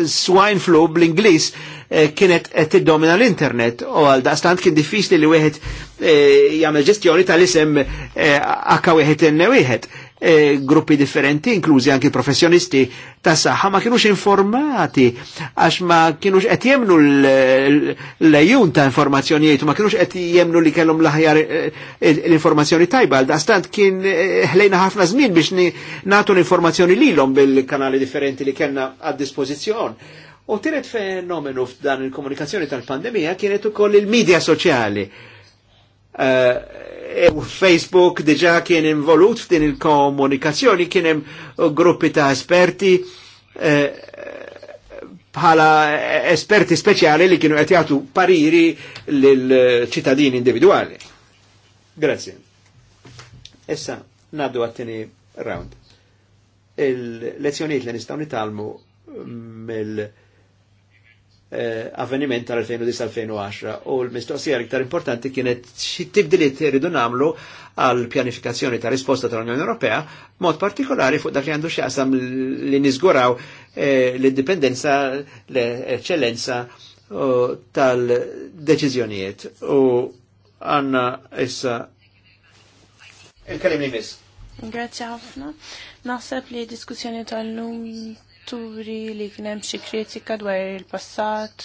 swine flu bl-Inglis eh, kienet qed tiddomina l-internet u għal daqstant kien diffiċli li wieħed eh, jagħmel ġestjoni tal-isem eh, akka wieħed n wieħed. E, gruppi differenti, inklużi anki professjonisti ta' saħħa, ma kienux informati, għax ma kienux qed jemnu l-lejun ta' informazzjonijiet, ma kienux qed jemnu li kellhom l-aħjar e, e, l-informazzjoni tajba, għal-dastant kien ħlejna ħafna żmien biex natu l-informazzjoni lilhom bil-kanali differenti li kellna għad-dispożizzjon. U tiret fenomenu f'dan il-komunikazzjoni tal-pandemija kienet ukoll il-medja soċjali Uh, Facebook diġa kien involut f'din il-komunikazzjoni, kien hemm gruppi ta' esperti eh, bħala uh, esperti speċjali li kienu għetjatu pariri l ċittadini individuali. Grazie. Issa naddu għattini round. Il-lezzjoniet li nistaw nitalmu mill- Eh, avveniment tal-2010 u l-mistoqsija l iktar importanti kienet xi tibdiliet rridu nagħmlu għal pjanifikazzjoni ta' risposta tal-Unjoni Ewropea, mod partikolari fuq dak li għandu x'jaqsam li niżguraw eh, l-indipendenza, l-eċċellenza eh, tal-deċiżjonijiet. U għanna issa il-kalim li miss. Grazie ħafna. Naħseb li diskussjoni tal-lum setturi li kien hemm xi kritika dwar il-passat.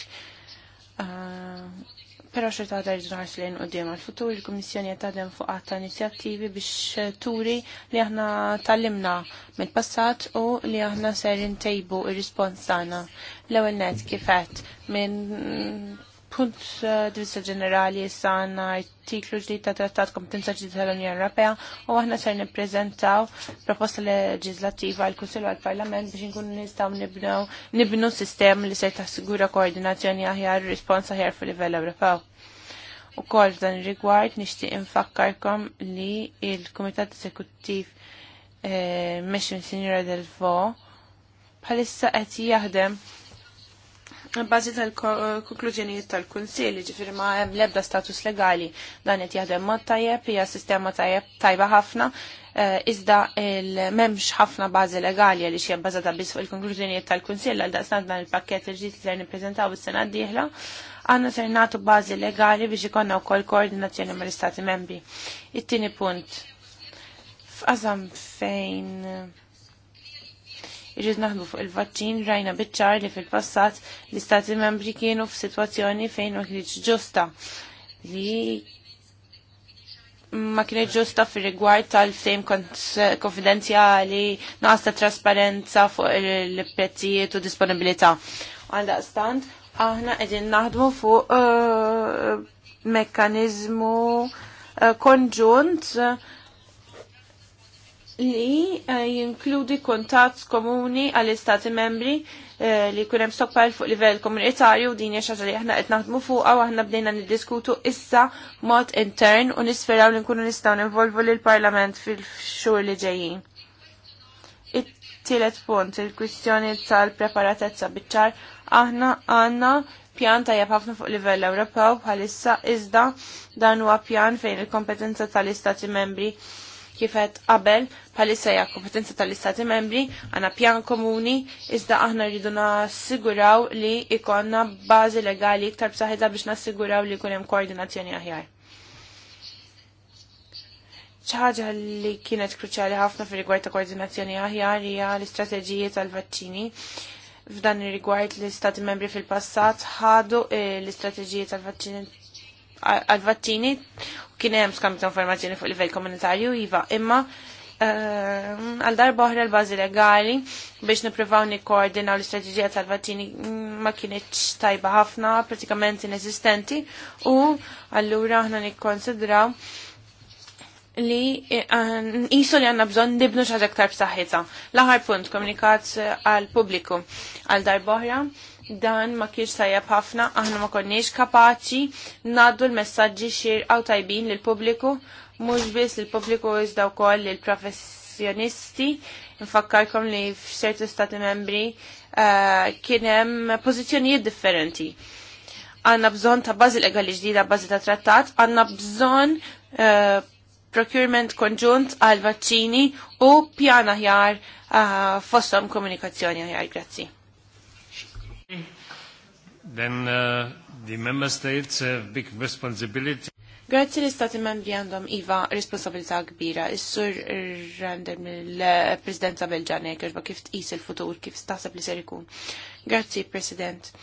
Ah, però xorta ta' rridu naħarsu lejn qudiem għall-futur, il-Kummissjoni qed fuq ta' inizjattivi biex turi li aħna tallimna mill-passat u li aħna ser intejbu ir-rispons tagħna. L-ewwel net kif minn punt eh, divisa ġenerali sanna artiklu ġdid ta' trattat kompetenza ġdid tal-Unjoni Ewropea u aħna ser nippreżentaw proposta leġislattiva għal kunsill għal parlament biex nkunu nistgħu nibnu sistem li se tassigura koordinazzjoni aħjar rispons aħjar fil livell Ewropew. U kol dan rigward nixtieq infakkarkom li il-Kumitat Eżekuttiv eh, Mission Sinjora Delvo bħalissa qed jaħdem bazi tal-konklużjonijiet tal kunsil ġifiri ma hemm l-ebda status legali dan qed jaħdem mod tajjeb, hija sistema tajjeb tajba ħafna, eh, iżda m'hemmx ħafna bażi legali għaliex hija bbażata biss fuq il-konklużjonijiet tal-Kunsill għal daqsnat dan il-pakkett il-ġdid li se nippreżentaw is-sena d-dieħla, għandna ser nagħtu bażi legali biex ikonna wkoll koordinazzjoni mal-Istati membri. It-tieni punt. F'qasam fejn irrid naħdmu fuq il-vaċċin rajna biċċar li fil-passat l-istati membri kienu f'sitwazzjoni fejn ma kienx ġusta li ma kienx ġusta fir rigward tal fejn konfidenzjali, naqas ta' trasparenza fuq il-prezzijiet u disponibilità. Għandaq stand, aħna qegħdin naħdmu fuq uh, uh, konġunt uh, li eh, jinkludi kontat komuni għall-istati membri eh, li kunem stokpajl fuq livell komunitarju din hija xaġa li aħna qed naħdmu fuqha u aħna bdejna niddiskutu issa mod intern u nisferaw li nkunu nistgħu li l parlament fil-xhur li ġejjin. It-tielet punt, il-kwistjoni tal-preparatezza biċ-ċar, aħna għandna pjan tajjeb ħafna fuq livell Ewropew bħalissa iżda dan huwa pjan fejn il-kompetenza tal-istati membri kifet qabel palissa ja kompetenza tal-Istati membri għana pjan komuni iżda aħna rridu nassiguraw li ikonna bażi legali iktar b'saħħitha biex nassiguraw li jkun hemm koordinazzjoni aħjar. Ħaġa li kienet kruċjali ħafna fir rigward ta' koordinazzjoni aħjar hija l-istrateġiji tal-vaċċini f'dan ir-rigward l-Istati membri fil-passat ħadu eh, l-istrateġiji tal-vaċċini għal-vattini kien hemm skam ta' informazzjoni fuq livell komunitarju iva, imma ehm, għal darba oħra l-bażi legali biex nippruvaw nikkoordinaw l-istrateġija tal-vattini ma kienitx tajba ħafna, pratikament inesistenti, u allura aħna nikkonsidraw li jisu ehm, li għanna bżon nibnu xaġa ktar b'saħħitha. L-aħar punt, komunikat għal pubbliku għal dar oħra dan ma kienx tajjeb ħafna, aħna ma konniex kapaċi naddu l-messagġi xir għaw tajbin lill-pubbliku, mhux biss lill-pubbliku iżda wkoll lill-professjonisti. Nfakkarkom li f'ċertu stati membri uh, kien hemm pożizzjonijiet differenti. Għanna bżon ta' bażi legali ġdida, bażi ta' trattat, għanna bżon uh, eh, procurement konġunt għal vaċċini u pjana ħjar uh, eh, fossom komunikazzjoni ħjar. Grazzi. Then uh, the member states have big responsibility. Grazzi li stati membri għandhom Iva responsabilità kbira. Is-sur render mill-Presidenza Belġana għarba kif tqis il-futur, kif taħseb li ser ikun. Grazzi, President.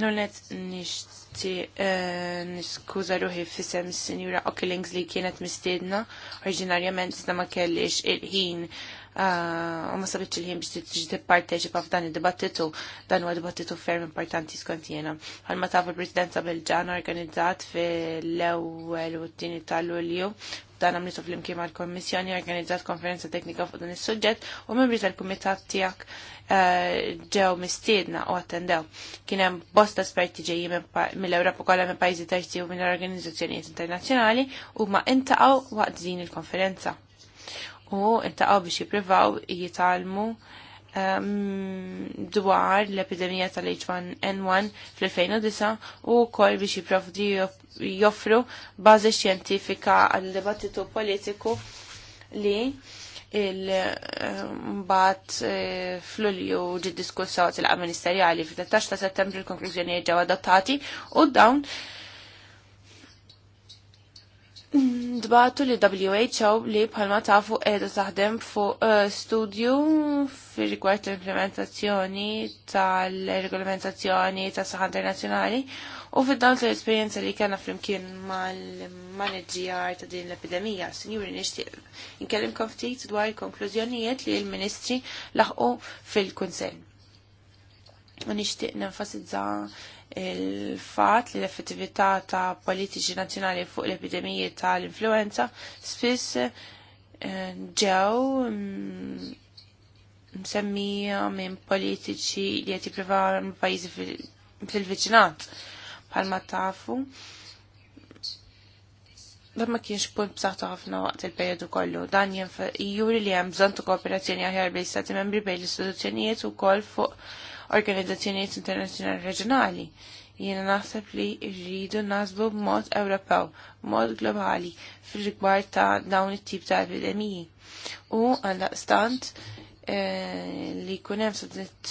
Nullet nishti eh, niskuza ruħi fissem s-senjura Ockellings li kienet mistedna oriġinarjament s ma kellix il-ħin Ah, u ma sabitx il-ħin biex tipparteċipa f'dan id-dibattitu, dan huwa dibattitu ferm importanti skont jiena. Għalma tafu il presidenza Belġana organizzat fil-ewwel u t-tieni tal-Lulju dan għamlitu fl-imkien mal kommissjoni organizzat konferenza teknika fuq dan is-suġġett u membri tal-kumitat tiegħek eh, ġew mistiedna u attendew. Kien hemm bosta esperti ġejjin mill-Ewropa kollha minn pajjiżi terzi u minn organizzazzjonijiet internazzjonali u ma intaqgħu waqt din il-konferenza u intaqaw biex jiprivaw jitalmu ehm, dwar l-epidemija tal-H1N1 fl-2009 u kol biex jiprofdi joffru bazi xjentifika għal-debattitu politiku li il ehm, bat eh, fl-ulju ġid diskussawat il għamministerjali fit-13 ta' settembru l-konklużjoni ġew adottati u dawn dbatu li WHO li bħalma tafu edha taħdem fuq eh, studju fir rigward l-implementazzjoni tal-regolamentazzjoni ta' saħħa internazzjonali u fid dawn l-esperienza li kena flimkien mal-manager ta' din l-epidemija. Sinjuri nixtieq inkellimkom ftit dwar il-konklużjonijiet li l-Ministri laħqu fil-Kunsell. U nixtieq nenfasizza il-fat li l-effettività ta' politiċi nazjonali fuq l-epidemiji tal-influenza spiss eh, ġew mm, msemmija minn politiċi li qed jippruvaw pajjiżi fil-viċinat bħalma tafu. Dan ma kienx punt b'saħħtu ħafna waqt il-perjodu kollu. Dan juri li hemm bżonn ta' kooperazzjoni aħjar bejn stati membri bejn l-istituzzjonijiet ukoll fuq organizzazzjonijiet internazzjonali reġjonali. Jiena naħseb li rridu nasbu b'mod Ewropew, b'mod globali fil-rigward ta' dawn it-tip ta' epidemiji. U għal eh, li li kunem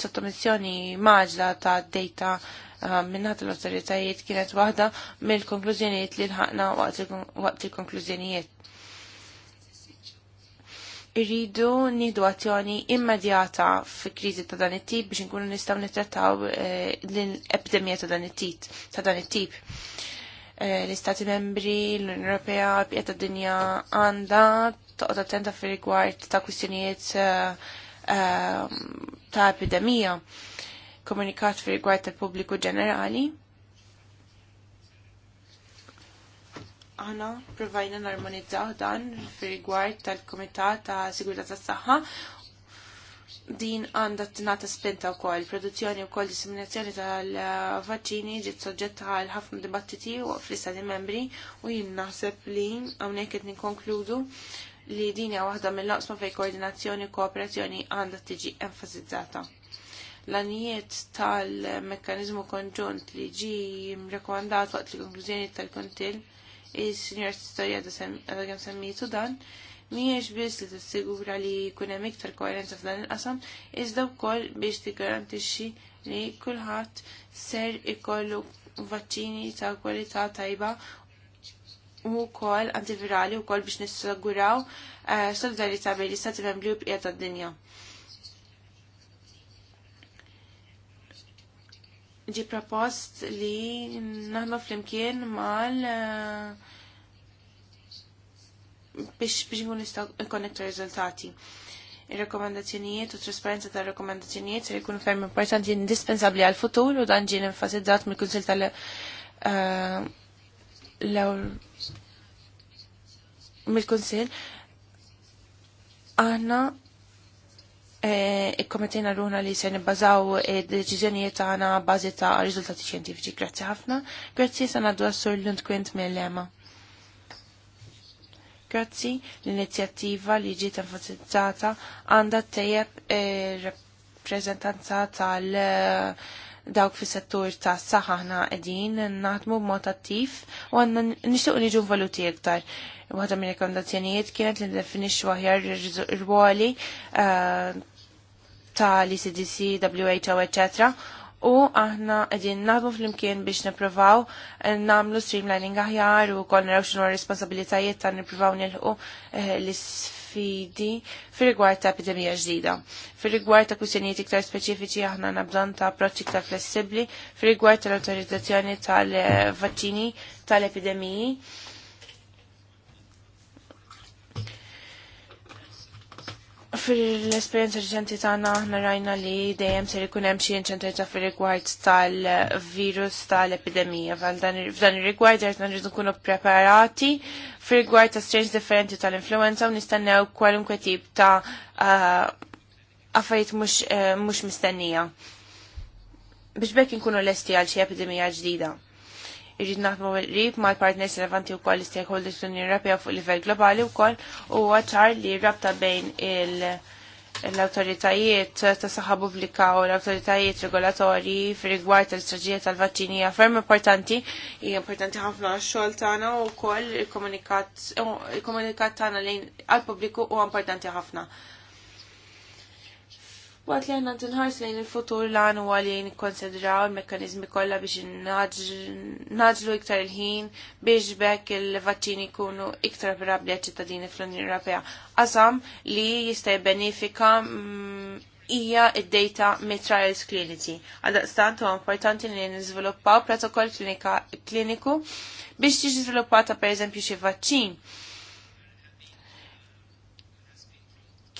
sottomissjoni maġla ta' data eh, minnat l-autoritajiet kienet waħda mill-konklużjonijiet li l-ħakna waqt il-konklużjonijiet irridu nidu azzjoni immedjata fi kriżi ta' dan it-tip biex inkunu nistgħu nittrattaw eh, l-epidemija ta' dan it-tip. Ta' dan it-tip. Eh, L-Istati membri, l-Unjoni Ewropea, pjata ta' dinja għandha toqgħod attenta fi rigward ta' kwistjonijiet eh, ta' epidemija komunikat fi rigward tal-pubbliku ġenerali aħna provajna narmonizzaw dan fir-rigward tal-Komitat ta' Sigurtà tas-Saħħa din għandha t-nata spinta wkoll, produzzjoni u wkoll disseminazzjoni tal-vaċċini ġiet soġġett għal ħafna dibattiti u fl-istati membri u jien naħseb li hawnhekk qed nikkonkludu li din hija waħda mill-oqsma fejn koordinazzjoni u kooperazzjoni għandha tiġi enfasizzata l-anijiet tal-mekkanizmu konġunt li ġi mrekomandat waqt il konklużjoni tal-kontil il-Sinjor Storja għadha semmitu dan, miex biss li t-sigura li jkun hemm iktar koerenza f'dan il-qasam, iżda wkoll biex tigarantixxi li kulħadd ser ikollu vaccini ta' kwalità tajba u wkoll antivirali wkoll biex nissaguraw eh, solidarita bejn l-istati membri u bqija tad-dinja. ġi propost li naħdmu flimkien mal eh, biex biex nkun nistgħu nkonnektu riżultati. Ir-rekomendazzjonijiet u trasparenza tal rekomendazzjonijiet se jkun ferm importanti indispensabbli għal futur u dan ġie enfasizzat mill-Kunsil tal eh, mill-Kunsil. Aħna l ruħna li se nibbażaw deċiżjonijiet tagħna bażi ta' riżultati xjentifiċi. Grazzi ħafna. Grazzi sa ngħaddu għas-sur Lundquint mill-lema. Grazzi l-inizjattiva li ġiet enfatizzata għandha tejjeb rappreżentanza tal- dawk fis settur ta' saħħaħna qegħdin naħdmu b'mod attiv u għandna nixtieq niġu valuti iktar. Waħda minn rekomendazzjonijiet kienet li ndefinixxu aħjar r ruoli tal-ECDC, WHO, etc. U aħna għedin naħdmu fl-imkien biex nipruvaw eh, namlu streamlining aħjar u kol naraw xinu responsabilitajiet ta' niprovaw nilħu eh, l-sfidi fil rigward ta' epidemija ġdida. fil rigward ta' kwistjonijiet iktar speċifiċi aħna nabdan ta' approċċ iktar flessibli fil rigward tal-autorizzazzjoni tal-vaċċini eh, tal-epidemiji. tal vaċċini tal epidemiji Fil-esperienza reċenti tagħna aħna rajna li dejjem ser ikun hemm xi inċentrita fir-rigward tal-virus tal-epidemija. F'dan ir-rigward qed nirridu nkunu preparati fir-rigward ta' strains differenti tal-influenza u nistennew kwalunkwe tip ta' uh, affarijiet uh, mhux mistennija. Biex bekk inkunu lesti għal xi epidemija ġdida irrid naħdmu rib mal partners relevanti u koll stakeholders l-Unjoni Ewropea fuq livell globali u koll u għacħar li rabta bejn l-autoritajiet ta' saħħa pubblika u l-autoritajiet regolatori fir-rigward tal-istraġija tal-vaċċini hija ferm importanti, hija importanti ħafna għax-xogħol tagħna u komunikat il-komunikat tagħna lejn għall-pubbliku huwa importanti ħafna. Waqt li għanna tinħars lejn il-futur lan u għalli nikkonsidraw il mekanizmi kollha biex naġlu iktar il-ħin biex bekk il-vaċċini jkunu iktar operabli ċittadini fl-Unjoni Ewropea. Qasam li jista' benefika mm, hija id-data mit trials clinici. Għaldaqstant huwa importanti li niżviluppaw protokoll kliniku biex tiġi żviluppata pereżempju xi vaċċin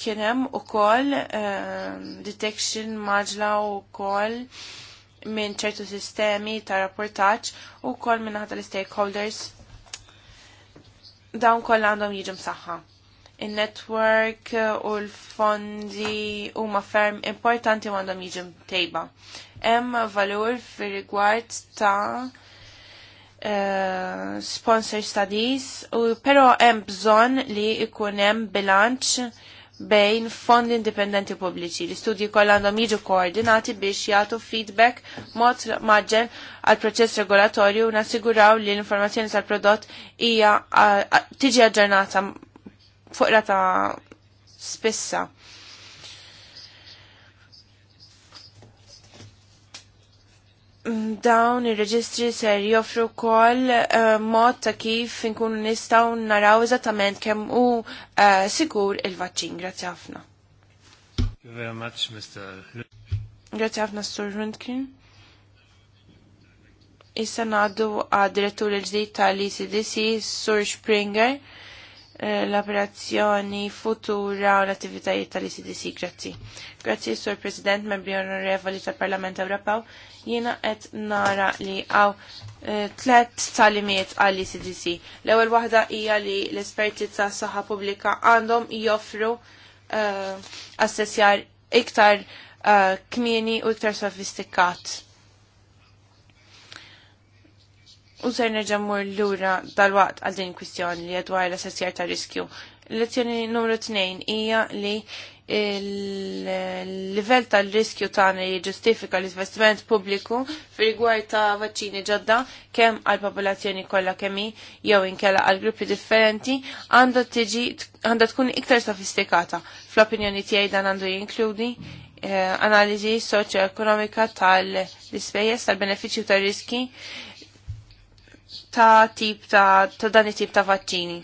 Kienem u kol ehm, detection maġla u kol minn ċertu sistemi ta' rapportaċ u kol minn ħata l-stakeholders dawn kol għandhom jiġu msaħħa. Il-network u l-fondi u ma' ferm importanti għandhom jiġu tejba. Hemm valur fir-rigward ta' ehm, sponsor studies, u pero hemm bżonn li ikun hemm bilanċ bejn fond indipendenti pubbliċi. L-istudji kollha għandhom jiġu koordinati biex jagħtu feedback mod maġġen għal proċess regolatorju u nassiguraw li l-informazzjoni tal-prodott hija tiġi aġġornata fuq rata spissa. dawn il reġistri ser joffru kol uh, eh, mod ta' kif inkunu nistaw naraw eżattament kemm u uh, eh, sigur il-vaċċin. Grazzi ħafna. Grazzi ħafna Sur Rundkin. Issa naddu għad direttur il-ġdid tal-ECDC Sur Springer l-operazzjoni futura u l-attivitajiet tal-ICDC. Grazzi. Grazzi, Sur President, membri onorevoli tal-Parlament Ewropew. Jiena qed nara li għaw eh, tlet talimiet għall-ICDC. L-ewwel waħda hija li l-esperti ta' saħħa pubblika għandhom joffru eh, assessjar iktar eh, kmieni u iktar sofistikat U ser nerġamur l-lura dal-waqt għal din kwistjoni li għadwar l-assessjar ta' riskju. Lezzjoni numru 2 hija li il-livell tal-riskju tagħna jiġġustifika l-investiment pubbliku fir-rigward ta' vaċċini ġodda kemm għall popolazzjoni kollha kemmi jew inkella għal gruppi differenti għandha tiġi għandha tkun iktar sofistikata. Fl-opinjoni tiegħi dan għandu jinkludi eh, analiżi soċjo-ekonomika tal-ispejjeż tal-benefiċċju tar-riski ta' tip ta', ta dan it-tip ta' vaċċini.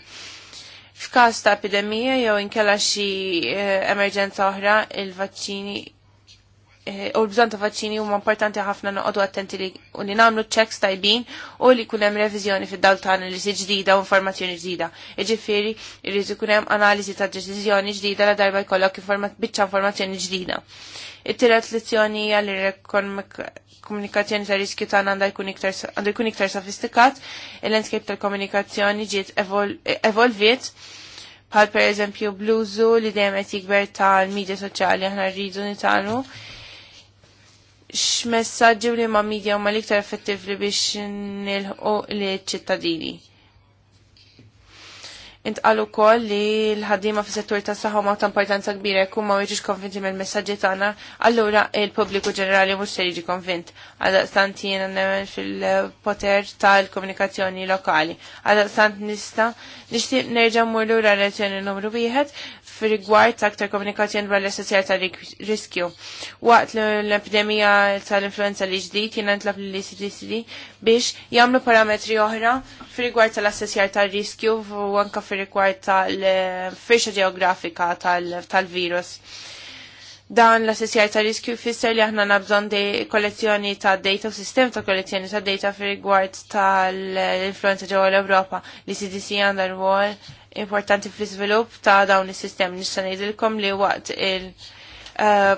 F'każ ta' epidemija jew inkella xi eh, emerġenza oħra, il-vaċċini Eh, u l-bżon ta' vaċċini huma importanti ħafna noqogħdu attenti li u li nagħmlu checks tajbin u li jkun hemm reviżjoni fid-dawl ta' si ġdida u informazzjoni ġdida. Jiġifieri jrid ikun hemm analiżi ta' deċiżjoni ġdida la darba jkollok biċċa informazzjoni ġdida. It-tielet lezzjoni hija li komunikazzjoni ta' riskju ta' għanda għandu jkun iktar sofistikat, il-landscape tal-komunikazzjoni ġiet evolviet, bħal per eżempju bluzu li dejjem qed jikber tal-medja soċjali aħna rridu nitanu x-messagġi li ma' media u ma' liktar li biex nilħu li ċittadini. Intqalu kol li l ħadima fi settur ta' saħħa ma' ta' importanza kbira jekk ma' wieġix konvinti mill-messagġi tagħna, allura il-pubbliku ġenerali mhux se jiġi konvint. Għaldaqstant jiena nemmen fil-poter tal-komunikazzjoni lokali. Għaldaqstant nista' nixtieq nerġa' mmur lura lezzjoni numru wieħed fil-rigward ta' aktar komunikazzjoni dwar l-essenzjal ta' riskju. Waqt l-epidemija tal-influenza li ġdid jiena ntlab l-ICDCD e biex jagħmlu parametri oħra fil tal-assessjar ta' riskju u anka fil-rigward tal-firxa ġeografika tal-virus. Dan l-assessjar ta' riskju jfisser li aħna nabżon kollezzjoni ta' data u sistem ta' kollezzjoni ta' data fil-rigward tal-influenza ġewwa l-Ewropa li e CDC għandha WOL importanti fl-iżvilupp ta' dawn is-sistemi. Nista' ngħidilkom li waqt il- eh,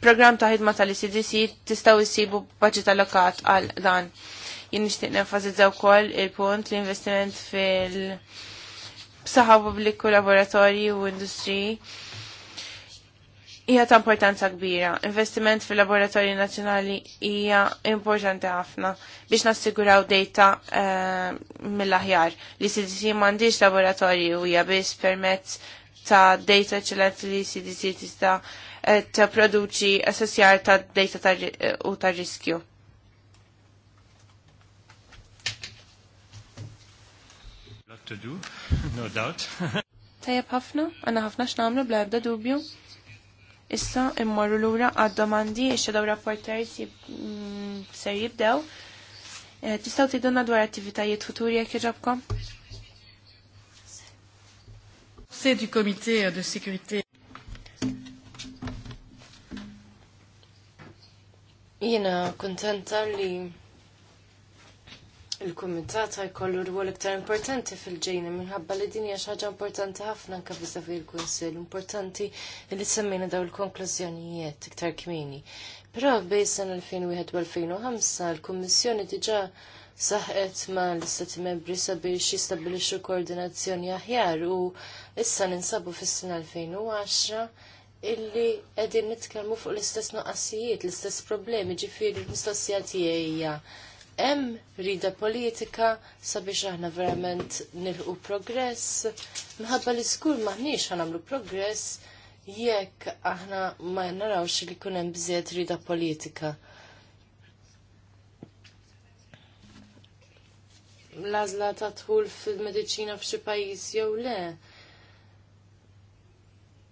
program ta' ħidma tal-ICDC tistaw issibu budget allokat għal dan. Jien nixtieq nenfasizza wkoll il-punt l-investiment fil- saħħa pubbliku laboratorji u industriji hija ta' importanza kbira. Investiment fil-Laboratorju Nazzjonali hija importanti ħafna biex nassiguraw data uh, mill-aħjar. Li CDC m'għandix u hija biss permezz ta' data eċċellenti li CDC tista' eh, ta' produċi assessjar ta' data eh, u ta' riskju. to do, no doubt. Tajab ħafna, għanna ħafna x'namlu bla ebda dubju. Issa immorru l-ura għad-domandi ix daw rapporters mm, ser jibdew. Eh, tistaw tidonna dwar attivitajiet futuri jekk iġobkom? C'est du komite euh, de sécurité. Jena kontenta li il-kumitat ħajkollu rwol iktar importanti fil-ġejna minħabba li din hija xi ħaġa importanti ħafna anke viżavi l-Kunsill, importanti li semmejna daw il-konklużjonijiet iktar kmini. Però bejn sen 2001 u 2005 il kummissjoni diġà saħqet ma l-Istati Membri sabiex jistabilixxu koordinazzjoni aħjar u issa ninsabu fis-sena 2010 illi qegħdin nitkellmu fuq l-istess noqqasijiet, l-istess problemi, ġifieri l-mistoqsija tiegħi hemm rida politika sabiex aħna verament nilħu progress, minħabba li skur maħniex ħanamlu progress jekk aħna ma narawx li kun hemm bżiet rida politika. L-għażla ta' tħul fil-mediċina f'xi pajjiż jew le.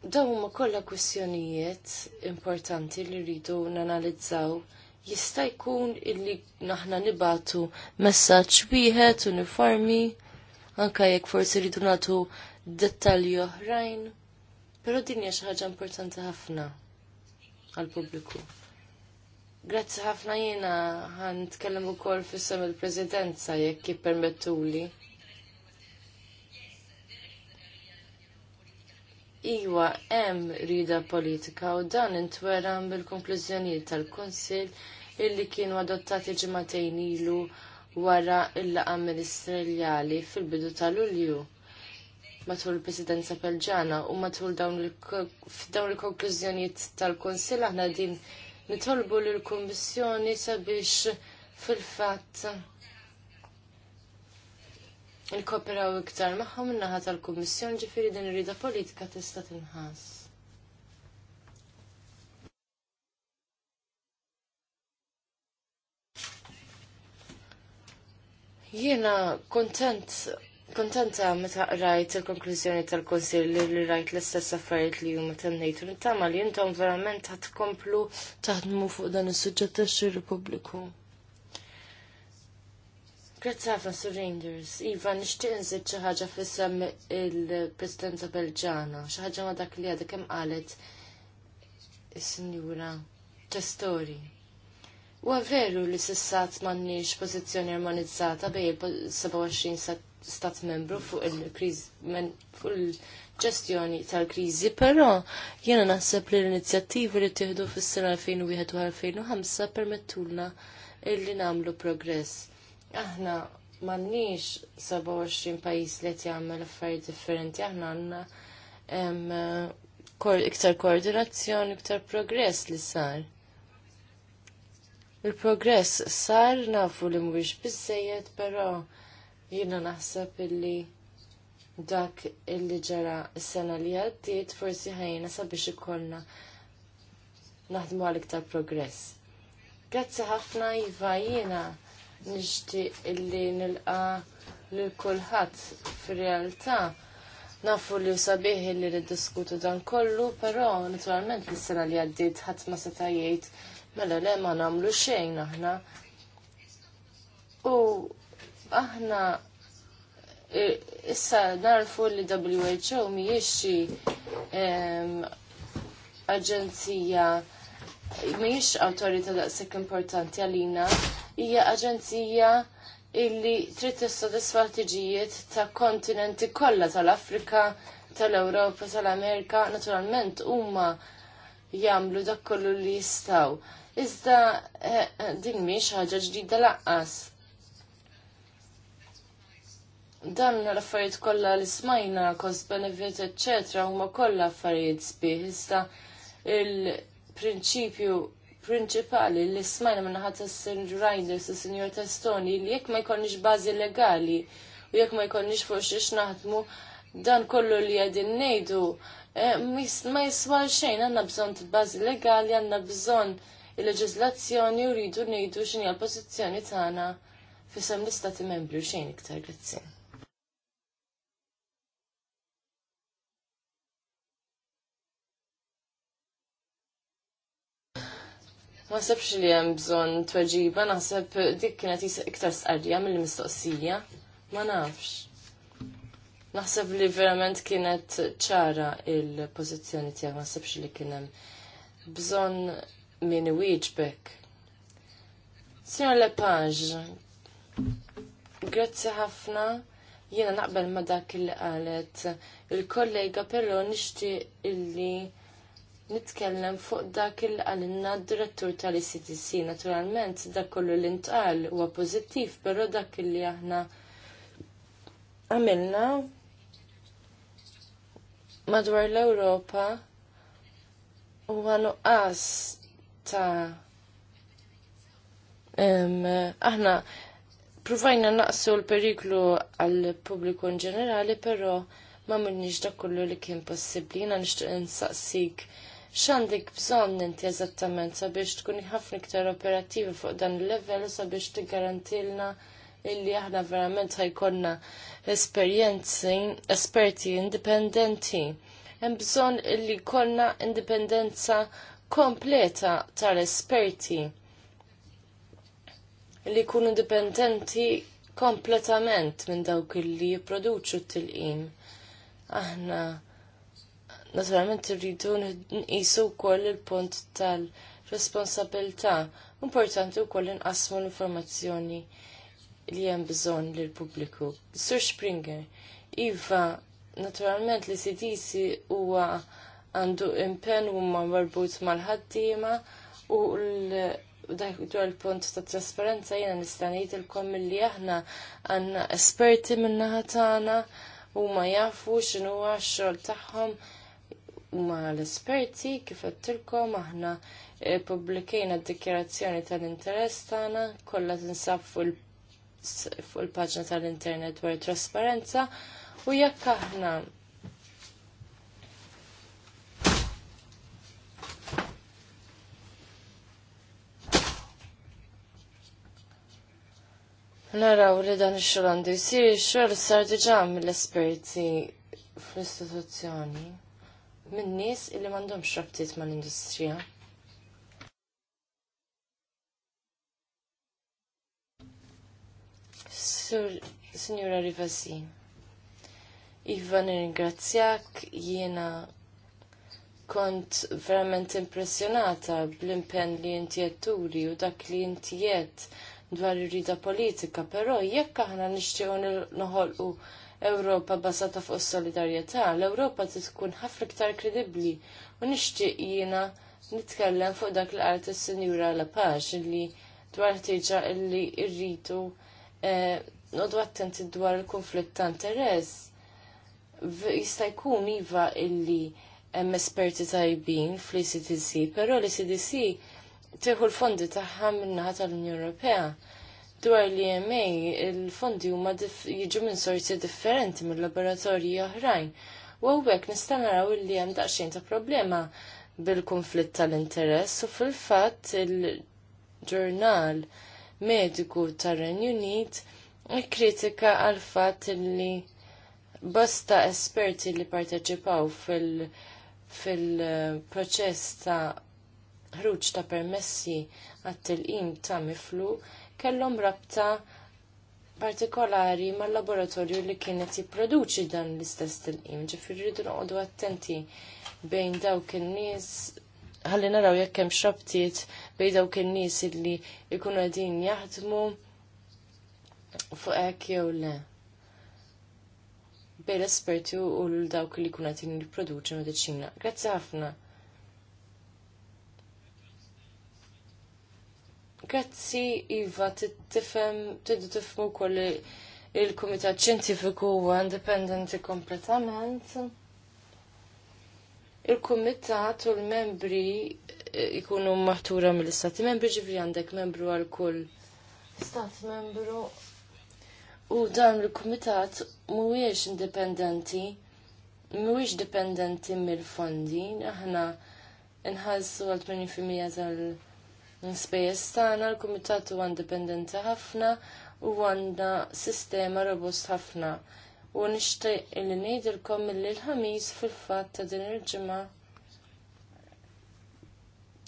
Dawn huma kollha kwistjonijiet importanti li rridu nanalizzaw. Na jista' jkun illi naħna nibatu messaġġ wieħed uniformi anke jekk forsi rridu nagħtu dettalji oħrajn, però din hija xi ħaġa importanti ħafna għall-pubbliku. Grazzi ħafna jiena ħan ukoll fis-sem il-Presidenza jekk jippermettuli. Iwa, hemm rida politika u dan intwera bil-konklużjonijiet tal-Kunsill illi kienu adottati ġimatejn ilu wara il-laqa ministerjali fil-bidu tal-Ulju matul il-Presidenza Belġana u matul dawn il-konklużjonijiet tal-Kunsill aħna din nitolbu lill kummissjoni sabiex fil-fatt nkoperaw iktar magħhom min-naħa tal-Kummissjoni ġifiri din ir-rieda politika tista' tinħas. Jiena kontent Kontenta meta rajt il-konklużjoni tal-Konsil li rajt l-istess affarijiet li huma tennejtu nittama li intom verament ħat tkomplu taħdmu fuq dan is-suġġett tax-xir Pubbliku. Grazzi ħafna Sur Rangers. Iva, nixtieq nżid xi ħaġa f'isem il-Presidenza Belġana, xi ħaġa ma' dak li għadha kemm qalet is-Sinjura Testori. Huwa veru li s-sat m'għandniex pożizzjoni armonizzata bej 27 stat membru fuq il-kriżi fuq il-ġestjoni tal-kriżi, però jiena naħseb li l-inizjattivi li tieħdu fis-sena 2001 u 2005 permettulna illi nagħmlu progress aħna mannix 27 pajis li jagħmel affarijiet differenti, aħna għandna iktar koordinazzjoni, iktar progress li sar. Il-progress sar nafu li mhuwiex biżejjed, però jiena naħseb illi dak illi ġara s-sena li għaddiet forsi ħajna sabiex ikollna naħdmu għal iktar progress. Grazzi ħafna Iva jiena nixtieq illi nilqa lil kulħadd fir-realtà. Nafu li sabiħ li riddiskutu dan kollu, però naturalment li s-sena li għaddiet ħadd ma seta' jgħid mela le ma nagħmlu xejn aħna. U aħna e, issa narfu li WHO mhijiex xi aġenzija mhijiex awtorità daqshekk importanti għalina hija aġenzija illi trid tissodisfa l-tiġijiet ta' kontinenti kollha tal-Afrika, tal-Ewropa, tal-Amerika, naturalment huma jagħmlu dak kollu li jistgħu. Iżda eh, eh, din mhix ħaġa ġdida laqqas. Dan l-affarijiet kollha li smajna, cost benefit, eċċetra, huma kollha affarijiet sbieħ, iżda il-prinċipju prinċipali li smajna minna ħat s sin Reinders u s-Sinjor Testoni li jekk ma jkollniex bażi legali u jekk ma jkollniex fuq xiex naħdmu dan kollu li għedin nejdu eh, ma jiswal xejn għanna bżon bażi legali għanna bżon il-leġizlazzjoni u rridu nejdu x'inja għal-pozizjoni tagħna fisem l-istati membri u xejn iktar grazzi. Ma nasibx li hemm bżonn tweġiba, naħseb dik kienet iktar sqarrija mill-mistoqsija. Ma nafx. Naħseb li verament kienet ċara il-pożizzjoni tiegħek, ma nasibx li kien hemm bżonn min wieġbek. Signor Lepage, grazzi ħafna. Jiena naqbel ma dak il qalet il-kollega però nixtieq illi nitkellem fuq dak il għalinna d-direttur tal-ICTC. Naturalment, dak kollu l-intqal huwa pożittiv, però dak li aħna għamilna madwar l-Ewropa huwa nuqqas ta' um, aħna provajna naqsu l-periklu għal-pubbliku in ġenerali, però ma minnix dak kollu li kien possibbli. Jiena nixtieq insaqsik xandik bżonn inti eżattament sabiex tkun ħafna iktar operattivi fuq dan il-level sabiex tiggarantilna illi aħna verament ħajkonna esperjenzi, esperti indipendenti. Hemm bżonn illi jkollna indipendenza kompleta tal-esperti li jkunu indipendenti kompletament minn dawk li jipproduċu t-tilqim. Aħna naturalment irridu nqisu wkoll il-punt tal-responsabilità. Importanti wkoll inqasmu l-informazzjoni li hemm bżonn lill-pubbliku. Sur Springer, iva naturalment li CDC huwa għandu impenn huma marbut mal-ħaddiema u l dwar il-punt ta' trasparenza jena nistanejt il-kom li aħna għanna esperti minna ħatana u ma jafu xinu għaxol taħħom ma l-esperti kif għattilkom aħna eh, publikejna d-dikjerazzjoni tal-interess tagħna kollha tinsab fuq il-paġna tal-internet wara trasparenza u jekk aħna Naraw li dan ix-xogħol għandu jsir, xogħol sar diġà mill-esperti fl-istituzzjoni minn nies illi m'għandhomx rabtiet mal-industrija. Sur Signora Rivasi, Iva nirringrazzjak jiena kont verament impressjonata bl-impenn li inti jetturi u dak li inti jett dwar ir-rida politika, però jekk aħna nixtiequ noħolqu Ewropa basata fuq is-solidarjetà, l-Ewropa tkun ħafna iktar kredibbli u nixtieq jiena nitkellem fuq dak li qalt is-Sinjura Lapaġ li dwar ħtieġa li rridu eh, nodu attenti dwar il-konflitt ta' interess. Jista' jkun iva illi hemm esperti tajbin fl-ICDC, però l-ICDC tieħu l-fondi tagħha min-naħa tal-Unjoni Ewropea dwar li EMA il-fondi huma jiġu minn sorsi differenti mill laboratorji oħrajn. U għawek nista' naraw li hemm daqsxejn ta' problema bil-konflitt tal-interess u fil-fatt il-ġurnal mediku tar-Renju Unit kritika għal fatt li bosta esperti li parteċipaw fil- fil-proċess ta' ħruġ ta' permessi għat im ta' miflu kellhom rabta partikolari mal-laboratorju li kienet jipproduċi dan l-istess tilqim, ġifiri rridu noqogħdu attenti bejn dawk in-nies ħalli naraw jekk hemm xrabtiet bejn dawk in-nies illi jkunu qegħdin jaħdmu fuq hekk jew le. Bejn l-esperti u dawk li jkunu qegħdin jipproduċi mediċina. Grazzi ħafna. Grazzi, Iva, tifhem tiddu tifmu wkoll il-Kumitat Xjentifiku huwa indipendenti kompletament. Il-Kumitat u l-membri eh, ikunu maħtura mill-Istati Membri ġifri għandek membru għal kull Stat Membru u dan il-Kumitat mhuwiex indipendenti, mhuwiex dipendenti mill-fondi, aħna nħazzu għal 80% tal- l-spejjeż tagħna l-kumitat huwa indipendenti ħafna u għandna sistema robust ħafna. U nixtieq li ngħidilkom milli l-ħamis fil-fatt ta' din il-ġimgħa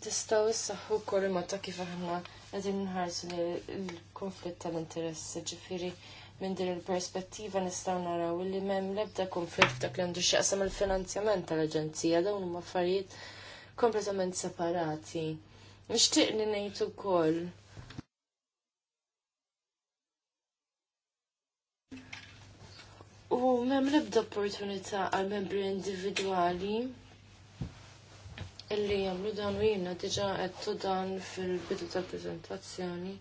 tistgħu issaħħu wkoll imata kif aħna qegħdin nħarsu l-konflitt tal-interessi ġifieri minn din il-perspettiva nistgħu naraw li m'hemm l-ebda konflitt dak li għandu x'jaqsam il-finanzjament tal-Aġenzija dawn huma affarijiet kompletament separati. Nixtieq li ngħid ukoll. U mem l-ebda opportunità għal membri individwali illi jamlu dan u jina diġa għettu dan fil-bidu ta' prezentazzjoni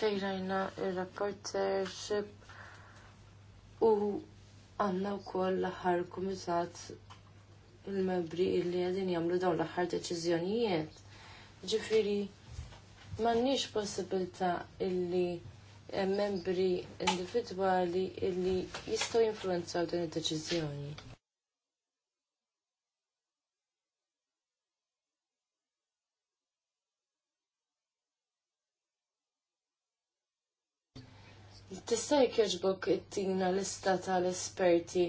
fejrajna il-rapportership u għanna u kol l-ħar komitat il-membri illi għedin jamlu dawn l deċizjonijiet. Ġifiri, mannix possibilta illi eh, membri individuali illi jistaw influenzaw din id-deċizjoni. Tista' jkeġbok it-tina lista tal-esperti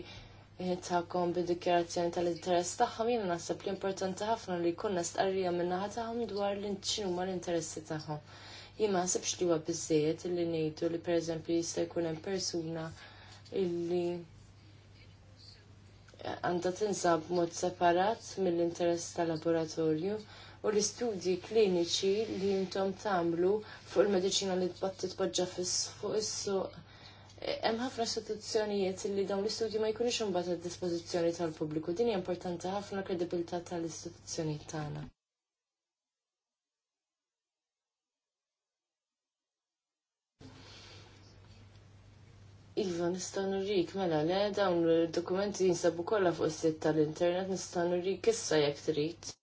tagħkom bid-dikjarazzjoni tal-interess tagħhom jiena naħseb li importanti ħafna li jkun nistqarrija min-naħa tagħhom dwar x'inhuma l-interessi tagħhom. Jima ma li huwa biżejjed li ngħidu li pereżempju jista' jkun hemm persuna illi għandha tinsab b'mod separat mill-interess tal-laboratorju u l-istudji kliniċi li jintom tagħmlu fuq il-mediċina li tbatti tpoġġa fuq is-suq hemm ħafna istituzzjonijiet li dawn l-istudji ma jkunux imbagħad għad-dispożizzjoni tal-pubbliku. Din hija importanti ħafna kredibilità tal-istituzzjonijiet tagħna. Iva, nista' nurik, mela le, dawn id dokumenti jinsabu kollha fuq is-sit tal-internet, nista' nurik issa jekk trid.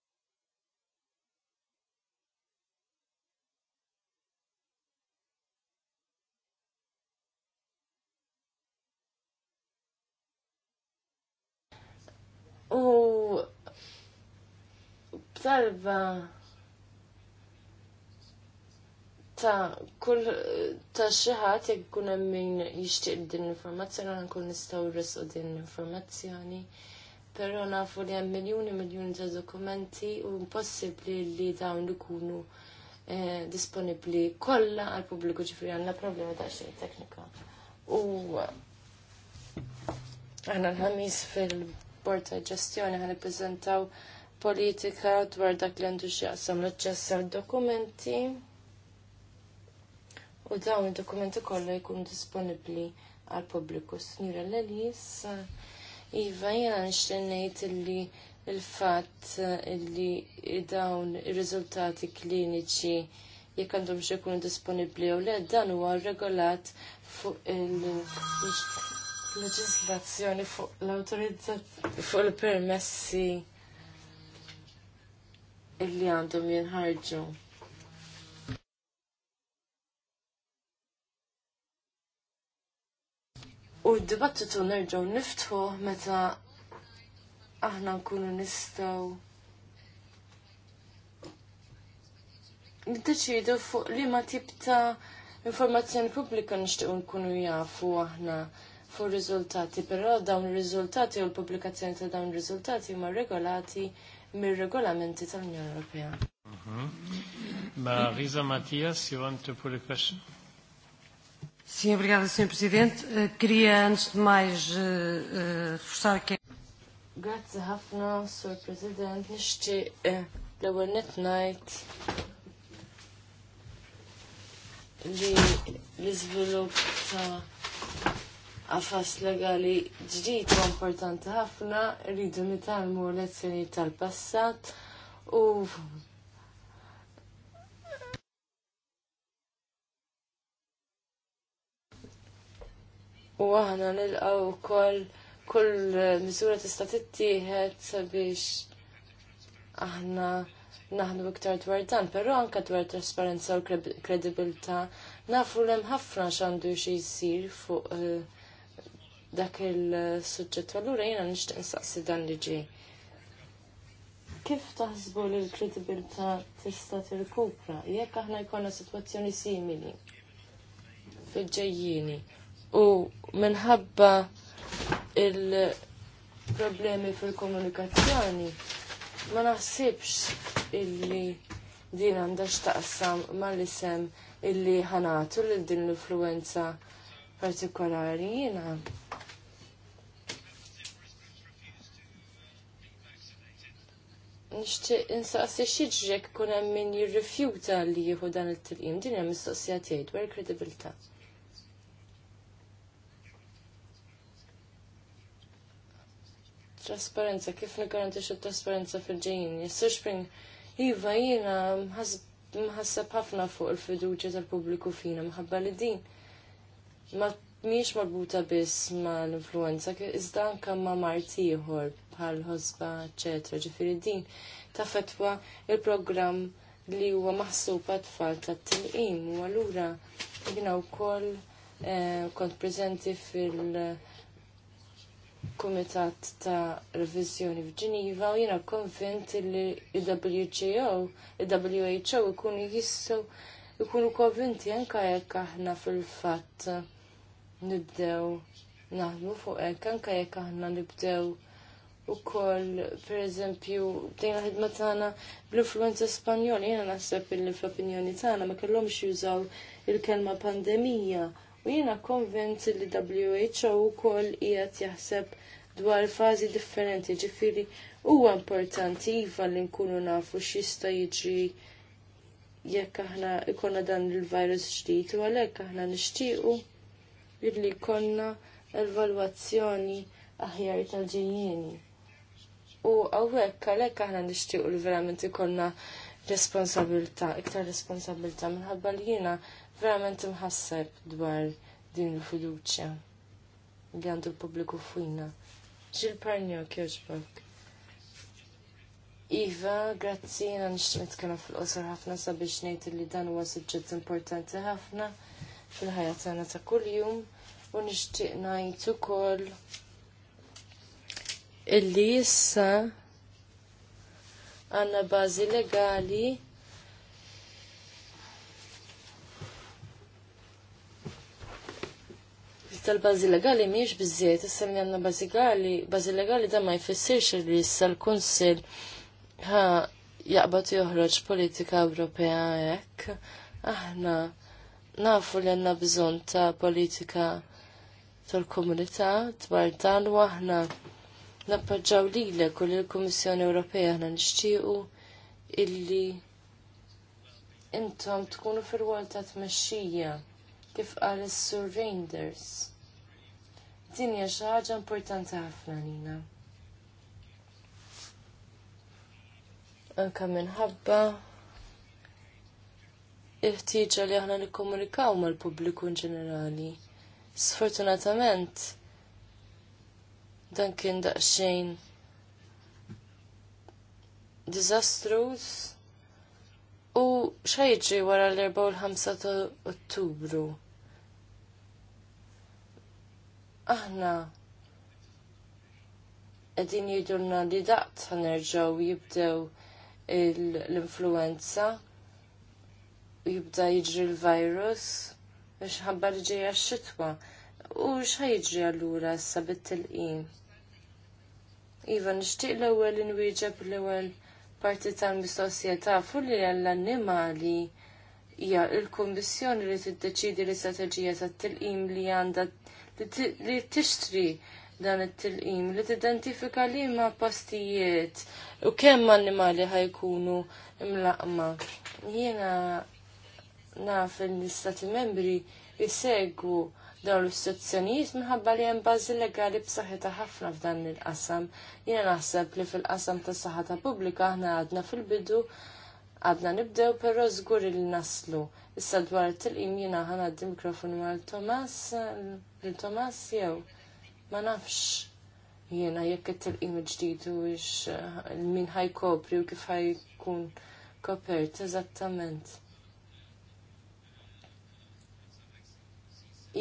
U b'talba ta' kull ta' xaħat jek kun min jishtiq din l-informazzjoni, għan kun nistaw risqu din l-informazzjoni. Pero nafu li għam miljoni e miljoni ta' dokumenti u impossibli li dawn li kunu eh, disponibli kolla għal pubbliku ġifri għanna problemi ta' xie teknika. U għanna l-ħamis fil- rapport ta' ġestjoni ħan ippreżentaw politika dwar dak li għandu x'jaqsam l-aċċess dokumenti. U dawn id-dokumenti kollha jkunu disponibbli għal pubbliku. Snira l-Elis, Iva, jena nxtennejt ngħid illi il-fatt illi dawn ir-riżultati kliniċi jekk għandhom xi jkunu disponibbli u le dan huwa regolat fuq il leġislazzjoni fuq l-autorizzazzjoni fuq il-permessi illi għandhom jinħarġu. U d-dibattitu nerġaw niftħu meta aħna nkunu nistaw niddeċidu fuq li ma tip ta' informazzjoni pubblika nixtiequ nkunu jafu aħna fuq riżultati, però dawn ir-riżultati u l-pubblikazzjoni ta' dawn ir-riżultati huma regolati mir-regolamenti tal-Unjoni Ewropea. Mhm. Marisa Matias, you want to put a question? Sim, obrigada, Sr. Presidente. Uh, Queria, antes de mais, eh, eh, reforçar que... Grazie Hafna, Sr. President. Nixti l-ewel netnajt li l-izvilup għafas legali ġdid u importanti ħafna, rridu nitalmu lezzjoni tal-passat u U aħna nilqaw kol, kull miżura tista' tittieħed sabiex aħna naħdu iktar dwar dan, però anke dwar trasparenza u kredibilità nafu l hemm ħafna x'għandu xi jsir fuq uh, dak il sujġet Allura jiena nixtieq nsaqsi dan li ġej. Kif taħsbu li l-kredibilità tista' tirkupra jekk aħna jkollna sitwazzjoni simili fil-ġejjini u minħabba il-problemi fil-komunikazzjoni ma naħsibx illi din għandha x'taqsam mal-isem illi ħanatu lil din l-influenza partikolari jiena nixtieq insaqsi xieġrek kun hemm min jirrifjuta li jieħu dan it-tilqim din hemm mistoqsija tiegħi dwar kredibilità. Trasparenza, kif nigarantix it-trasparenza fil-ġejjin? Jessu xpring, iva jiena mħassab ħafna fuq il-fiduċja tal-pubbliku fina mħabba li din ma miex marbuta biss ma l-influenza, iżda anka ma martiħor bħal ħosba, ċetra, ġifiri din ta' fetwa il-programm li huwa maħsub għat-tfal t tilqim u allura jiena wkoll eh, kont prezenti fil- Kumitat ta' Revizjoni f'Ġiniva u jiena konvint li il-WGO, il-WHO ikunu jissu ikunu konvinti anka jekk aħna fil-fatt nibdew naħdmu fuq hekk anke jekk aħna nibdew u koll, per eżempju, bdejna ħidma tagħna bl-influenza spanjola, jiena naħseb illi fl-opinjoni tagħna ma kellhomx jużaw il-kelma pandemija. U jiena konvent li WHO wkoll qiegħed jaħseb dwar fażi differenti, ġifieri huwa importanti iva li nkunu nafu x'jista' jiġri jekk aħna ikonna dan il-virus ġdid u għalhekk aħna nixtiequ illi konna evalwazzjoni aħjar tal-ġejjieni. U għawek, għalek aħna nishtiqu li verament ikonna responsabilta, iktar responsabilta minħabba li jina verament imħasseb dwar din il-fiduċja li għandu l-pubbliku fujna. Ġil parnio kjoġbok. Iva, grazzi, jina nishtiq nitkellem fil qosar ħafna sabiex nejt li dan huwa suġġett importanti ħafna fil ħajatana tagħna ta' kuljum u nixtieq ngħid ukoll illi jissa għanna bażi legali tal-bazi legali miex bizziet, jissa minn għanna bazi legali, bazi legali da ma jfessirx li issa l-Kunsil ha jaqbat joħroġ politika Ewropea hekk. Aħna nafu li għanna bżon ta' politika tal-komunità dwar dan u aħna nappoġġaw lilek u lill-Kummissjoni Ewropea aħna nixtiequ illi intom tkunu fil-wol ta' tmexxija kif qal is-Sur Reinders. Din hija xi ħaġa importanti ħafna lina. Anka minħabba il-ħtieġa li aħna nikkomunikaw mal-pubbliku in ġenerali. Sfortunatament, Dan kien daqsxejn disastrus u xajġi wara l-4 u l-5 ta' ottubru. Aħna edin jidurna li daqt ħanerġaw jibdew l-influenza u jibda jiġri l-virus biex ħabba li ġeja x-xitwa u xħajġri għallura sabit bit-tilqim. Iva, nixtieq l ewwel inwieġeb l ewwel parti tal-mistoqsija tafu li għall-annimali hija l-Kummissjoni li tiddeċidi l-istrateġija tat-tilqim li għandha li tixtri dan it-tilqim li tidentifika li ma postijiet u kemm annimali ħajkunu imlaqma. Jiena naf l-istati membri jisegwu dawn l-istituzzjonijiet minħabba li hemm bażi legali b'saħħitha ħafna f'dan il-qasam. Jiena naħseb li fil-qasam tas saħħata pubblika aħna għadna fil-bidu għadna nibdew però żgur li naslu. Issa dwar it-tilqim jiena ħanad mikrofonu għal Tomas lil Tomas jew ma nafx jiena jekk it-tilqim ġdidu biex min ħajkopri u kif ħajkun kopert eżattament.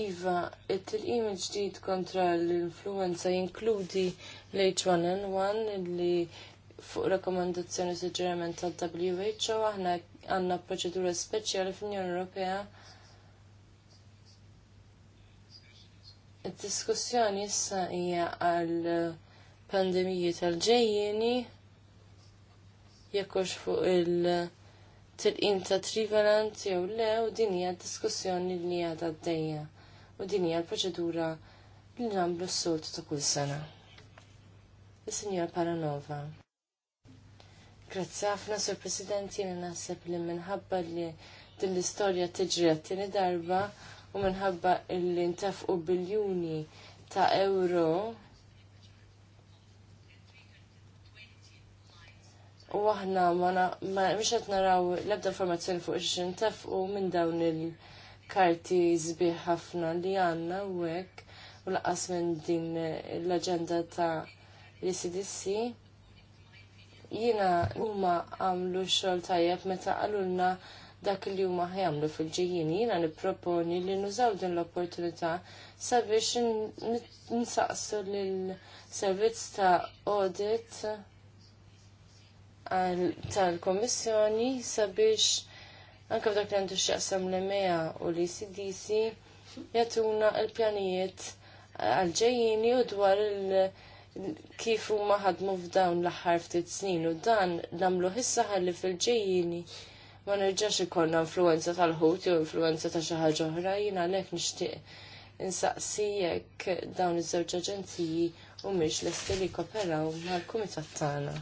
Iva, il tilqim ġdid kontra l-influenza jinkludi l-H1N1 li fuq rakkomandazzjoni suġġerament tal-WHO aħna għandna proċedura speċjali fl-Unjoni Ewropea. Id-diskussjoni issa hija għal pandemiji tal ġejjeni jekkux fuq il-tilqim ta' trivalent jew le u din hija diskussjoni li għadha d u din hija l-proċedura li nagħmlu s-soltu ta' kull sena. Is-Sinjor Paranova. Grazzi ħafna, Sur President, jiena naħseb li minħabba li din l-istorja tiġri għat-tieni darba u minħabba li ntafqu biljuni ta' euro U aħna ma mhux qed naraw l-ebda informazzjoni fuq ix-xintef u minn dawn il- karti zbiħ ħafna li għanna u hekk u laqas minn din l-aġenda ta' l-CDC. Jina huma għamlu xogħol tajjeb meta qalulna dak li huma ħjamlu fil-ġejjin. Jina nipproponi li nużaw din l-opportunità sabiex nsaqsu lill-servizz ta' audit tal-Komissjoni sabiex anke f'dak li għandu x'jaqsam l-EMEA u l-ECDC jagħtuna l-pjanijiet għal-ġejjini u dwar il- kif huma ħadmu f'dawn l-aħħar ftit snin u dan nagħmlu hissa ħalli fil-ġejjini ma nerġax ikollna influenza tal-ħut jew influenza ta' xi ħaġa oħra jien għalhekk nixtieq insaqsi jekk dawn iż-żewġ aġenziji u miex l-esteli koperaw mal-kumitat tagħna.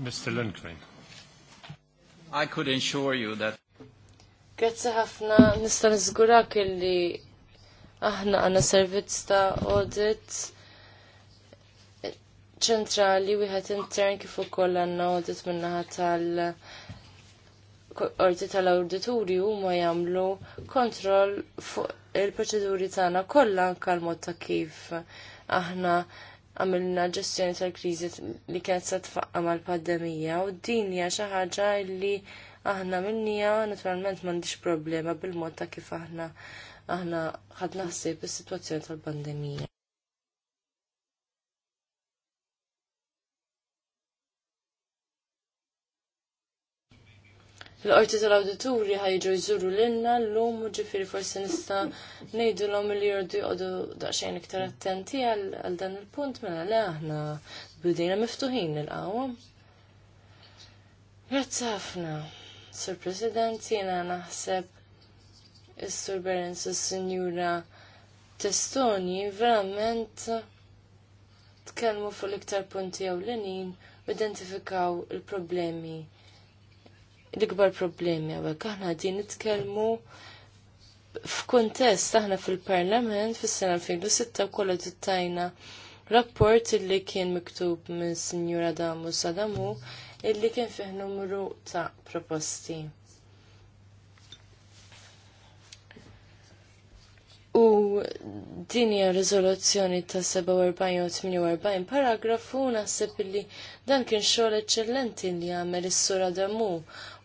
Mr. Lundgren. I could ensure you that. Grazzi ħafna nista' nizgurak illi aħna għandna servizz ta' audit ċentrali wieħed intern kif ukoll għandna audit min-naħa tal qorti tal-awdituri huma jagħmlu kontroll fuq il-proċeduri tagħna kollha anke l-mod ta' kif aħna għamilna ġestjoni tal-kriżi li kienet se tfaqqa mal-pandemija u din hija xi ħaġa li aħna minnija naturalment m'għandix problema bil-mod ta' kif aħna aħna ħad naħsib is-sitwazzjoni tal-pandemija. l-qorti tal-awdituri ħajġu jżuru l-inna l-lum u ġifiri forsi nista nejdu l-om li jordu jgħodu daċxajn iktar attenti għal dan il-punt mela le aħna bidejna miftuħin l qawm Grazzi ħafna, Sur President, jena naħseb is-Sur Berens Signora sinjura Testoni verament tkellmu fuq l-iktar punti għaw l-inin u identifikaw il-problemi l-ikbar problemi għawek. Aħna din nitkellmu f'kuntest aħna fil-parlament fis-sena 2006 kollha tittajna rapport illi kien miktub minn Sinjura Damu Sadamu illi kien fih numru ta' proposti. U dinja rizoluzzjoni riżoluzzjoni ta' 47-48 paragrafu naħseb illi dan kien xogħol eċċellenti li għamel is-sura Damu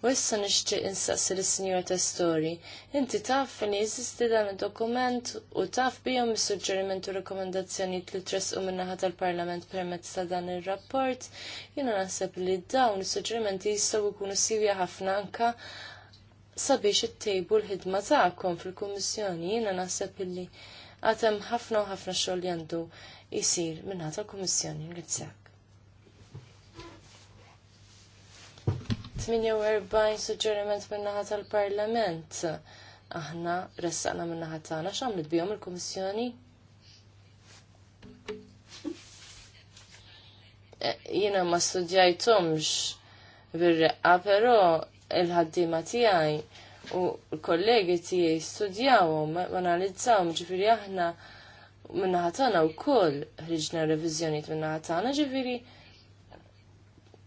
U issa nixtieq insaqsi lis-Sinjor Testori, inti taf li jeżisti dan id-dokument u taf bihom is-suġġeriment u rekomendazzjonijiet li tressqu min-naħa tal-Parlament permezz ta' dan ir-rapport, jiena naħseb li dawn is-suġġerimenti jistgħu jkunu sivja ħafna anka sabiex ittejbu l-ħidma tagħkom fil-Kummissjoni. Jiena naħseb li għatem ħafna u ħafna xogħol li għandu jisir minnaħa tal-Kummissjoni. Ngrazzjak. 48 suġġeriment minnaħa tal-Parlament. Aħna ressaqna minnaħa tagħna x'għamlet bihom il-Kummissjoni? Jiena ma studjajtomx bir-reqqa, però il-ħaddiema tiegħi u l-kollegi tiegħi studjawhom, analizzawhom, ġifieri aħna minnaħa tagħna wkoll ħriġna reviżjonijiet minnaħa tagħna, ġifieri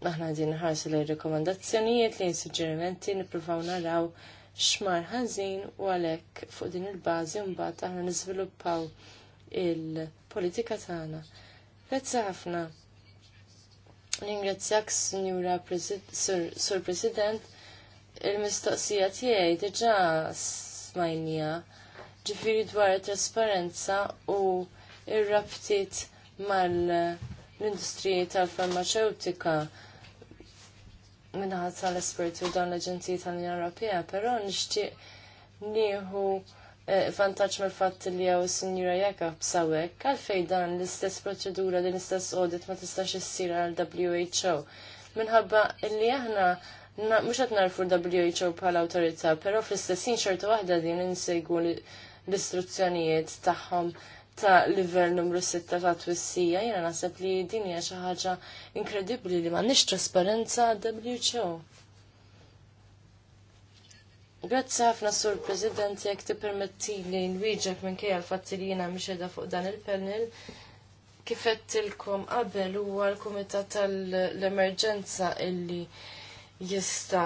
aħna għadin nħarsu li rekomandazzjonijiet li suġġerimenti nippruvaw naraw xmar ħażin u għalhekk fuq din il-bażi mbagħad aħna niżviluppaw il-politika tagħna. Grazzi ħafna. Ningrazzjak Sinjura Sur President il-mistoqsija tiegħi diġà smajnija ġifiri dwar it trasparenza u r rabtiet mal-industriji tal-farmaceutika minnaħat tal-esperti u dan l-Aġenzija tal-Unjoni Ewropea, però nixtieq nieħu eh, vantaġġ mill-fatt li jew sinjura Jakab b'sawek għalfejn dan l-istess proċedura din l-istess audit ma tistax issir għal WHO. Minħabba li aħna mhux qed narfu WHO bħala awtorità, però fl-istessin xorta waħda din insegwu l-istruzzjonijiet tagħhom ta' livell numru 6 ta' twissija, jena nasib li din hija xi ħaġa inkredibbli li m'għandniex trasparenza WHO. Grazzi ħafna sur President jekk tippermetti li nwieġek minkejja l fatti li jiena mixedha fuq dan il-panel Kif ilkom qabel huwa l-Kumitat tal-Emerġenza illi jista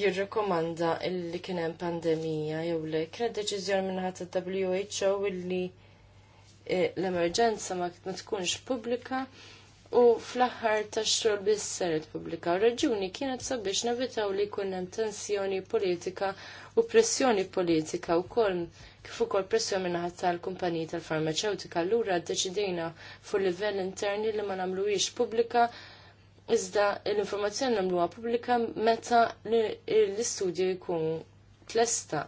jirrekomanda illi kien hemm pandemija jew le kien deċiżjoni ħadd il-WHO illi Eh, l-emerġenza ma tkunx pubblika u fl-aħħar tax-xogħol biss saret pubblika. Raġuni kienet sabiex nevitaw li jkun hemm tensjoni politika u pressjoni politika wkoll kif ukoll pressjoni minnaħat tal-kumpaniji tal-farmaceutika allura ddeċidejna fuq livell interni li ma nagħmluhiex pubblika iżda l-informazzjoni nagħmluha pubblika meta l-istudju jkun tlesta.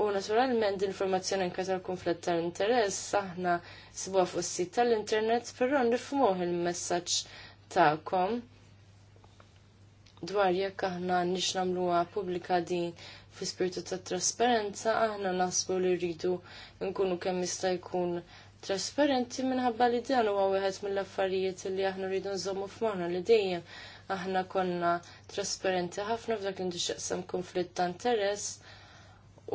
U naturalment informazzjoni nkasa l konflitt tal-interess aħna sibuħa fuq is-sit tal-internet, però nifmuħ il-messaġġ tagħkom dwar jekk aħna nix nagħmluha pubblika din fi spiritu ta' trasparenza, aħna nasbu li rridu nkunu kemm jista' jkun trasparenti minħabba li dan huwa wieħed mill-affarijiet li aħna rridu nżommu f'moħħna li dejjem aħna konna trasparenti ħafna f'dak li xaqsam konflitt ta' interess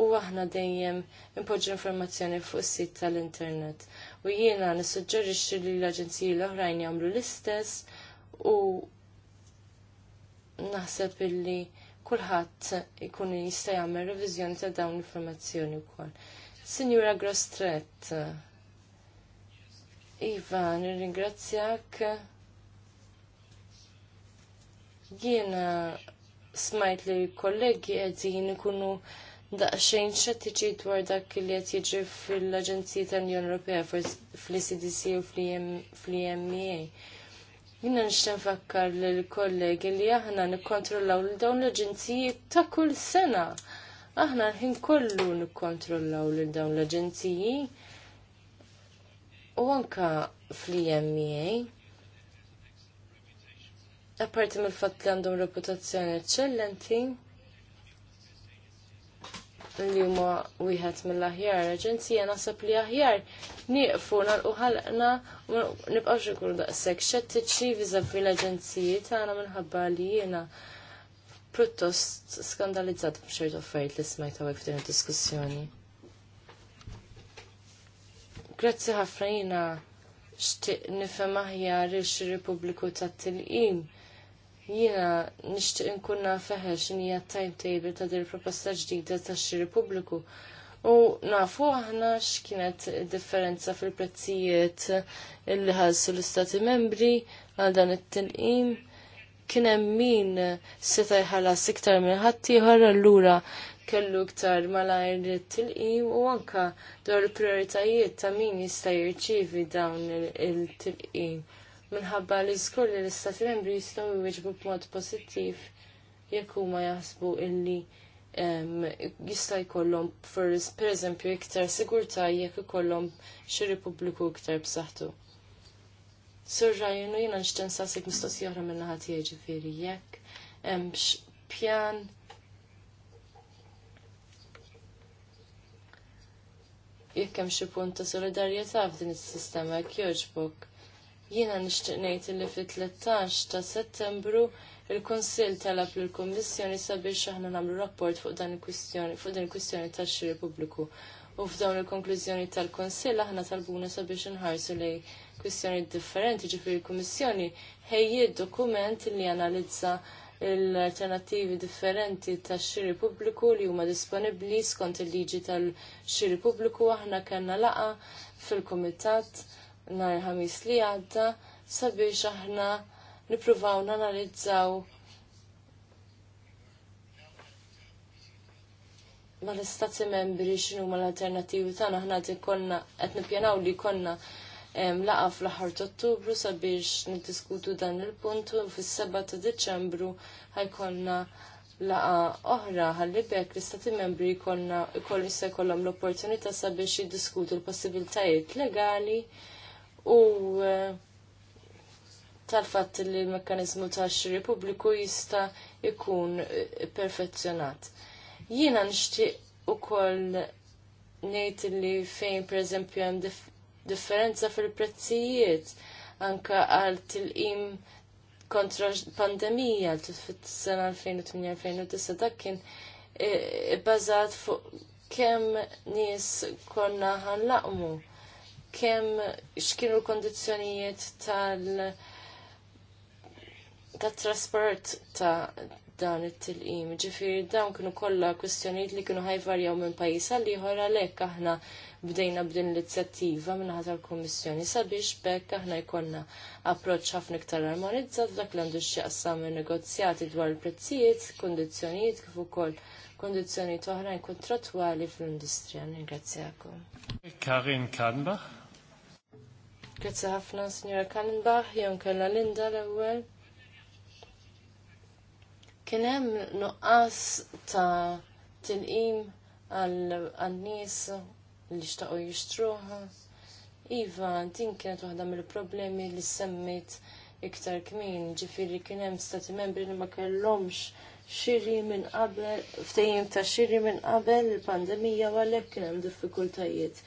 u aħna dejjem impoġġu informazzjoni fuq is-sit tal-internet. U jiena nissuġġerixxi li l-aġenziji l-oħrajn jagħmlu l-istess u naħseb illi kulħadd ikun jista' jagħmel reviżjoni ta' dawn l-informazzjoni wkoll. Sinjura Grostret, Iva, nirringrazzjak. Jiena smajt li kollegi għedzin ikunu daqsxejn xed tiġi dwar dak li qed jiġri fil-Aġenziji tal-Unjoni Ewropea fl-CDC u fl-EMEA. Jina nixten fakkar l-kollegi li aħna nikkontrollaw l dawn l-aġenziji ta' kull sena. Aħna l-ħin kollu nikkontrollaw l dawn l-aġenziji u anka fl-EMEA. Apparti mill-fatt li għandhom reputazzjoni eccellenti, li huma wieħed mill-aħjar aġenzija naħseb li aħjar nieqfu nalqu ħalqna u nibqgħux ikunu daqshekk xettiċi viżavi l-aġenziji tagħna minħabba li jiena pjuttost skandalizzat b'xert affarijiet li smajt hawnhekk f'din id-diskussjoni. Grazzi ħafna jiena xtieq nifhem aħjar il-xi pubbliku tat-Tilqim Jiena nixtieq inkun naf feħel timetable ta' din proposta ġdida tax-xiri pubbliku. U nafu aħna x'kienet differenza fil-prezzijiet illi ħallsu l-Istati membri għal dan it-tilqim kien hemm min seta' jħallas iktar minn ħaddieħor allura kellu iktar malajr it-tilqim u anka dwar il-prioritajiet ta' min jista' jirċievi dawn il-tilqim. il tilqim minħabba li skur li l-istati membri jistgħu jwieġbu b'mod pożittiv jekk huma jaħsbu illi jista' jkollhom pereżempju iktar sigurtà jekk ikollhom xi Repubbliku iktar b'saħħtu. Sur Ryan jina jiena sasik nsaqsik mistoqsija oħra minn naħa tiegħi jekk hemmx pjan jekk hemm xi punt ta' solidarjetà f'din is-sistema jekk jogħġbok Jiena nixtieq ngħid li fit-13 ta' Settembru il-Kunsill talab il kummissjoni sabiex aħna nagħmlu rapport fuq dan il-kwistjoni fuq din il-kwistjoni tax-xiri pubbliku. U f'dawn il-konklużjoni tal konsil aħna talbuna sabiex inħarsu lej kwistjoni differenti ġifieri l-Kummissjoni ħejjiet dokument li analizza l-alternattivi differenti tax xiri pubbliku li huma disponibbli skont il-liġi tal-xiri pubbliku aħna kellna laqa fil-kumitat nar ħamis li għadda sabiex aħna nippruvaw nanalizzaw mal-istati membri x'inhu mal-alternattivi tagħna aħna qed konna qed nipjanaw li jkollna ehm, laqa fl-aħħar ta' Ottubru sabiex niddiskutu dan il-punt u fis-7 ta' Diċembru ħajkonna laqa oħra ħalli bekk l-istati membri jkollna jkollu se jkollhom l-opportunità sabiex jiddiskutu l-possibiltajiet legali u eh, tal-fatt li l-mekkanizmu ta' xiri pubbliku jista' jkun eh, perfezzjonat. Jiena nixtieq ukoll ngħid li fejn pereżempju hemm dif differenza fil-prezzijiet anka għal tilqim kontra pandemija fit-sena 2008-2009 dak kien eh, bbażat fuq kemm nies konna ħanlaqmu kemm x'kienu l-kondizzjonijiet tal- ta' trasport ta' dan it-tilqim. Ġifieri dawn kienu kollha kwistjonijiet li kienu ħajvarjaw minn pajjiż għal ieħor għalhekk aħna bdejna b'din l-inizjattiva minn ħadd l-Kummissjoni sabiex bekk aħna jkollna approċċ ħafna iktar armonizzat dak li għandu x'jaqsam negozjati dwar il-prezzijiet, kundizzjonijiet kif ukoll kondizzjonijiet oħrajn kontrattwali fl-industrija. Ningrazzjakom. Karin Kanbach. Grazzi ħafna, Signora Kallenbach, jom kella Linda l-ewwel. Kien hemm nuqqas ta' tilqim għal-nies li xtaqo jixtruha. Iva, din kienet waħda mill-problemi li semmit iktar kmin, ġifiri kien hemm stati membri li ma kellhomx xiri minn qabel, ftejim ta' xiri minn qabel il-pandemija għalek kienem kien hemm diffikultajiet.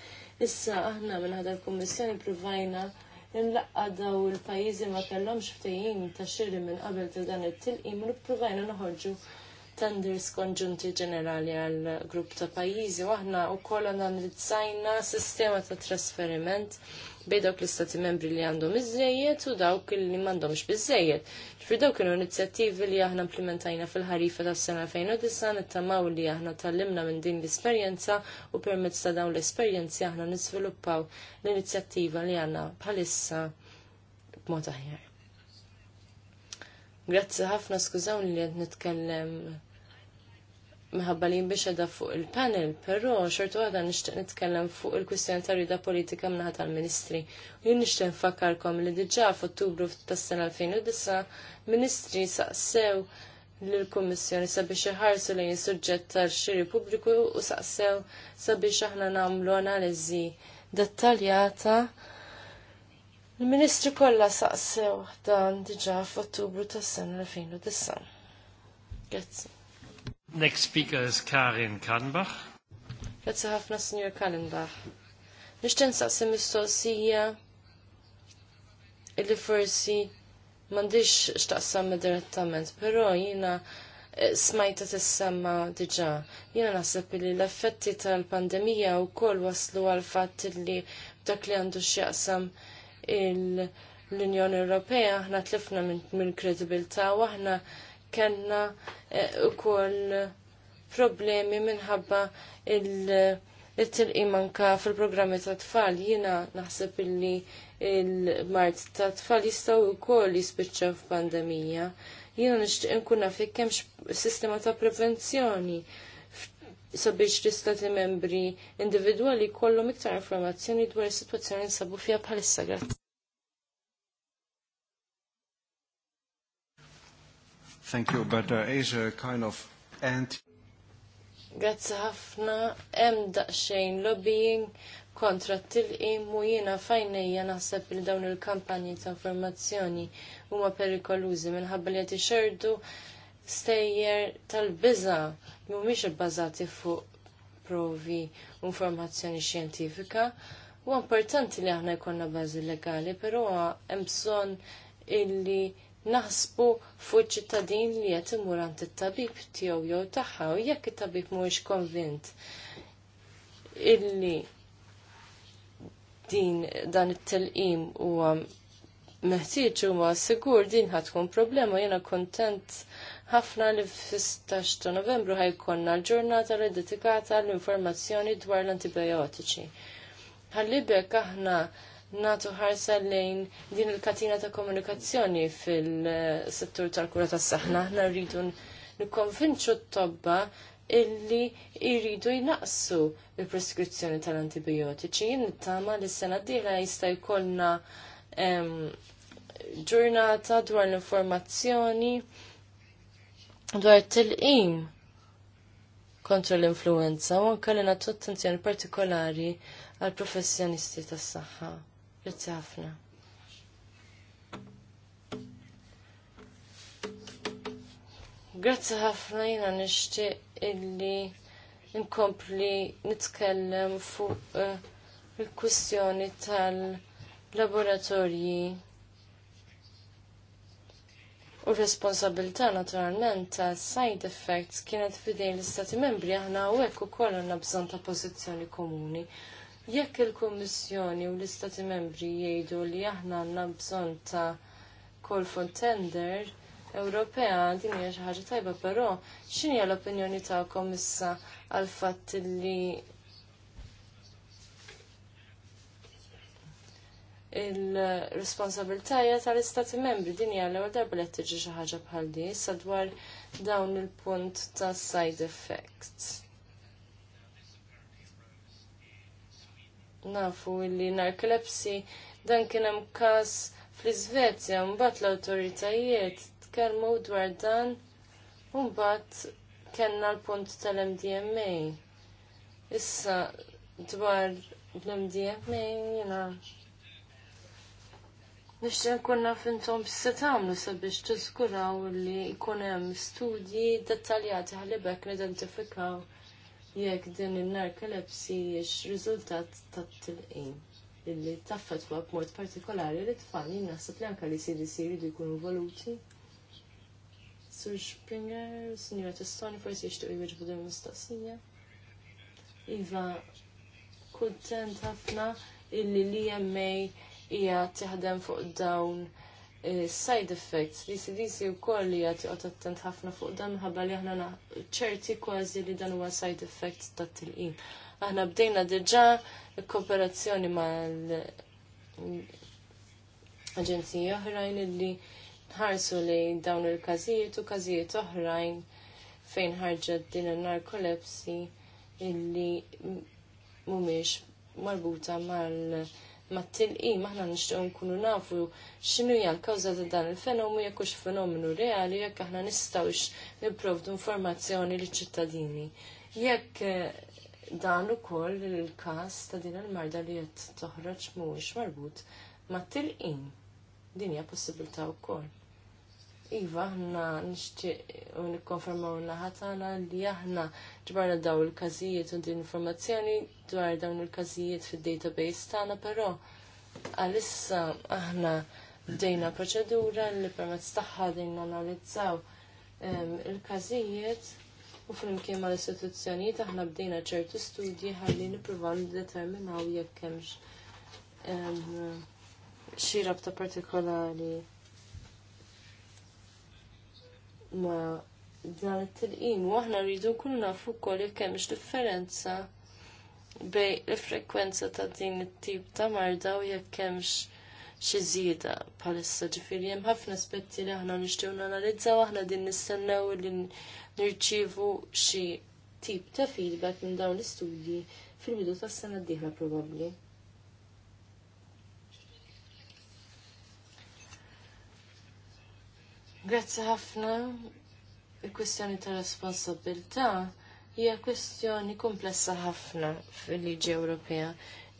Issa aħna minn ħadha l-Kummissjoni pruvajna nlaqqa daw il-pajjiżi ma kellhomx ftehim ta' xiri minn qabel ta' dan it-tilqim u provajna noħorġu tenders konġunti ġenerali għal grupp ta' pajjiżi u aħna wkoll analizzajna sistema ta' trasferiment bej dawk l-istati membri li għandhom iżejjed u dawk li m'għandhomx biżejjed. Ġifri dawk kienu inizjattivi li aħna implementajna fil-ħarifa tas sena 2009 nittamaw li aħna tallimna minn din l-esperjenza u permezz ta' dawn l-esperjenzi aħna nisviluppaw l-inizjattiva li għandna bħalissa b'mod aħjar. Grazzi ħafna skużawni li qed nitkellem Minħabba li biex edha fuq il-panel, però xortu għada nishtiq nitkellem fuq il-kwistjoni ta' rida politika mnaħat tal-ministri. U jien nishtiq nfakkarkom li diġà f'Ottubru tas-sena 2009 ministri saqsew lill-Kummissjoni sabiex iħarsu lejn suġġett tal-xiri pubbliku u saqsew sabiex aħna nagħmlu analiżi dettaljata. Il-ministri kollha saqsew dan diġà f'Ottubru tas-sena 2009. Grazie. Next speaker is Karin Kallenbach. Grazie ħafna, Signor Kadenbach. Nishtin saqsi mistoqsija illi forsi mandiċ x'taqsamma direttament, pero jina eh, smajta tissemma diġa. Jina nasib li l-effetti tal-pandemija u kol waslu għal-fat li dak li għandu xjaqsam l-Unjoni Ewropea, ħna tlifna minn kredibilta u ħna kellna eh, koll problemi minħabba il-tilqim anka fil-programmi ta' tfal jiena naħseb illi il-mart ta' tfal jistgħu wkoll jispiċċaw f'pandemija. Jiena nixtieq nkun naf jekk sistema ta' prevenzjoni sabiex l-istati membri individwali jkollhom iktar informazzjoni dwar is-sitwazzjoni nsabu fija bħalissa. Grazie. Thank you, but uh is a kind of end Grazzi ħafna, hemm daqsxejn lobbying kontra t-tilqim u jiena fajnejja naħseb li dawn il-kampanji ta' informazzjoni huma perikolużi minħabba li qed ixerdu stejjer tal-biża mhumiex ibbażati fuq provi u informazzjoni xjentifika. U importanti li aħna jkollna bażi legali, però hemm bżonn illi naħsbu fuq ċittadin li qed imur għand it-tabib tiegħu jew tagħha u jekk it-tabib mhuwiex konvint illi din dan it-telqim huwa meħtieġ huwa sigur din ħatkun problema jiena kontent ħafna li f-16 ta' novembru ħajkonna l-ġurnata li dedikata l-informazzjoni dwar l-antibiotiċi. Ħallibek aħna natu ħarsa lejn din il-katina ta' komunikazzjoni fil-settur tal-kura tas saħna ħna rridu nikkonvinċu t-tobba illi jridu jnaqsu il-preskrizzjoni tal-antibiotiċi. Nittama li s-sena d-dira jista' jkollna ġurnata dwar l-informazzjoni dwar til-qim kontra l-influenza u anke li nagħtu attenzjoni partikolari għal professjonisti tas-saħħa. Grazzi ħafna. Grazzi ħafna jina nishtiq illi nkompli nitkellem fuq eh, il-kwistjoni tal-laboratorji U responsabilità naturalment ta' side effects kienet fidejn l istati membri aħna u hekk ukoll għandna bżonn ta' pożizzjoni komuni. Jekk il-Kummissjoni u l-Istati Membri jgħidu li aħna għandna bżonn ta' call for tender Ewropea din hija xi ħaġa tajba, però x'inhi l-opinjoni tagħkom issa għal fatt li il-responsabiltajja tal-Istati Membri din hija l-ewwel darba li qed tiġi xi ħaġa bħal di dwar dawn il-punt ta' side effects. nafu li narkolepsi dan kien hemm każ fl-Iżvezja mbagħad l-awtoritajiet tkellmu dwar dan u mbagħad kellna l-punt tal-MDMA. Issa dwar l-MDMA jiena Nixtieq nkun naf intom se tagħmlu sabiex tiżguraw li jkun hemm studji dettaljati ħalibek nidentifikaw jekk din il-narkolepsi jiex riżultat tat tilqin illi taffetwa b'mod partikolari li tfal naħseb li anke li siri siri li jkunu voluti. Sir Springer, Signora Testoni, forsi jixtuq jwieġbu din mistoqsija. Iva, kuntent ħafna illi li jemmej hija taħdem fuq dawn side effects li si disi u koll li għati attent ħafna fuq dan ħabba li ħna ċerti kważi li dan huwa side effects ta' til-in. Aħna bdejna diġa kooperazzjoni ma' aġenziji oħrajn li nħarsu li dawn il-każijiet u każijiet oħrajn fejn ħarġet din il-narkolepsi illi mumiex marbuta mal- mat-tilqim aħna nixtiequ nkunu nafu x'inhu hija l-kawża ta' dan il-fenomenu jekk hux fenomenu reali jekk aħna nistgħux nipprovdu informazzjoni liċ-ċittadini. Jekk eh, dan ukoll il-każ ta' din il-marda li qed toħroġ mhuwiex marbut mat-tilqim. Din hija possibilità wkoll. Iva, ħna nixtieq u nikkonfermaw naħatana li aħna ġbarna daw il-każijiet u din informazzjoni dwar dawn il-każijiet fid-database tagħna, però għalissa aħna bdejna proċedura li permezz tagħha dejna analizzaw ehm, il-każijiet u flimkien mal istituzzjonijiet aħna bdejna ċertu studji ħalli nippruvaw niddeterminaw jekk hemmx ehm, xi rabta partikolari ma' dan it-tilqim u aħna rridu nkunu nafu wkoll jekk hemmx differenza bej il-frekwenza ta' din it-tip ta' marda u jekk hemmx xi żieda bħalissa ġifieri hemm ħafna aspetti li aħna nixtiew nanalizzaw aħna din nistennew li nirċievu xi tip ta' feedback minn dawn l-istudji fil-bidu tas-sena d-dieħla probabbli. Grazzi ħafna. Il-kwestjoni ta' responsabilità hija kwestjoni komplessa ħafna fil-liġi Ewropea.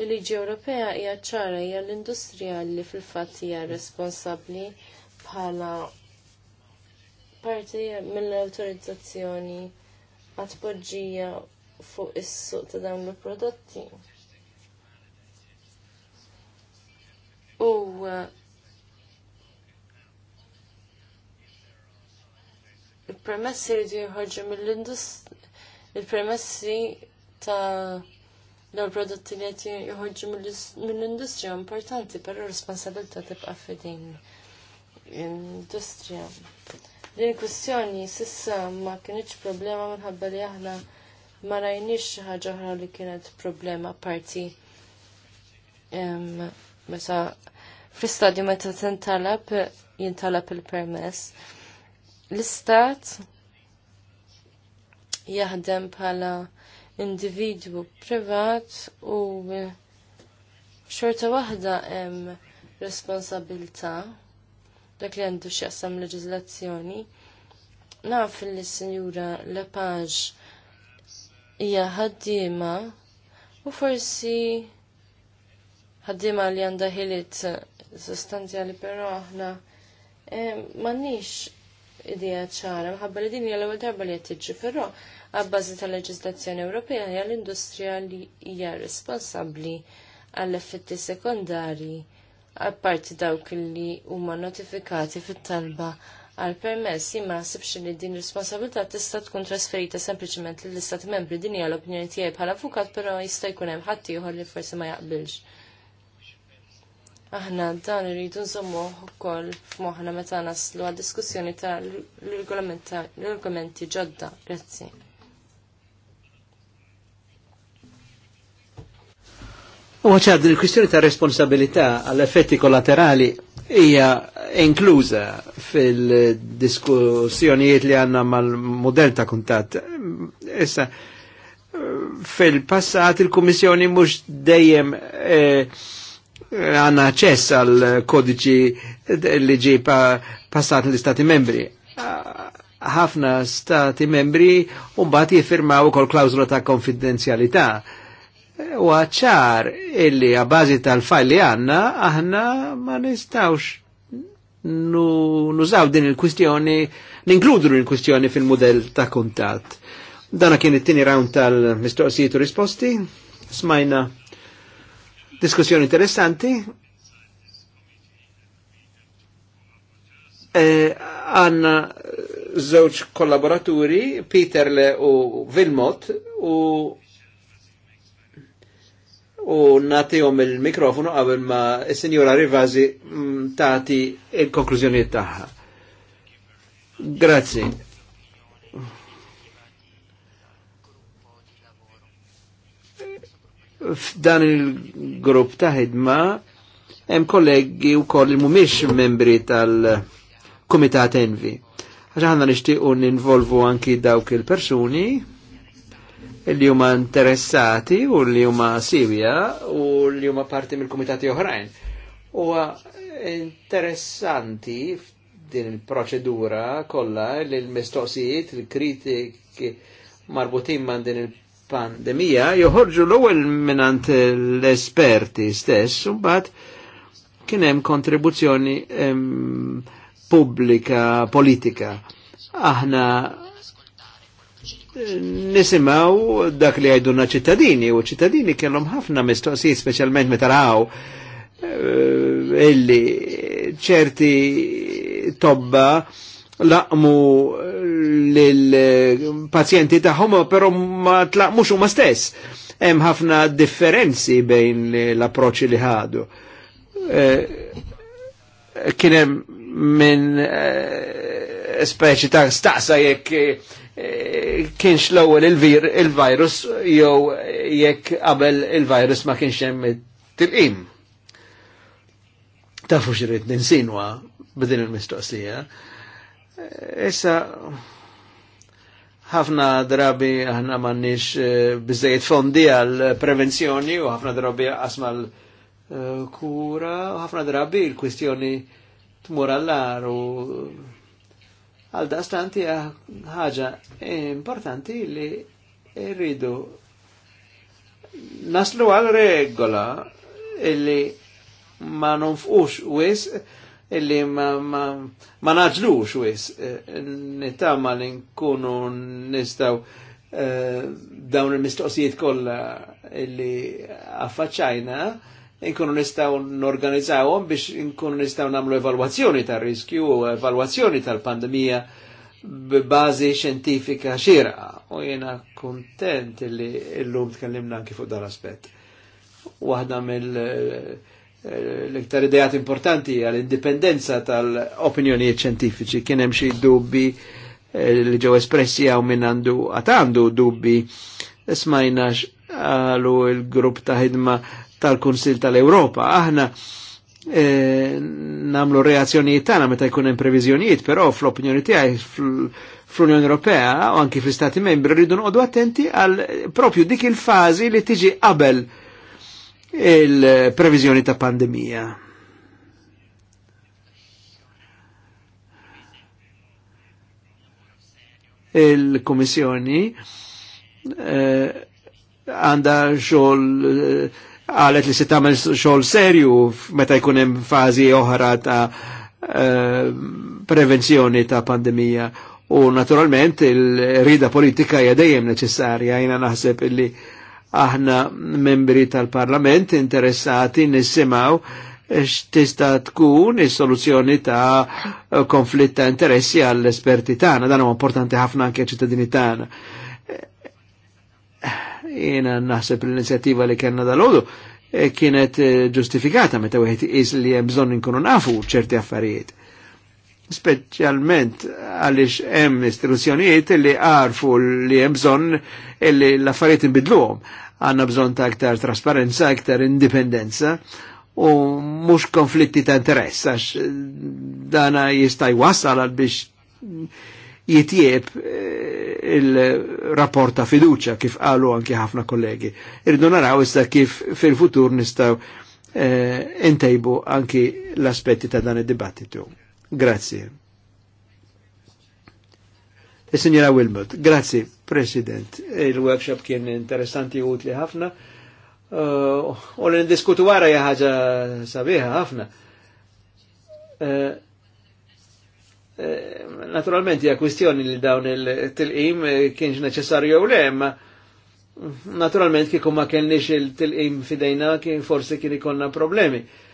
Il-liġi europea hija ċara hija l all'industria li fil-fatt hija responsabbli bħala parti mill autorizzazioni għat-poġġija fuq is-suq ta' dawn il-prodotti. U il-permessi li jħorġu mill-industri, il-permessi ta' l prodotti li qed jħorġu mill-industrija importanti, però responsabilta tibqa' f'idin l-industrija. Din kwistjoni sissa ma kienieċ problema minħabba li aħna ma rajniex ħaġa oħra li kienet problema parti meta fl-istadju ta' tintalab jintalab il-permess l-istat jaħdem bħala individwu privat u xorta waħda hemm responsabilità dak li għandu x'jaqsam leġiżlazzjoni. Naf li s-Sinjura Lepage hija ħaddiema u forsi ħaddiema li għandha ħiliet sostanzjali però aħna ma eh, m'għandniex idea ċara, maħabba li din hija l-ewwel darba li qed tiġi, però għabbażi tal-leġiżlazzjoni Ewropea hija l-industrija li hija responsabbli għall-effetti sekondari apparti dawk li huma notifikati fit-talba għal permess imma sibx li din responsabilità tista' tkun trasferita sempliċement lill-Istat Membri din hija l-opinjoni tiegħi bħala avukat però jista' jkun hemm ħadd ieħor li forsi ma jaqbilx. Aħna dan iridu nżommu wkoll f'moħħna meta naslu għad diskussjoni ta' l-argumenti ġodda. Grazzi. U ċad, il-kwistjoni ta' responsabilità għall-effetti kollaterali hija inkluża fil-diskussjonijiet li għanna mal-modell ta' kuntat. Issa, fil-passat il-Kummissjoni mhux dejjem eh, għanna ċess għal kodiċi li ġi passat l-Stati membri. ħafna Stati membri un-bat jifirmaw kol klawzula ta' konfidenzjalità. U għacċar illi għabazi tal-fajli għanna, aħna ma nistawx nużaw din il-kwistjoni, ninkludru il-kwistjoni fil-modell ta' kuntat. Dana kien it-tini round tal-mistoqsijiet u risposti. Smajna Diskussjoni interessanti. Eh, għanna e, zewċ kollaboraturi, Peterle u Vilmot, u u natihom il-mikrofonu għabel ma il sinjora Rivazi mm, tati il-konklużjoni taħħa. Grazie. f'dan il-grupp ta' ħidma hemm kollegi wkoll li mhumiex membri tal-Kumitat Envi. Għax ħanna nixtiequ ninvolvu anki dawk il-persuni li huma interessati u li huma Sivja u li huma parti mill-kumitati oħrajn. Huwa interessanti din il-proċedura kollha li l-mistoqsijiet, il-kritik marbutin man din il pandemija joħorġu l-ewwel minant l-esperti stess, mbagħad kien hemm kontribuzzjoni pubblika politika. Aħna eh, nisimaw dak li għajduna ċittadini u ċittadini kellhom ħafna mistoqsijiet speċjalment meta raw eh, illi ċerti tobba laqmu l-pazjenti taħħom, pero ma tlaqmux huma stess. Hemm ħafna differenzi bejn l-approċċi li ħadu. Eh, kien hemm minn eh, speċi ta' staqsa jekk eh, kienx l-ewwel il-virus jew jekk qabel il-virus ma kienx hemm tilqim. Tafu xirrid ninsinwa b'din il-mistoqsija. Eh? Issa, ħafna drabi ħna mannix eh, bizzejiet fondi għal prevenzjoni u ħafna drabi għasmal eh, kura u ħafna drabi il-kwistjoni tmur għallar u għal dastanti ħaġa importanti li rridu naslu għal regola illi ma nonfqux u illi ma, ma, ma naġlux wis, eh, nittama li nkunu nistaw eh, dawn il-mistoqsijiet kolla illi affaċċajna, nkunu nistaw n-organizzawhom biex nkunu nistaw namlu evalwazzjoni tar-riskju u evalwazzjoni tal-pandemija b'bażi xjentifika xira. U jiena kuntent illi llum tkellimna anki fuq dal-aspett. Waħda mill- uh, l-iktar idejat importanti għal-indipendenza tal-opinjonijiet ċentifiċi. Kien hemm xi dubbi eh, li ġew espressi hawn minn għandu għandu dubbi smajna għalu il-grupp ta' ħidma tal-Kunsil tal-Ewropa. Aħna e, namlu reazzjonijiet tagħna meta jkun hemm previżjonijiet, però fl-opinjoni tiegħi fl-Unjoni Ewropea u anki fl-Istati Membri rridu noqogħdu attenti għal propju dik il-fażi li tiġi qabel il-previżjoni ta' pandemija. Il-Komissjoni għanda eh, xogħol għalet eh, li se tagħmel xogħol serju meta jkun hemm fażi oħra ta' eh, prevenzjoni ta' pandemija u naturalment il-rida politika hija dejjem neċessarja jiena naħseb illi li aħna membri tal-Parlament interessati nisimaw x'tista tkun is-soluzzjoni ta' konflitt ta' interessi għall-esperti tagħna, dan huwa importanti ħafna anke ċittadini tagħna. Jiena naħseb l-inizjattiva li kellna dal-għodu eh, kienet eh, ġustifikata meta wieħed is li hemm bżonn inkunu nafu ċerti affarijiet specialment għalix hemm istituzzjonijiet li għarfu li hemm bżonn li l-affarijiet inbidluhom. Għandna bżonn ta' aktar trasparenza, aktar indipendenza u mhux konflitti ta' interess għax dana jista' jwassal għal biex jitjieb eh, il-rapport ta' fiduċa kif qalu anki ħafna kollegi. Irridu naraw issa kif fil-futur nistgħu eh, intejbu anki l-aspetti ta' dan id-dibattitu. Grazie. Il-Signora e Wilmot, grazie President. E Il-workshop kien interessanti u utli ħafna. Uh, u Uh, l-indiskutu għara wara jaħġa sabiħa ħafna. Uh, uh naturalment ja kwistjoni li dawn il-tilqim kienx neċessarju u le, ma naturalment kieku ma kellniex il-tilqim fidejna kien forsi kien ikonna problemi. Uh,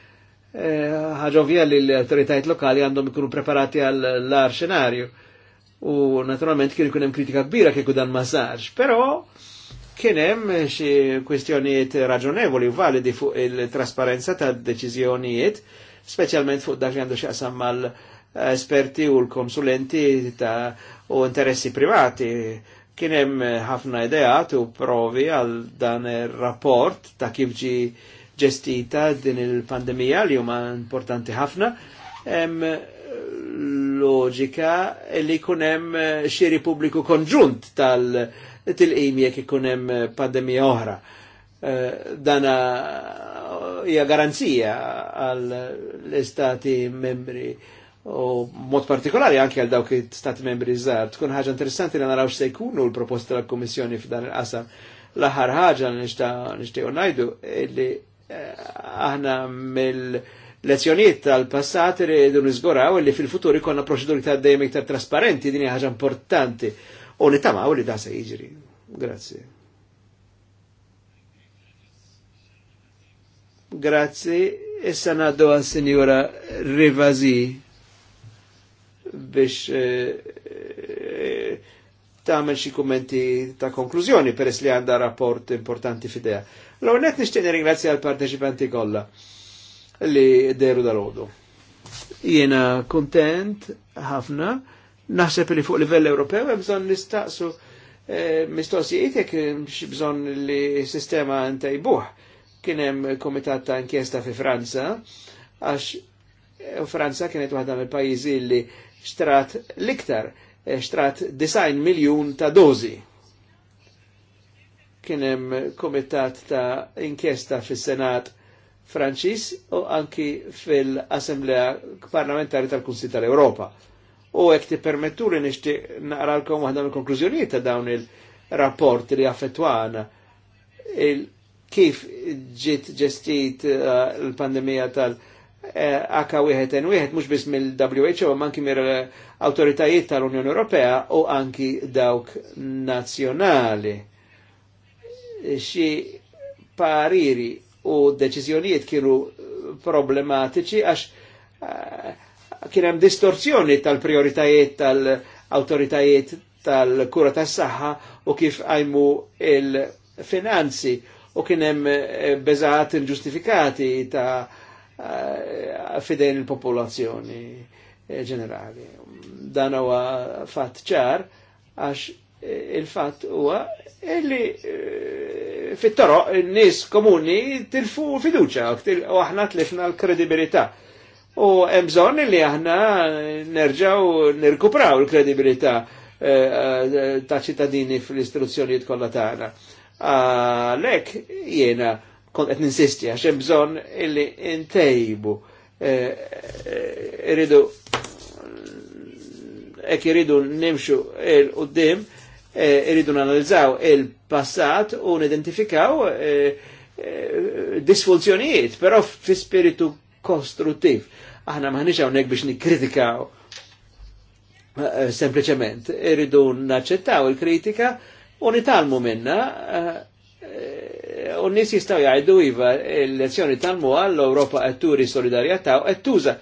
ħagġovja li l autoritajt lokali għandhom ikunu preparati għall-lar xenarju. U naturalment kien ikun kritika kbira kieku dan ma pero kienem kien hemm xi raġonevoli u validi fuq il-trasparenza ta' deċiżjonijiet, specialment fuq dak li għandu x'jaqsam mal-esperti u l-konsulenti ta' u interessi privati. Kienem ħafna ideat u provi għal dan il rapport ta' kif ġie ġestita din il-pandemija li huma importanti ħafna, hemm eh, loġika li jkun hemm eh, xiri pubbliku konġunt tal-tilqim jekk ikun hemm eh, pandemija oħra. Dana hija garanzija għall-istati membri u mod partikolari anke għal dawk stati membri żgħar tkun ħaġa interessanti li naraw se jkunu l-proposta tal-Kummissjoni f'dan il-qasam. L-aħħar ħaġa li nixtiequ ngħidu li aħna mill- lezzjoniet tal-passat rridu nizguraw li fil-futur ikonna proċeduri ta' dejjem iktar trasparenti, din ħaġa importanti. U li tamaw li da' se jiġri. Grazie. Grazie. Issa naddu għal sinjura Rivazi biex eh, eh xi kummenti ta' konklużjoni peress li għandha rapport importanti fidea. L-għonet nishtiqni ringrazzja għal-parteċipanti kolla li deru dal-ħodu. Jena kontent, ħafna, naħseb li fuq livell Ewropew hemm bżonn nistaqsu e, mistoqsijiet jekk bżonn li sistema ntejbuh. Kien hemm komitat ta' inkjesta fi Franza għax eh, Franza kienet waħda mill-pajjiżi li xtrat l-iktar, eh, xtrat design miljun ta' dozi kienem komitat ta' inkjesta fis senat Franċis u anki fil-Assemblea Parlamentari tal-Kunsil tal-Europa. U għek ti permettu li nishti naqralkom waħda mill konklużjonijiet ta' dawn il-rapport li affettwana il kif ġiet ġestit uh, l-pandemija tal- H1N1, eh, mux biss mill-WHO, ma anki mir eh, autoritajiet tal-Unjoni Ewropea u anki dawk nazjonali xi pariri u deċiżjonijiet kienu problematiċi għax eh, kien hemm distorzjoni tal-prioritajiet tal-awtoritajiet tal-kura tas-saħħa u kif għajmu il-finanzi u kien hemm eh, beżat inġustifikati ta' eh, fidejn il-popolazzjoni ġenerali. Dan huwa fatt ċar għax il-fat huwa illi eh, fit-toroq n nis komuni tilfu fiduċa u aħna tlifna l-kredibilità. U hemm bżonn li aħna nerġgħu nirkupraw l kredibilità eh, eh, ta' ċittadini fl-istruzzjonijiet kollha tagħna. Lek jiena kont qed ninsisti għax hemm bżonn illi intejbu. Iridu hekk iridu nimxu il-qudiem Eh, irridu e, nanalizzaw il-passat u nidentifikaw e, e, disfunzjonijiet, però fi spiritu kostruttiv. Aħna maħniċ hawnhekk biex nikritikaw sempliciment, irridu naċċettaw il-kritika u nitalmu minna u nis jistaw jgħajdu jiva il-lezzjoni tal-muqa l-Europa għetturi solidarjata u għattuża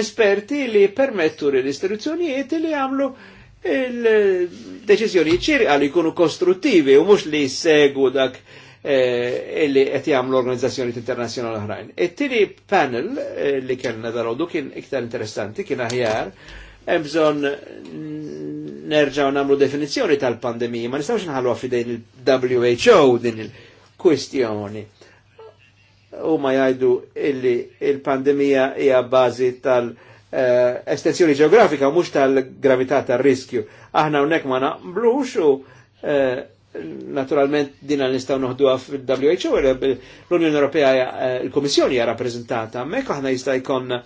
esperti li permettu l-istituzzjonijiet li għamlu li il-deċizjoni ċirqa li jkunu kostruttivi u mux li segwu dak eh, illi qed jagħmlu organizzazzjoni internazzjonali oħrajn. It-tieni panel eh, li kellna darodu kien iktar interessanti, kien aħjar, hemm bżonn nerġgħu nagħmlu definizzjoni tal-pandemija, ma nistgħux nħallu f'idejn il-WHO din il-kwistjoni. ma jgħidu illi il-pandemija hija bażi tal- -pandemija, Eh, estensjoni ġeografika mhux tal-gravità tar-riskju. Aħna unnek ma naqblux u eh, naturalment din għal nistaw noħduha fil-WHO, eh, l-Unjoni Ewropea il-Komissjoni hija rappreżentata, mek aħna jista' jkun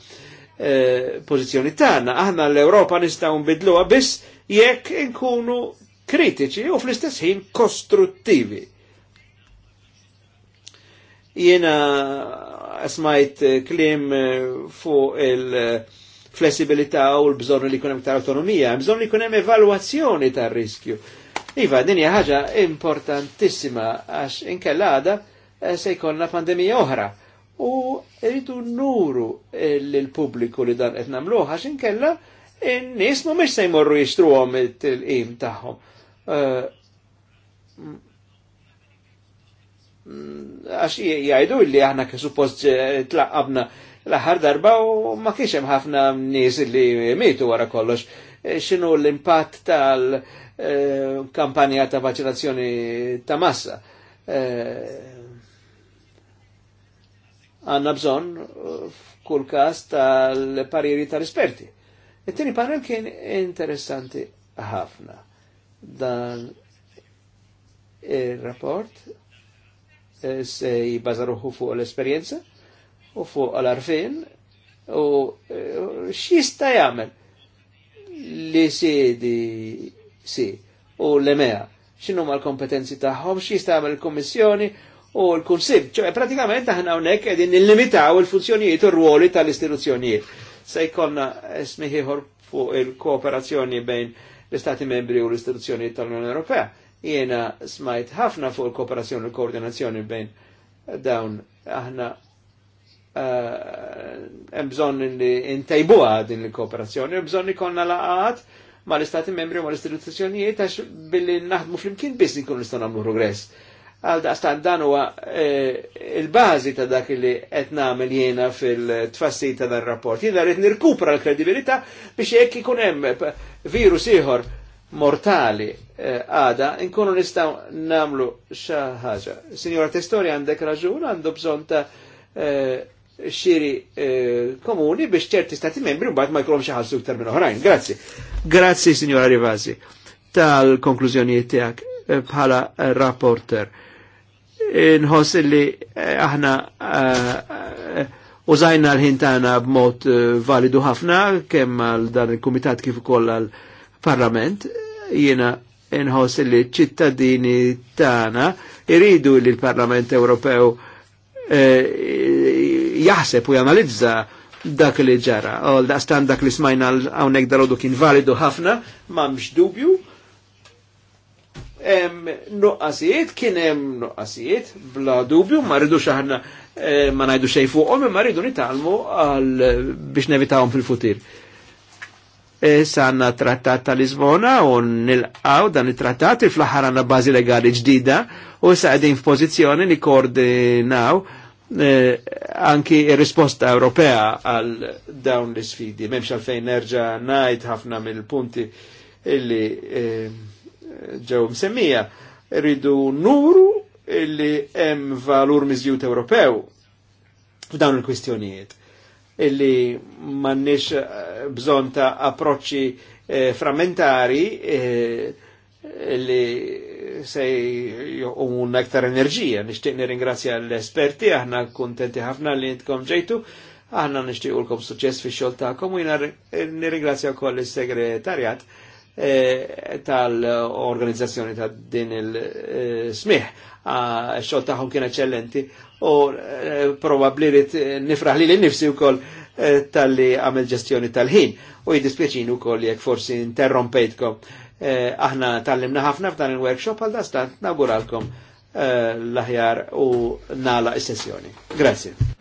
pożizzjoni tagħna, aħna l-Ewropa nistgħu nbidluha biss jekk inkunu kritiċi u fl-istess ħin kostruttivi. Jiena smajt klim fuq il- flessibilità u l-bżonn li jkun hemm iktar autonomija, bżonn li jkun hemm evalwazzjoni tar-riskju. Iva, din hija ħaġa importantissima għax inkella għadha eh, se jkollna pandemija oħra. U rridu nuru lil pubbliku li dan qed nagħmluh għax inkella n-nies mhumiex se jmorru jixtruhom il-qim tagħhom eh, mm, għax jgħidu li aħna suppost eh, tlaqqabna l-aħħar darba u ma kienx hemm ħafna nies li mitu wara kollox. E, x'inhu l-impatt tal-kampanja e, ta' vaccinazzjoni ta' massa. E, għanna bżonn f'kull każ tal parieri tal-esperti. It-tieni panel kien interessanti ħafna. Dan il-rapport se jibbażaruħu fuq l-esperjenza u fuq għal-arfin u e, xista jagħmel li sidi si u l-EMEA ma l-kompetenzi taħħom, xista jgħamil l-kommissjoni u l-Kunsill. ċoħe pratikament aħna hawnhekk il-limitaw il-funzjonijiet u r-ruoli tal istituzjonijiet Se konna esmiħiħor fuq il-kooperazzjoni bejn l-Istati membri u l-istituzzjonijiet tal-Unjoni Ewropea. Jena smajt ħafna fuq il-kooperazzjoni u l-koordinazzjoni bejn dawn aħna Eh, hemm bżonn li ntejbuha din il-kooperazzjoni, hemm bżonn ikollna laqgħat mal-istati membri u mal-istituzzjonijiet għax billi naħdmu flimkien biss nkunu nistgħu nagħmlu progress. Għal daqstan dan huwa eh, il-bażi ta' dak li qed nagħmel jiena fil-tfassil ta' dan rapport. Jiena rrid nirkupra l-kredibilità biex jekk ikun hemm virus ieħor mortali eh, għada nkunu nagħmlu xi ħaġa. Signora Testori għandek raġun, għandu bżonn ta' xiri eh, komuni biex ċerti stati membri u ma jkollhom xi ħassu minn oħrajn. Grazzi. Grazzi, Signora Rivasi, tal-konklużjonijiet tiegħek eh, bħala eh, rapporter. Nħos li aħna użajna l-ħin tagħna b'mod validu ħafna kemm għal dan il-kumitat kif ukoll għal parlament jiena nħoss li ċittadini tagħna iridu li l-Parlament Ewropew jaħseb u jamalizza dak li ġara. Għal da stan dak li smajna għawnek dal-għodu kien validu ħafna, ma mx dubju. Nuqqasijiet, kien hemm nuqqasijiet, bla dubju, ma rridu xaħna eh, ma najdu xej fuqom, imma rridu nitalmu għal biex nevitawhom fil-futir. E, Sanna trattat tal Lisbona u nil nil-għaw dan it-trattat fl flaħar għanna bazi legali ġdida u issa li f'pożizzjoni nikkoordinaw Eh, anki il risposta Ewropea għal dawn l-sfidi. Memx għalfejn nerġa najt ħafna mill-punti illi eh, ġew msemmija. Rridu nuru illi hemm valur miżjut Ewropew f'dawn il-kwistjonijiet illi m'għandniex eh, bżonn ta' approċċi frammentari illi se un aktar enerġija. Nishtiq nirringrazzja l-esperti, aħna kontenti ħafna li nitkom ġejtu, aħna nishtiq ulkom suċess fi xol ta'kom, u nirringrazzja wkoll il-segretarjat eh, tal-organizzazzjoni ta' din il-smiħ. Eh, ah, xol ta'kom kien eccellenti u eh, probabli rrit nifraħ li l-nifsi u koll tal-li għamil ġestjoni tal-ħin u jidispieċin u koll jek forsi interrompejtkom Eh, aħna tallimna ħafna f'dan il-workshop għal dastan naguralkom eh, l-aħjar u nala s-sessjoni. Grazie.